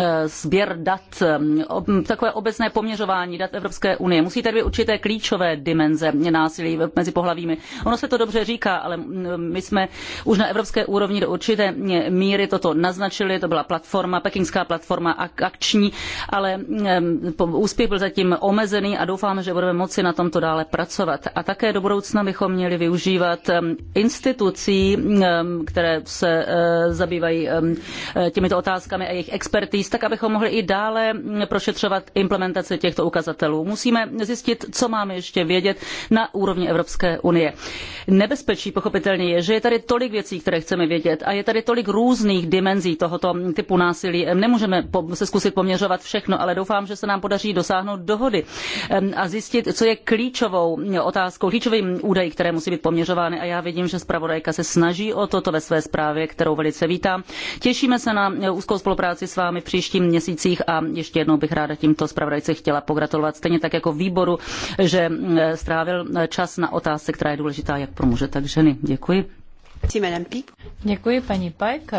Eh, sběr dat, eh, takové obecné poměřování dat Evropské unie. Musí tady být určité klíčové dimenze násilí mezi pohlavími. Ono se to dobře říká, ale mm, my jsme už na evropské úrovni do určité míry toto naznačili. To byla platforma, pekingská platforma akční, ale mm, úspěch byl zatím omezený a doufáme, že budeme moci na tomto dále pracovat. A také do budoucna bychom měli využívat mm, institucí, které se eh, zabývají těmito otázkami a jejich expertí pilíř, tak abychom mohli i dále prošetřovat implementaci těchto ukazatelů. Musíme zjistit, co máme ještě vědět na úrovni Evropské unie. Nebezpečí pochopitelně je, že je tady tolik věcí, které chceme vědět a je tady tolik různých dimenzí tohoto typu násilí. Nemůžeme se zkusit poměřovat všechno, ale doufám, že se nám podaří dosáhnout dohody a zjistit, co je klíčovou otázkou, klíčovým údajem, které musí být poměřovány. A já vidím, že zpravodajka se snaží o toto ve své zprávě, kterou velice vítám. Těšíme se na úzkou spolupráci s vámi vámi v příštích měsících a ještě jednou bych ráda tímto zpravodajce chtěla pogratulovat, stejně tak jako výboru, že eh, strávil eh, čas na otázce, která je důležitá jak pro muže, tak ženy. Děkuji. Děkuji paní Pajk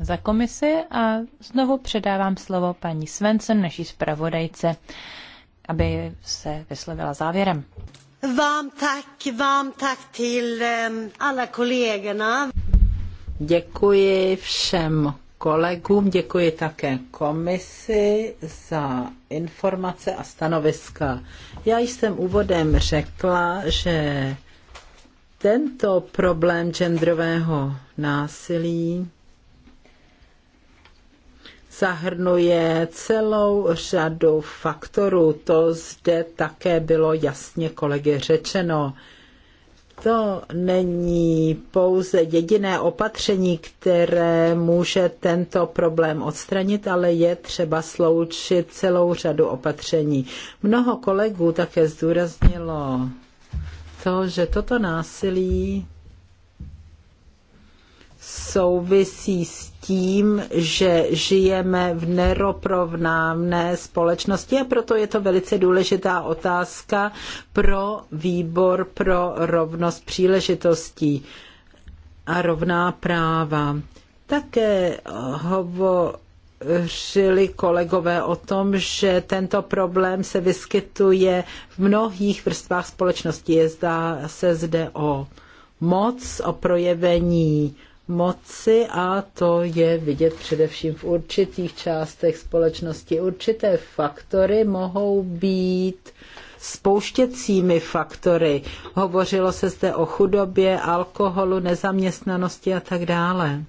za komisi a znovu předávám slovo paní Svensson, naší zpravodajce, aby se vyslovila závěrem. Vám tak, vám tak til eh, alla kollegorna. Děkuji všem kolegům, děkuji také komisi za informace a stanoviska. Já jsem úvodem řekla, že tento problém genderového násilí zahrnuje celou řadu faktorů. To zde také bylo jasně kolegy řečeno to není pouze jediné opatření, které může tento problém odstranit, ale je třeba sloučit celou řadu opatření. Mnoho kolegů také zdůraznilo to, že toto násilí souvisí s tím, že žijeme v neroprovnámné společnosti a proto je to velice důležitá otázka pro výbor pro rovnost příležitostí a rovná práva. Také hovořili kolegové o tom, že tento problém se vyskytuje v mnohých vrstvách společnosti. Jezdá se zde o moc, o projevení moci a to je vidět především v určitých částech společnosti. Určité faktory mohou být spouštěcími faktory. Hovořilo se zde o chudobě, alkoholu, nezaměstnanosti a tak dále.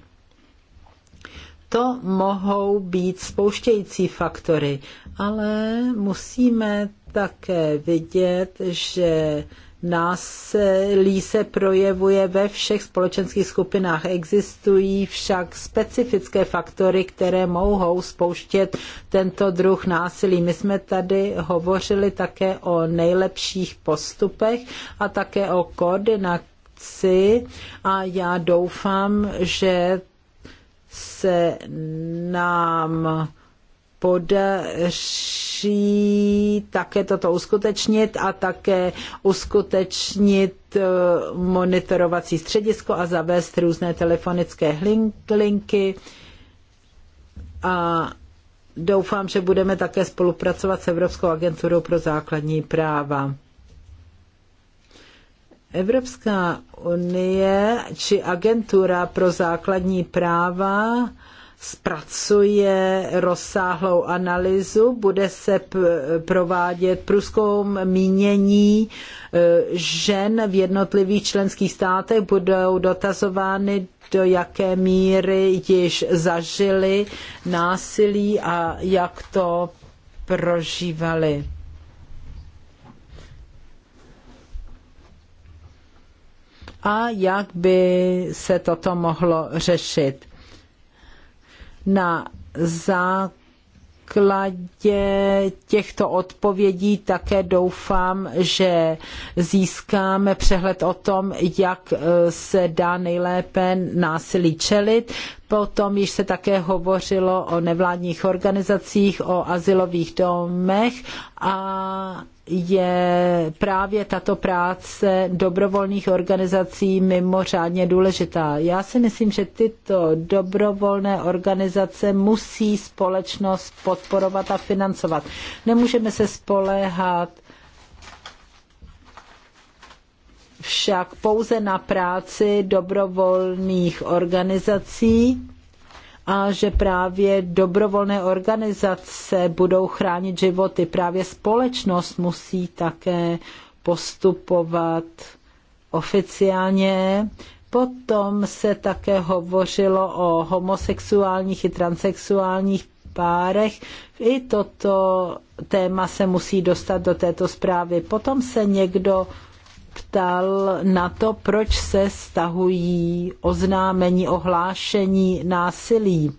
To mohou být spouštějící faktory, ale musíme také vidět, že Násilí se projevuje ve všech společenských skupinách. Existují však specifické faktory, které mohou spouštět tento druh násilí. My jsme tady hovořili také o nejlepších postupech a také o koordinaci a já doufám, že se nám podaří také toto uskutečnit a také uskutečnit e, monitorovací středisko a zavést různé telefonické linky. A doufám, že budeme také spolupracovat s Evropskou agenturou pro základní práva. Evropská unie či agentura pro základní práva zpracuje rozsáhlou analýzu, bude se provádět průzkum mínění eh, žen v jednotlivých členských státech, budou dotazovány do jaké míry již zažili násilí a jak to prožívali. A jak by se toto mohlo řešit? na základě těchto odpovědí také doufám, že získáme přehled o tom, jak eh, se dá nejlépe násilí čelit. Potom již se také hovořilo o nevládních organizacích, o asilových domech a je právě tato práce dobrovolných organizací mimořádně důležitá. Já si myslím, že tyto dobrovolné organizace musí společnost podporovat a financovat. Nemůžeme se spoléhat však pouze na práci dobrovolných organizací, a že právě dobrovolné organizace budou chránit životy. Právě společnost musí také postupovat oficiálně. Potom se také hovořilo o homosexuálních i transexuálních párech. I toto téma se musí dostat do této zprávy. Potom se někdo ptal na to, proč se stahují oznámení, ohlášení násilí.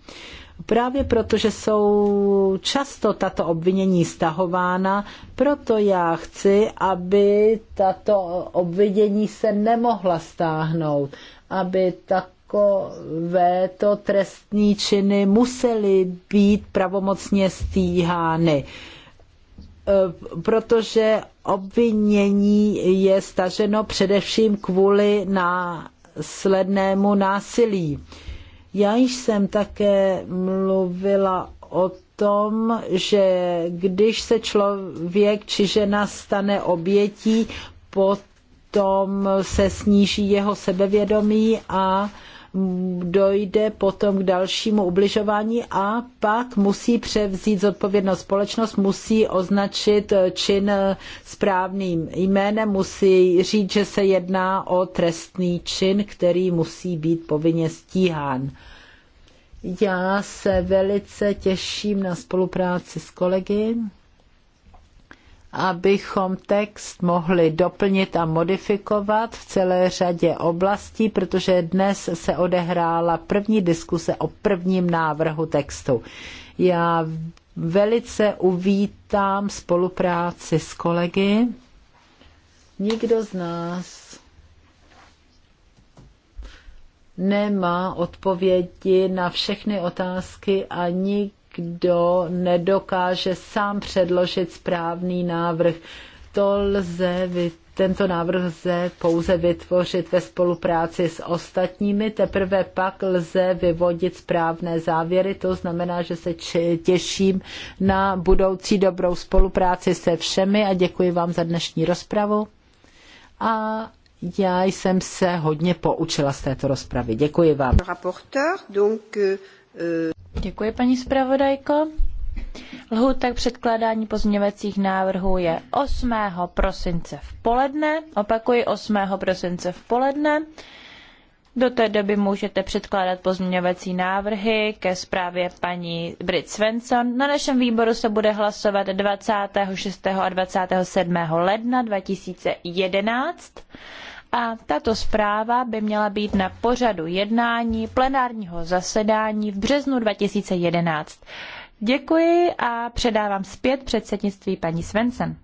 Právě proto, že jsou často tato obvinění stahována, proto já chci, aby tato obvinění se nemohla stáhnout, aby takovéto trestní činy musely být pravomocně stíhány e, protože obvinění je staženo především kvůli následnému násilí. Já již jsem také mluvila o tom, že když se člověk či žena stane obětí, potom se sníží jeho sebevědomí a dojde potom k dalšímu ubližování a pak musí převzít zodpovědnost společnost, musí označit čin správným jménem, musí říct, že se jedná o trestný čin, který musí být povinně stíhán. Já se velice těším na spolupráci s kolegy abychom text mohli doplnit a modifikovat v celé řadě oblastí, protože dnes se odehrála první diskuse o prvním návrhu textu. Já velice uvítám spolupráci s kolegy. Nikdo z nás nemá odpovědi na všechny otázky a nikdo kdo nedokáže sám předložit správný návrh. To lze tento návrh lze pouze vytvořit ve spolupráci s ostatními, teprve pak lze vyvodit správné závěry. To znamená, že se těším na budoucí dobrou spolupráci se všemi a děkuji vám za dnešní rozpravu. A já jsem se hodně poučila z této rozpravy. Děkuji vám. Děkuji, paní zpravodajko. Lhůta k předkládání pozměňovacích návrhů je 8. prosince v poledne. Opakuji 8. prosince v poledne. Do té doby můžete předkládat pozměňovací návrhy ke zprávě paní Brit Svensson. Na našem výboru se bude hlasovat 26. a 27. ledna 2011 a tato zpráva by měla být na pořadu jednání plenárního zasedání v březnu 2011. Děkuji a předávám zpět předsednictví paní Svensen.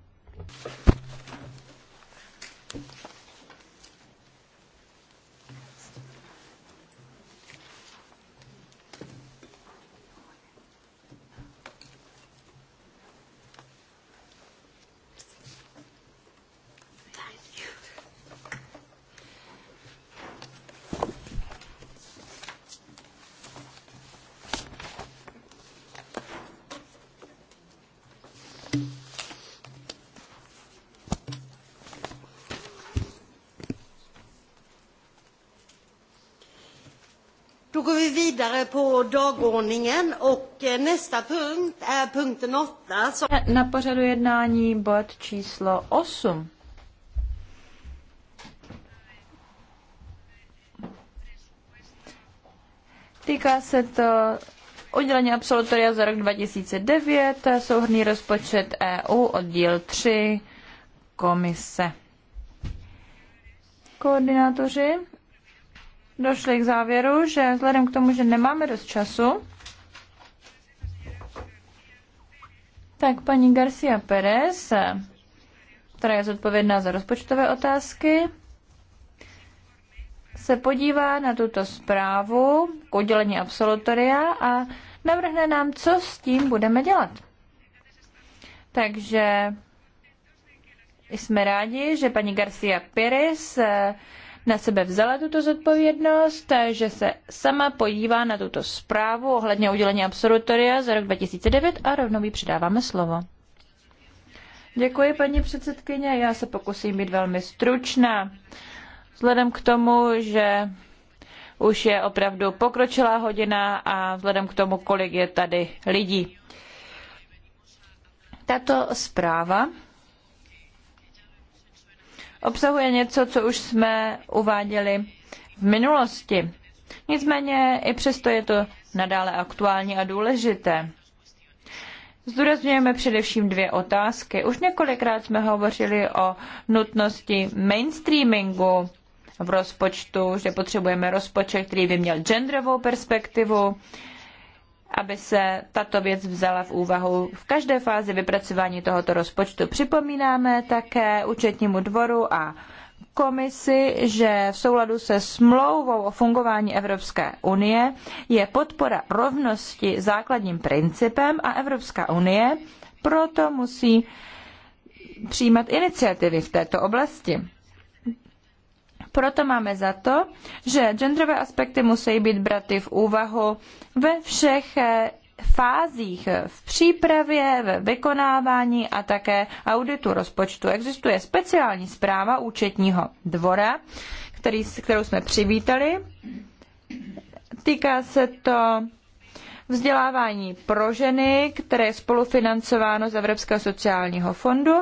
vi vidare på dagordningen och eh, nästa punkt är punkten 8. Som... Na pořadu jednání bod číslo 8. Týká se to udělení absolutoria za rok 2009, souhrný rozpočet EU, oddíl 3, komise. Koordinátoři došli k závěru, že vzhledem k tomu, že nemáme dost času, tak paní Garcia Pérez, která je zodpovědná za rozpočtové otázky, se podívá na tuto zprávu k udělení absolutoria a navrhne nám, co s tím budeme dělat. Takže jsme rádi, že paní Garcia Pérez na sebe vzala tuto zodpovědnost, že se sama podívá na tuto zprávu ohledně udělení absolutoria za rok 2009 a rovnou jí předáváme slovo. Děkuji, paní předsedkyně. Já se pokusím být velmi stručná. Vzhledem k tomu, že už je opravdu pokročilá hodina a vzhledem k tomu, kolik je tady lidí. Tato zpráva obsahuje něco, co už jsme uváděli v minulosti. Nicméně i přesto je to nadále aktuální a důležité. Zdůrazňujeme především dvě otázky. Už několikrát jsme hovořili o nutnosti mainstreamingu v rozpočtu, že potřebujeme rozpočet, který by měl genderovou perspektivu, aby se tato věc vzala v úvahu v každé fázi vypracování tohoto rozpočtu. Připomínáme také účetnímu dvoru a komisi, že v souladu se smlouvou o fungování Evropské unie je podpora rovnosti základním principem a Evropská unie proto musí přijímat iniciativy v této oblasti. Proto máme za to, že genderové aspekty musí být braty v úvahu ve všech eh, fázích v přípravě, ve vykonávání a také auditu rozpočtu. Existuje speciální zpráva účetního dvora, který, kterou jsme přivítali. Týká se to vzdělávání pro ženy, které je spolufinancováno z Evropského sociálního fondu.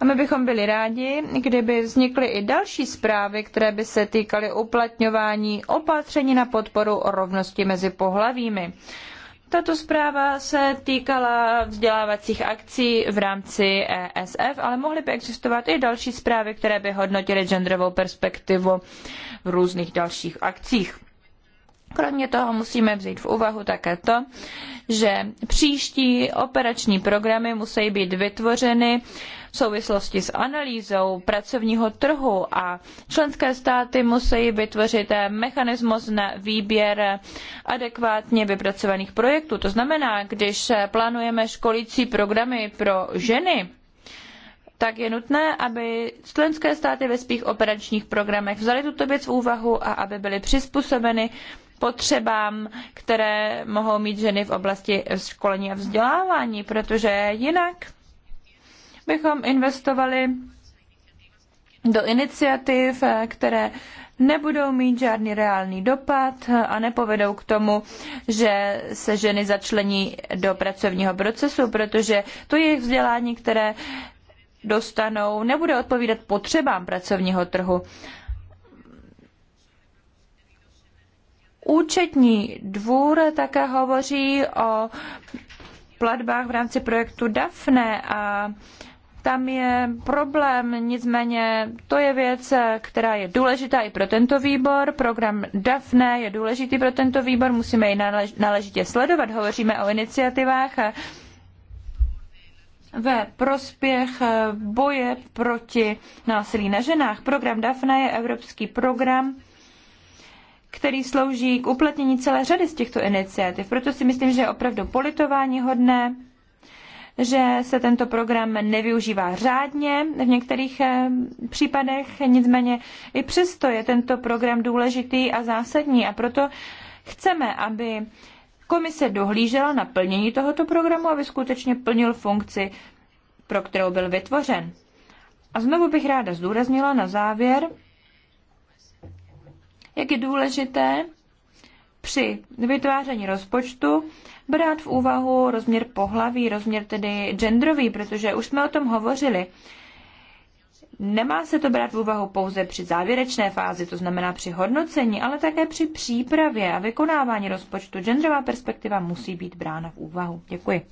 A my bychom byli rádi, kdyby vznikly i další zprávy, které by se týkaly uplatňování opatření na podporu o rovnosti mezi pohlavími. Tato zpráva se týkala vzdělávacích akcí v rámci ESF, ale mohly by existovat i další zprávy, které by hodnotily genderovou perspektivu v různých dalších akcích. Kromě toho musíme vzít v úvahu také to, že příští operační programy musí být vytvořeny v souvislosti s analýzou pracovního trhu a členské státy musí vytvořit mechanismus na výběr adekvátně vypracovaných projektů. To znamená, když plánujeme školící programy pro ženy, tak je nutné, aby členské státy ve svých operačních programech vzaly tuto věc v úvahu a aby byly přizpůsobeny potřebám, které mohou mít ženy v oblasti školení a vzdělávání, protože jinak bychom investovali do iniciativ, které nebudou mít žádný reálný dopad a nepovedou k tomu, že se ženy začlení do pracovního procesu, protože to jejich vzdělání, které dostanou, nebude odpovídat potřebám pracovního trhu. Účetní dvůr také hovoří o platbách v rámci projektu DAFNE a tam je problém, nicméně to je věc, která je důležitá i pro tento výbor. Program DAFNE je důležitý pro tento výbor, musíme ji náležitě sledovat. Hovoříme o iniciativách ve prospěch boje proti násilí na ženách. Program DAFNE je evropský program, který slouží k uplatnění celé řady z těchto iniciativ. Proto si myslím, že je opravdu politování hodné, že se tento program nevyužívá řádně v některých eh, případech, nicméně i přesto je tento program důležitý a zásadní a proto chceme, aby komise dohlížela na plnění tohoto programu, aby skutečně plnil funkci, pro kterou byl vytvořen. A znovu bych ráda zdůraznila na závěr, jak je důležité při vytváření rozpočtu brát v úvahu rozměr pohlaví, rozměr tedy genderový, protože už jsme o tom hovořili. Nemá se to brát v úvahu pouze při závěrečné fázi, to znamená při hodnocení, ale také při přípravě a vykonávání rozpočtu. Genderová perspektiva musí být brána v úvahu. Děkuji.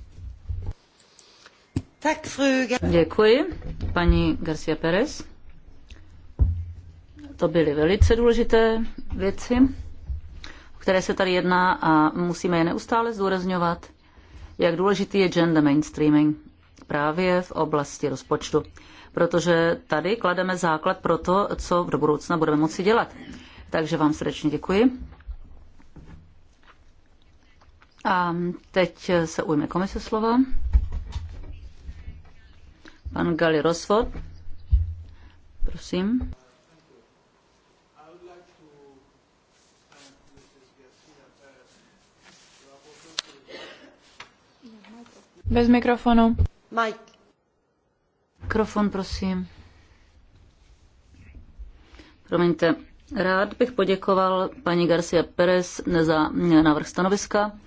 Děkuji, paní Garcia Perez. To byly velice důležité věci, o které se tady jedná a musíme je neustále zdůrazňovat, jak důležitý je gender mainstreaming právě v oblasti rozpočtu, protože tady klademe základ pro to, co do budoucna budeme moci dělat. Takže vám srdečně děkuji. A teď se ujme komise slova. Pan Gali Rosford. prosím. Bez mikrofonu. Mike. Mikrofon, prosím. Promiňte, rád bych poděkoval paní Garcia Perez za návrh stanoviska eh,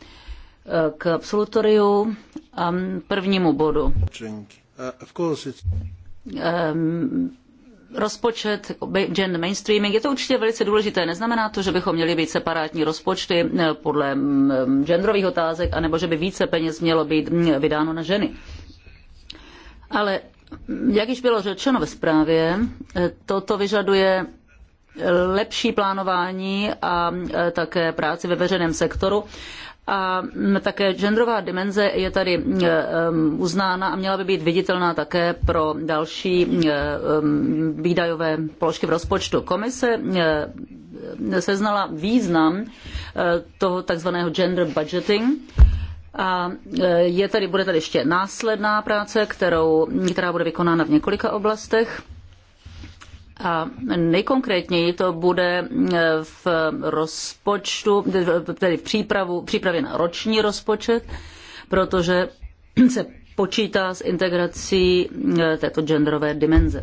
k absolutoriu a prvnímu bodu. Um, rozpočet, gender mainstreaming, je to určitě velice důležité. Neznamená to, že bychom měli být separátní rozpočty eh, podle mm, eh, genderových otázek, anebo že by více peněz mělo být mm, vydáno na ženy. Ale mm, jak již bylo řečeno ve zprávě, eh, toto vyžaduje lepší plánování a také práci ve veřejném sektoru a mm, také genderová dimenze je tady e, uznána a měla by být viditelná také pro další e, výdajové položky v rozpočtu. Komise e, seznala význam toho takzvaného gender budgeting a je tady, bude tady ještě následná práce, kterou, která bude vykonána v několika oblastech a nejkonkrétněji to bude eh, v rozpočtu, tedy v přípravu, přípravě na roční rozpočet, protože se počítá s integrací eh, této genderové dimenze.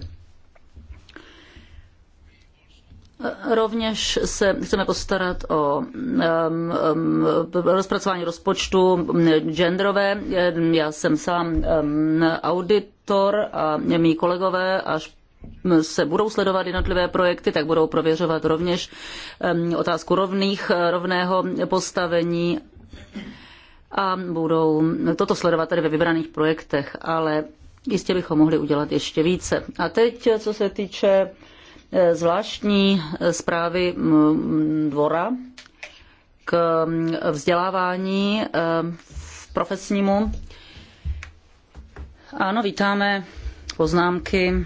Eh, rovněž se chceme postarat o um, um, rozpracování rozpočtu genderové. Já jsem sám um, auditor a mý kolegové až se budou sledovat jednotlivé projekty, tak budou prověřovat rovněž otázku rovných, eh, rovného postavení a budou toto sledovat tady ve vybraných projektech, ale jistě bychom mohli udělat ještě více. A teď, co se týče eh, zvláštní eh, zprávy dvora k vzdělávání v profesnímu. Ano, vítáme poznámky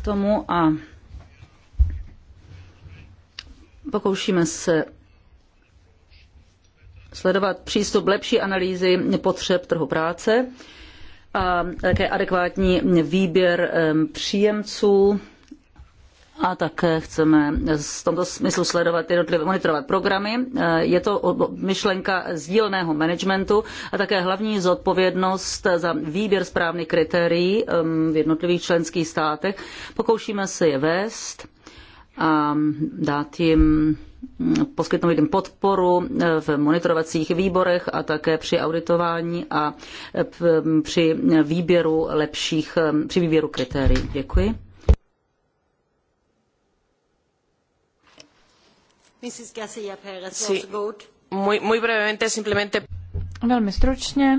k tomu a pokoušíme se sledovat přístup lepší analýzy potřeb trhu práce a také adekvátní výběr příjemců a také chceme v tomto smyslu sledovat jednotlivé monitorovat programy. Je to myšlenka sdíleného managementu a také hlavní zodpovědnost za výběr správných kritérií um, v jednotlivých členských státech. Pokoušíme se je vést a dát jim mm, poskytnout jim podporu eh, v monitorovacích výborech a také při auditování a eh, při výběru lepších, eh, při výběru kritérií. Děkuji. sí. Muy, muy brevemente, simplemente... Velmi stručně.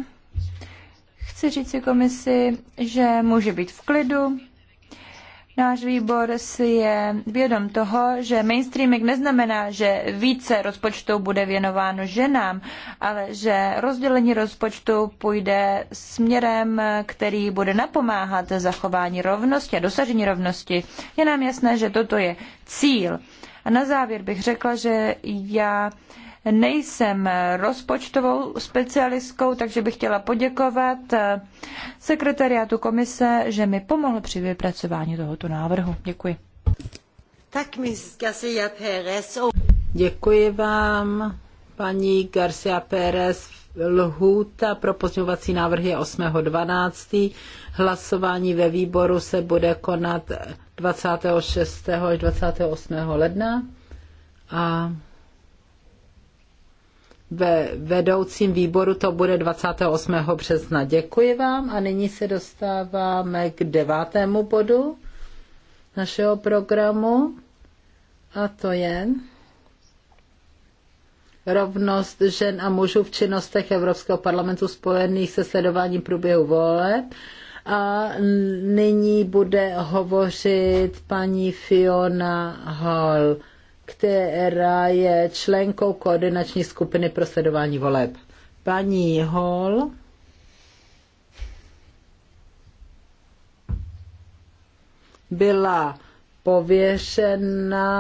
Chci říct si komisi, že může být v klidu. Náš výbor si je vědom toho, že mainstreaming neznamená, že více rozpočtu bude věnováno ženám, ale že rozdělení rozpočtu půjde směrem, který bude napomáhat zachování rovnosti a dosažení rovnosti. Je nám jasné, že toto je cíl. A na závěr bych řekla, že já nejsem rozpočtovou specialistkou, takže bych chtěla poděkovat eh, sekretariátu komise, že mi pomohl při vypracování tohoto návrhu. Děkuji. Tak, Garcia Pérez. Děkuji vám, paní Garcia Pérez. Lhůta pro pozměňovací návrhy je 8.12. Hlasování ve výboru se bude konat 26. až 28. ledna a ve vedoucím výboru to bude 28. března. Děkuji vám a nyní se dostáváme k devátému bodu našeho programu a to je rovnost žen a mužů v činnostech Evropského parlamentu spojených se sledováním průběhu voleb. A nyní bude hovořit paní Fiona Hall, která je členkou koordinační skupiny pro sledování voleb. Paní Hall. byla pověřena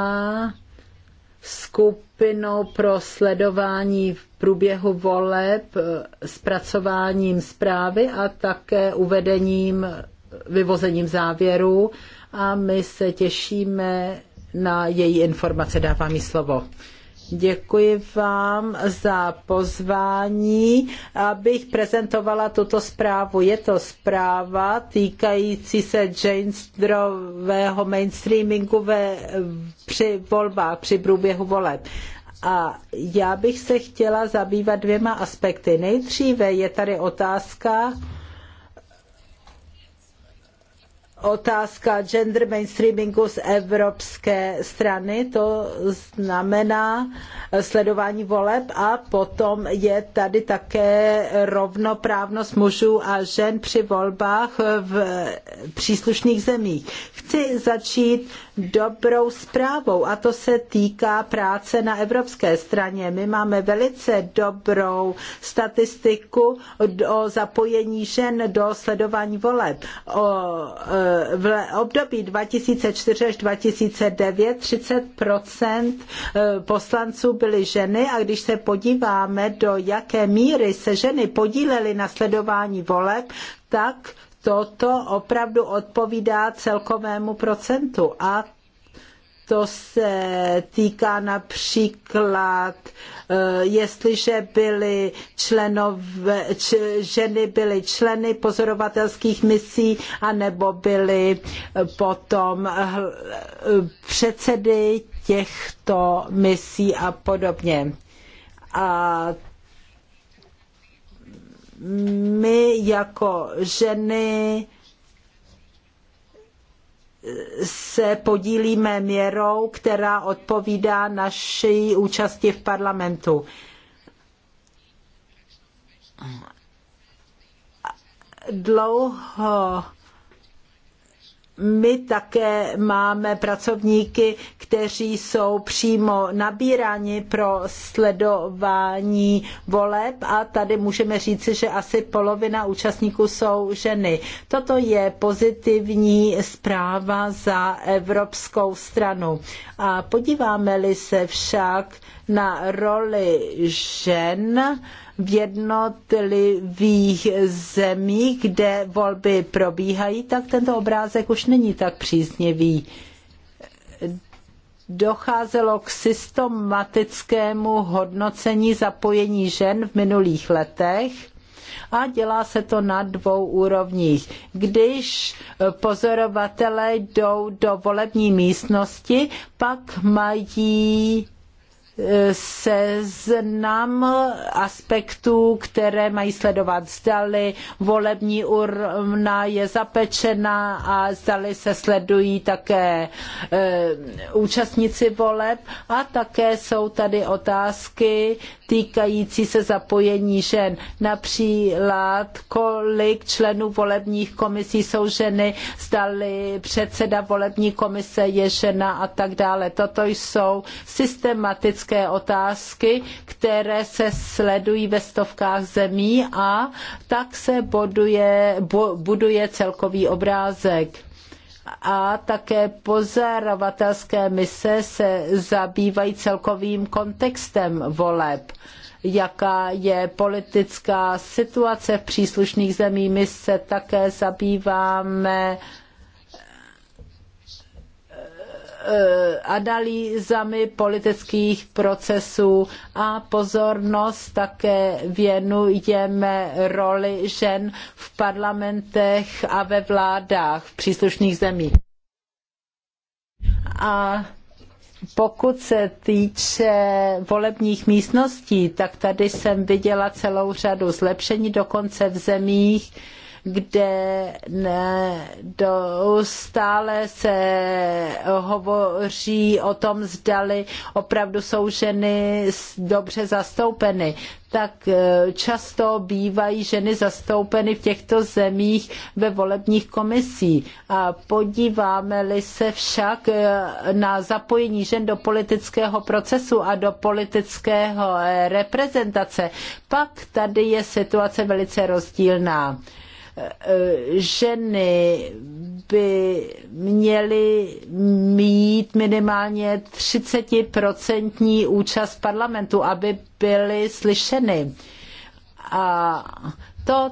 skupinou pro sledování v průběhu voleb, eh, zpracováním zprávy a také uvedením, eh, vyvozením závěrů a my se těšíme na její informace. Dávám jí slovo. Děkuji vám za pozvání, abych prezentovala tuto zprávu. Je to zpráva týkající se genderového mainstreamingu ve, při volbách, při průběhu voleb. A já bych se chtěla zabývat dvěma aspekty. Nejdříve je tady otázka, otázka gender mainstreamingu z evropské strany, to znamená sledování voleb a potom je tady také rovnoprávnost mužů a žen při volbách v příslušných zemích. Chci začít dobrou zprávou a to se týká práce na evropské straně. My máme velice dobrou statistiku o zapojení žen do sledování voleb. O, e, v období 2004 až 2009 30 e, poslanců byly ženy a když se podíváme, do jaké míry se ženy podílely na sledování voleb, tak toto opravdu odpovídá celkovému procentu a to se týká například, eh, jestliže byly členové, č, ženy byly členy pozorovatelských misí, anebo byly eh, potom eh, předsedy těchto misí a podobně. A my jako ženy se podílíme měrou, která odpovídá naší účasti v parlamentu. Dlouho my také máme pracovníky, kteří jsou přímo nabíráni pro sledování voleb a tady můžeme říci, že asi polovina účastníků jsou ženy. Toto je pozitivní zpráva za Evropskou stranu. A podíváme-li se však na roli žen, v jednotlivých zemích, kde volby probíhají, tak tento obrázek už není tak příznivý. Docházelo k systematickému hodnocení zapojení žen v minulých letech a dělá se to na dvou úrovních. Když pozorovatelé jdou do volební místnosti, pak mají seznam aspektů, které mají sledovat. Zdali volební urna je zapečena a zdali se sledují také eh, účastníci voleb a také jsou tady otázky, týkající se zapojení žen. Například, kolik členů volebních komisí jsou ženy, zdali předseda volební komise je žena a tak dále. Toto jsou systematické otázky, které se sledují ve stovkách zemí a tak se buduje, buduje celkový obrázek a také pozorovatelské mise se zabývají celkovým kontextem voleb jaká je politická situace v příslušných zemích. My se také zabýváme Eh, analýzami politických procesů a pozornost také věnujeme roli žen v parlamentech a ve vládách v příslušných zemích. A pokud se týče volebních místností, tak tady jsem viděla celou řadu zlepšení, dokonce v zemích, kde ne, do, stále se hovoří o tom, zdali opravdu jsou ženy dobře zastoupeny tak eh, často bývají ženy zastoupeny v těchto zemích ve volebních komisích. A podíváme-li se však eh, na zapojení žen do politického procesu a do politického eh, reprezentace, pak tady je situace velice rozdílná ženy by měly mít minimálně 30% účast v parlamentu, aby byly slyšeny. A to,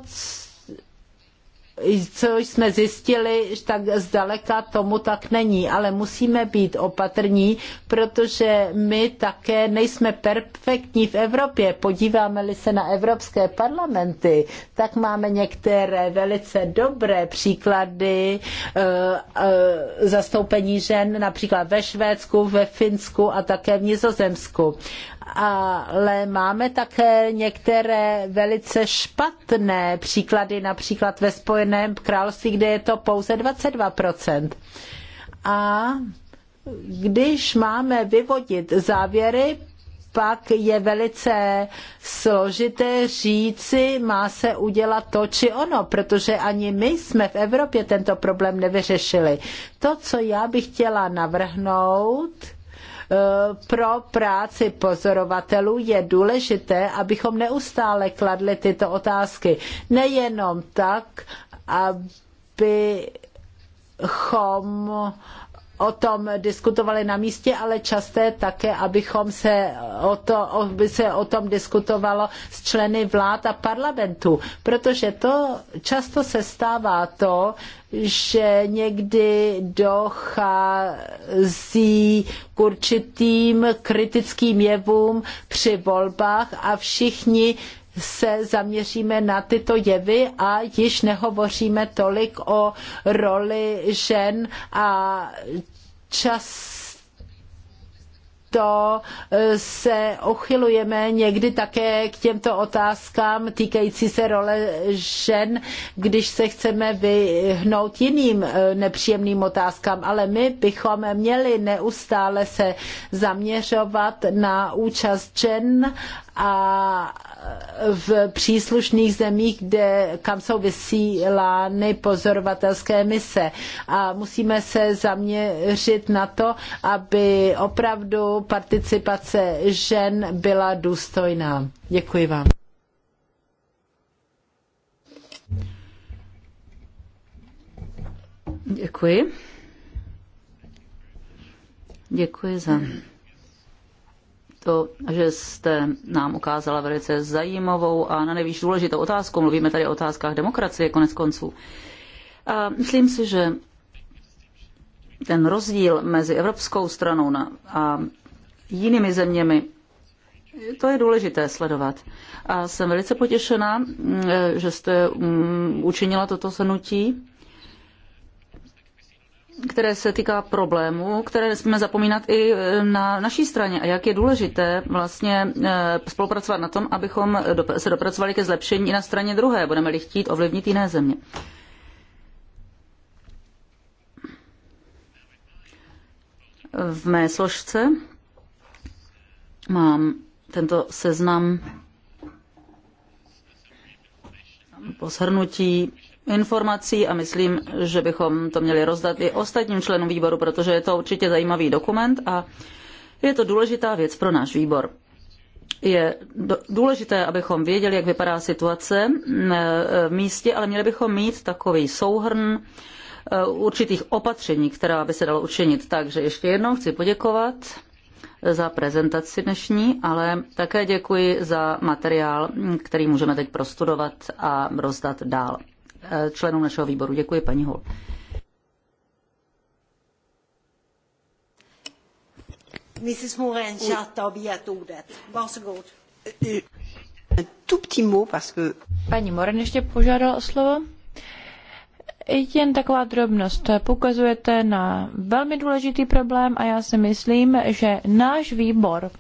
co jsme zjistili, tak zdaleka tomu tak není, ale musíme být opatrní, protože my také nejsme perfektní v Evropě. Podíváme-li se na evropské parlamenty, tak máme některé velice dobré příklady eh, eh, zastoupení žen, například ve Švédsku, ve Finsku a také v Nizozemsku ale máme také některé velice špatné příklady, například ve Spojeném království, kde je to pouze 22%. A když máme vyvodit závěry, pak je velice složité říci, má se udělat to či ono, protože ani my jsme v Evropě tento problém nevyřešili. To, co já bych chtěla navrhnout, pro práci pozorovatelů je důležité, abychom neustále kladli tyto otázky. Nejenom tak, abychom o tom diskutovali na místě, ale časté také, abychom se o, to, aby se o tom diskutovalo s členy vlád a parlamentů, protože to často se stává to, že někdy dochází k určitým kritickým jevům při volbách a všichni se zaměříme na tyto jevy a již nehovoříme tolik o roli žen a čas to eh, se ochylujeme někdy také k těmto otázkám týkající se role žen, když se chceme vyhnout jiným eh, nepříjemným otázkám, ale my bychom měli neustále se zaměřovat na účast žen a v příslušných zemích, kde, kam jsou vysílány pozorovatelské mise. A musíme se zaměřit na to, aby opravdu participace žen byla důstojná. Děkuji vám. Děkuji. Děkuji za to, že jste nám ukázala velice zajímavou a na nejvíc důležitou otázku. Mluvíme tady o otázkách demokracie konec konců. A myslím si, že ten rozdíl mezi evropskou stranou a jinými zeměmi, to je důležité sledovat. A jsem velice potěšená, že jste mm, učinila toto shrnutí které se týká problémů, které nesmíme zapomínat i e, na naší straně a jak je důležité vlastně e, spolupracovat na tom, abychom se dopracovali ke zlepšení i na straně druhé, budeme-li chtít ovlivnit jiné země. V mé složce mám tento seznam po shrnutí informací a myslím, že bychom to měli rozdat i ostatním členům výboru, protože je to určitě zajímavý dokument a je to důležitá věc pro náš výbor. Je důležité, abychom věděli, jak vypadá situace eh, v místě, ale měli bychom mít takový souhrn eh, určitých opatření, která by se dalo učinit. Takže ještě jednou chci poděkovat eh, za prezentaci dnešní, ale také děkuji za materiál, mm, který můžeme teď prostudovat a rozdat dál. Eh, členům našeho výboru. Děkuji, paní Hol. Mrs. Morin, Charta begärt ordet. Varsågod. Paní Morin ještě požádala o slovo. Jen taková drobnost. Poukazujete na velmi důležitý problém a já si myslím, že náš výbor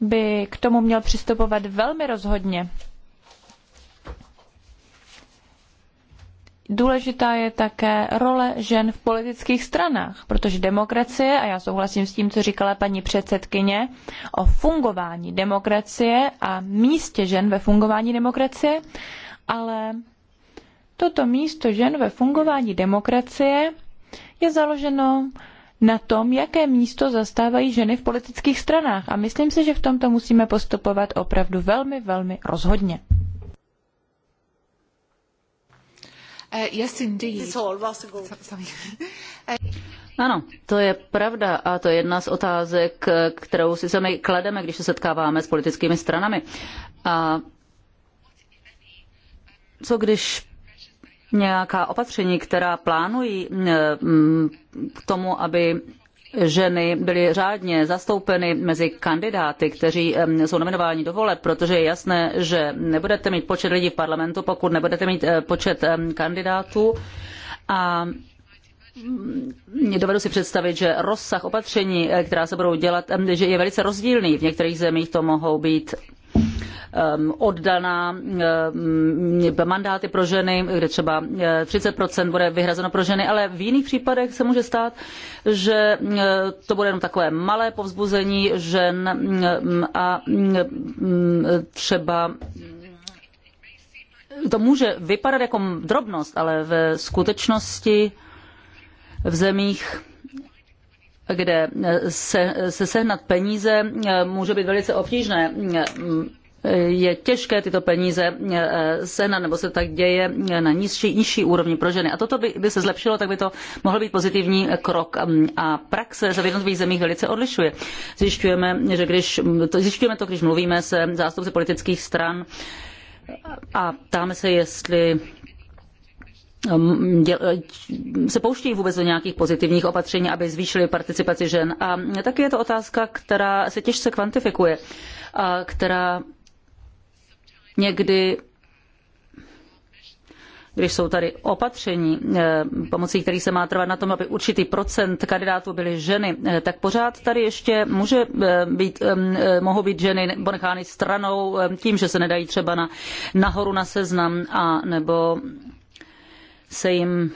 by k tomu měl přistupovat velmi rozhodně důležitá je také role žen v politických stranách, protože demokracie, a já souhlasím s tím, co říkala paní předsedkyně, o fungování demokracie a místě žen ve fungování demokracie, ale toto místo žen ve fungování demokracie je založeno na tom, jaké místo zastávají ženy v politických stranách. A myslím si, že v tomto musíme postupovat opravdu velmi, velmi rozhodně. Eh, yes, indeed. Eh, ano, to je pravda a to je jedna z otázek, eh, kterou si sami klademe, když se setkáváme s politickými stranami. A co když nějaká opatření, která plánují k tomu, aby ženy byly řádně zastoupeny mezi kandidáty, kteří jsou nominováni do voleb, protože je jasné, že nebudete mít počet lidí v parlamentu, pokud nebudete mít eh, počet kandidátů. A mm, dovedu si představit, že rozsah opatření, eh, která se budou dělat, že je velice rozdílný. V některých zemích to mohou být Ehm, oddaná ehm, mandáty pro ženy, kde třeba 30% eh, bude vyhrazeno pro ženy, ale v jiných případech se může stát, že eh, to bude jenom takové malé povzbuzení žen mm, a mm, třeba to může vypadat jako drobnost, ale ve skutečnosti v zemích kde eh, se, se sehnat peníze eh, může být velice obtížné eh, je těžké tyto peníze sehnat, nebo se tak děje na nižší, nižší úrovni pro ženy. A toto by, by se zlepšilo, tak by to mohl být pozitivní krok. Mm, a praxe se v jednotlivých zemích velice odlišuje. Zjišťujeme, že když, to, zjišťujeme to, když mluvíme se zástupci politických stran a ptáme se, jestli Ehm, se pouštějí vůbec do nějakých pozitivních opatření, aby zvýšili participaci žen. A taky je to otázka, která se těžce kvantifikuje a která někdy když jsou tady opatření, ehm, pomocí kterých se má trvat na tom, aby určitý procent kandidátů byly ženy, eh, tak pořád tady ještě může ehm, být, eh, mohou být ženy ponechány stranou tím, že se nedají třeba na, nahoru na seznam a nebo se jim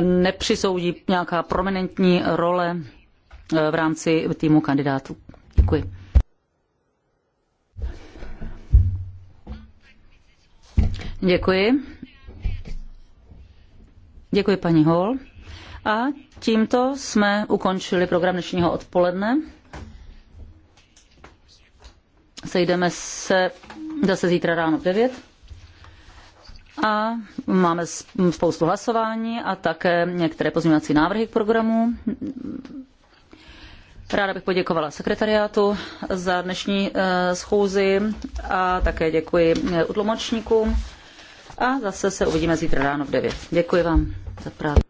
nepřisoudí nějaká prominentní role eh, v rámci týmu kandidátů. Děkuji. Děkuji. Děkuji paní Hall. A tímto jsme ukončili program dnešního odpoledne. Sejdeme se zase zítra ráno 9 a máme spoustu hlasování a také některé pozměňovací návrhy k programu. Ráda bych poděkovala sekretariátu za dnešní eh, schůzi a také děkuji eh, utlumočníkům. A zase se uvidíme zítra ráno v 9. Děkuji vám za práci.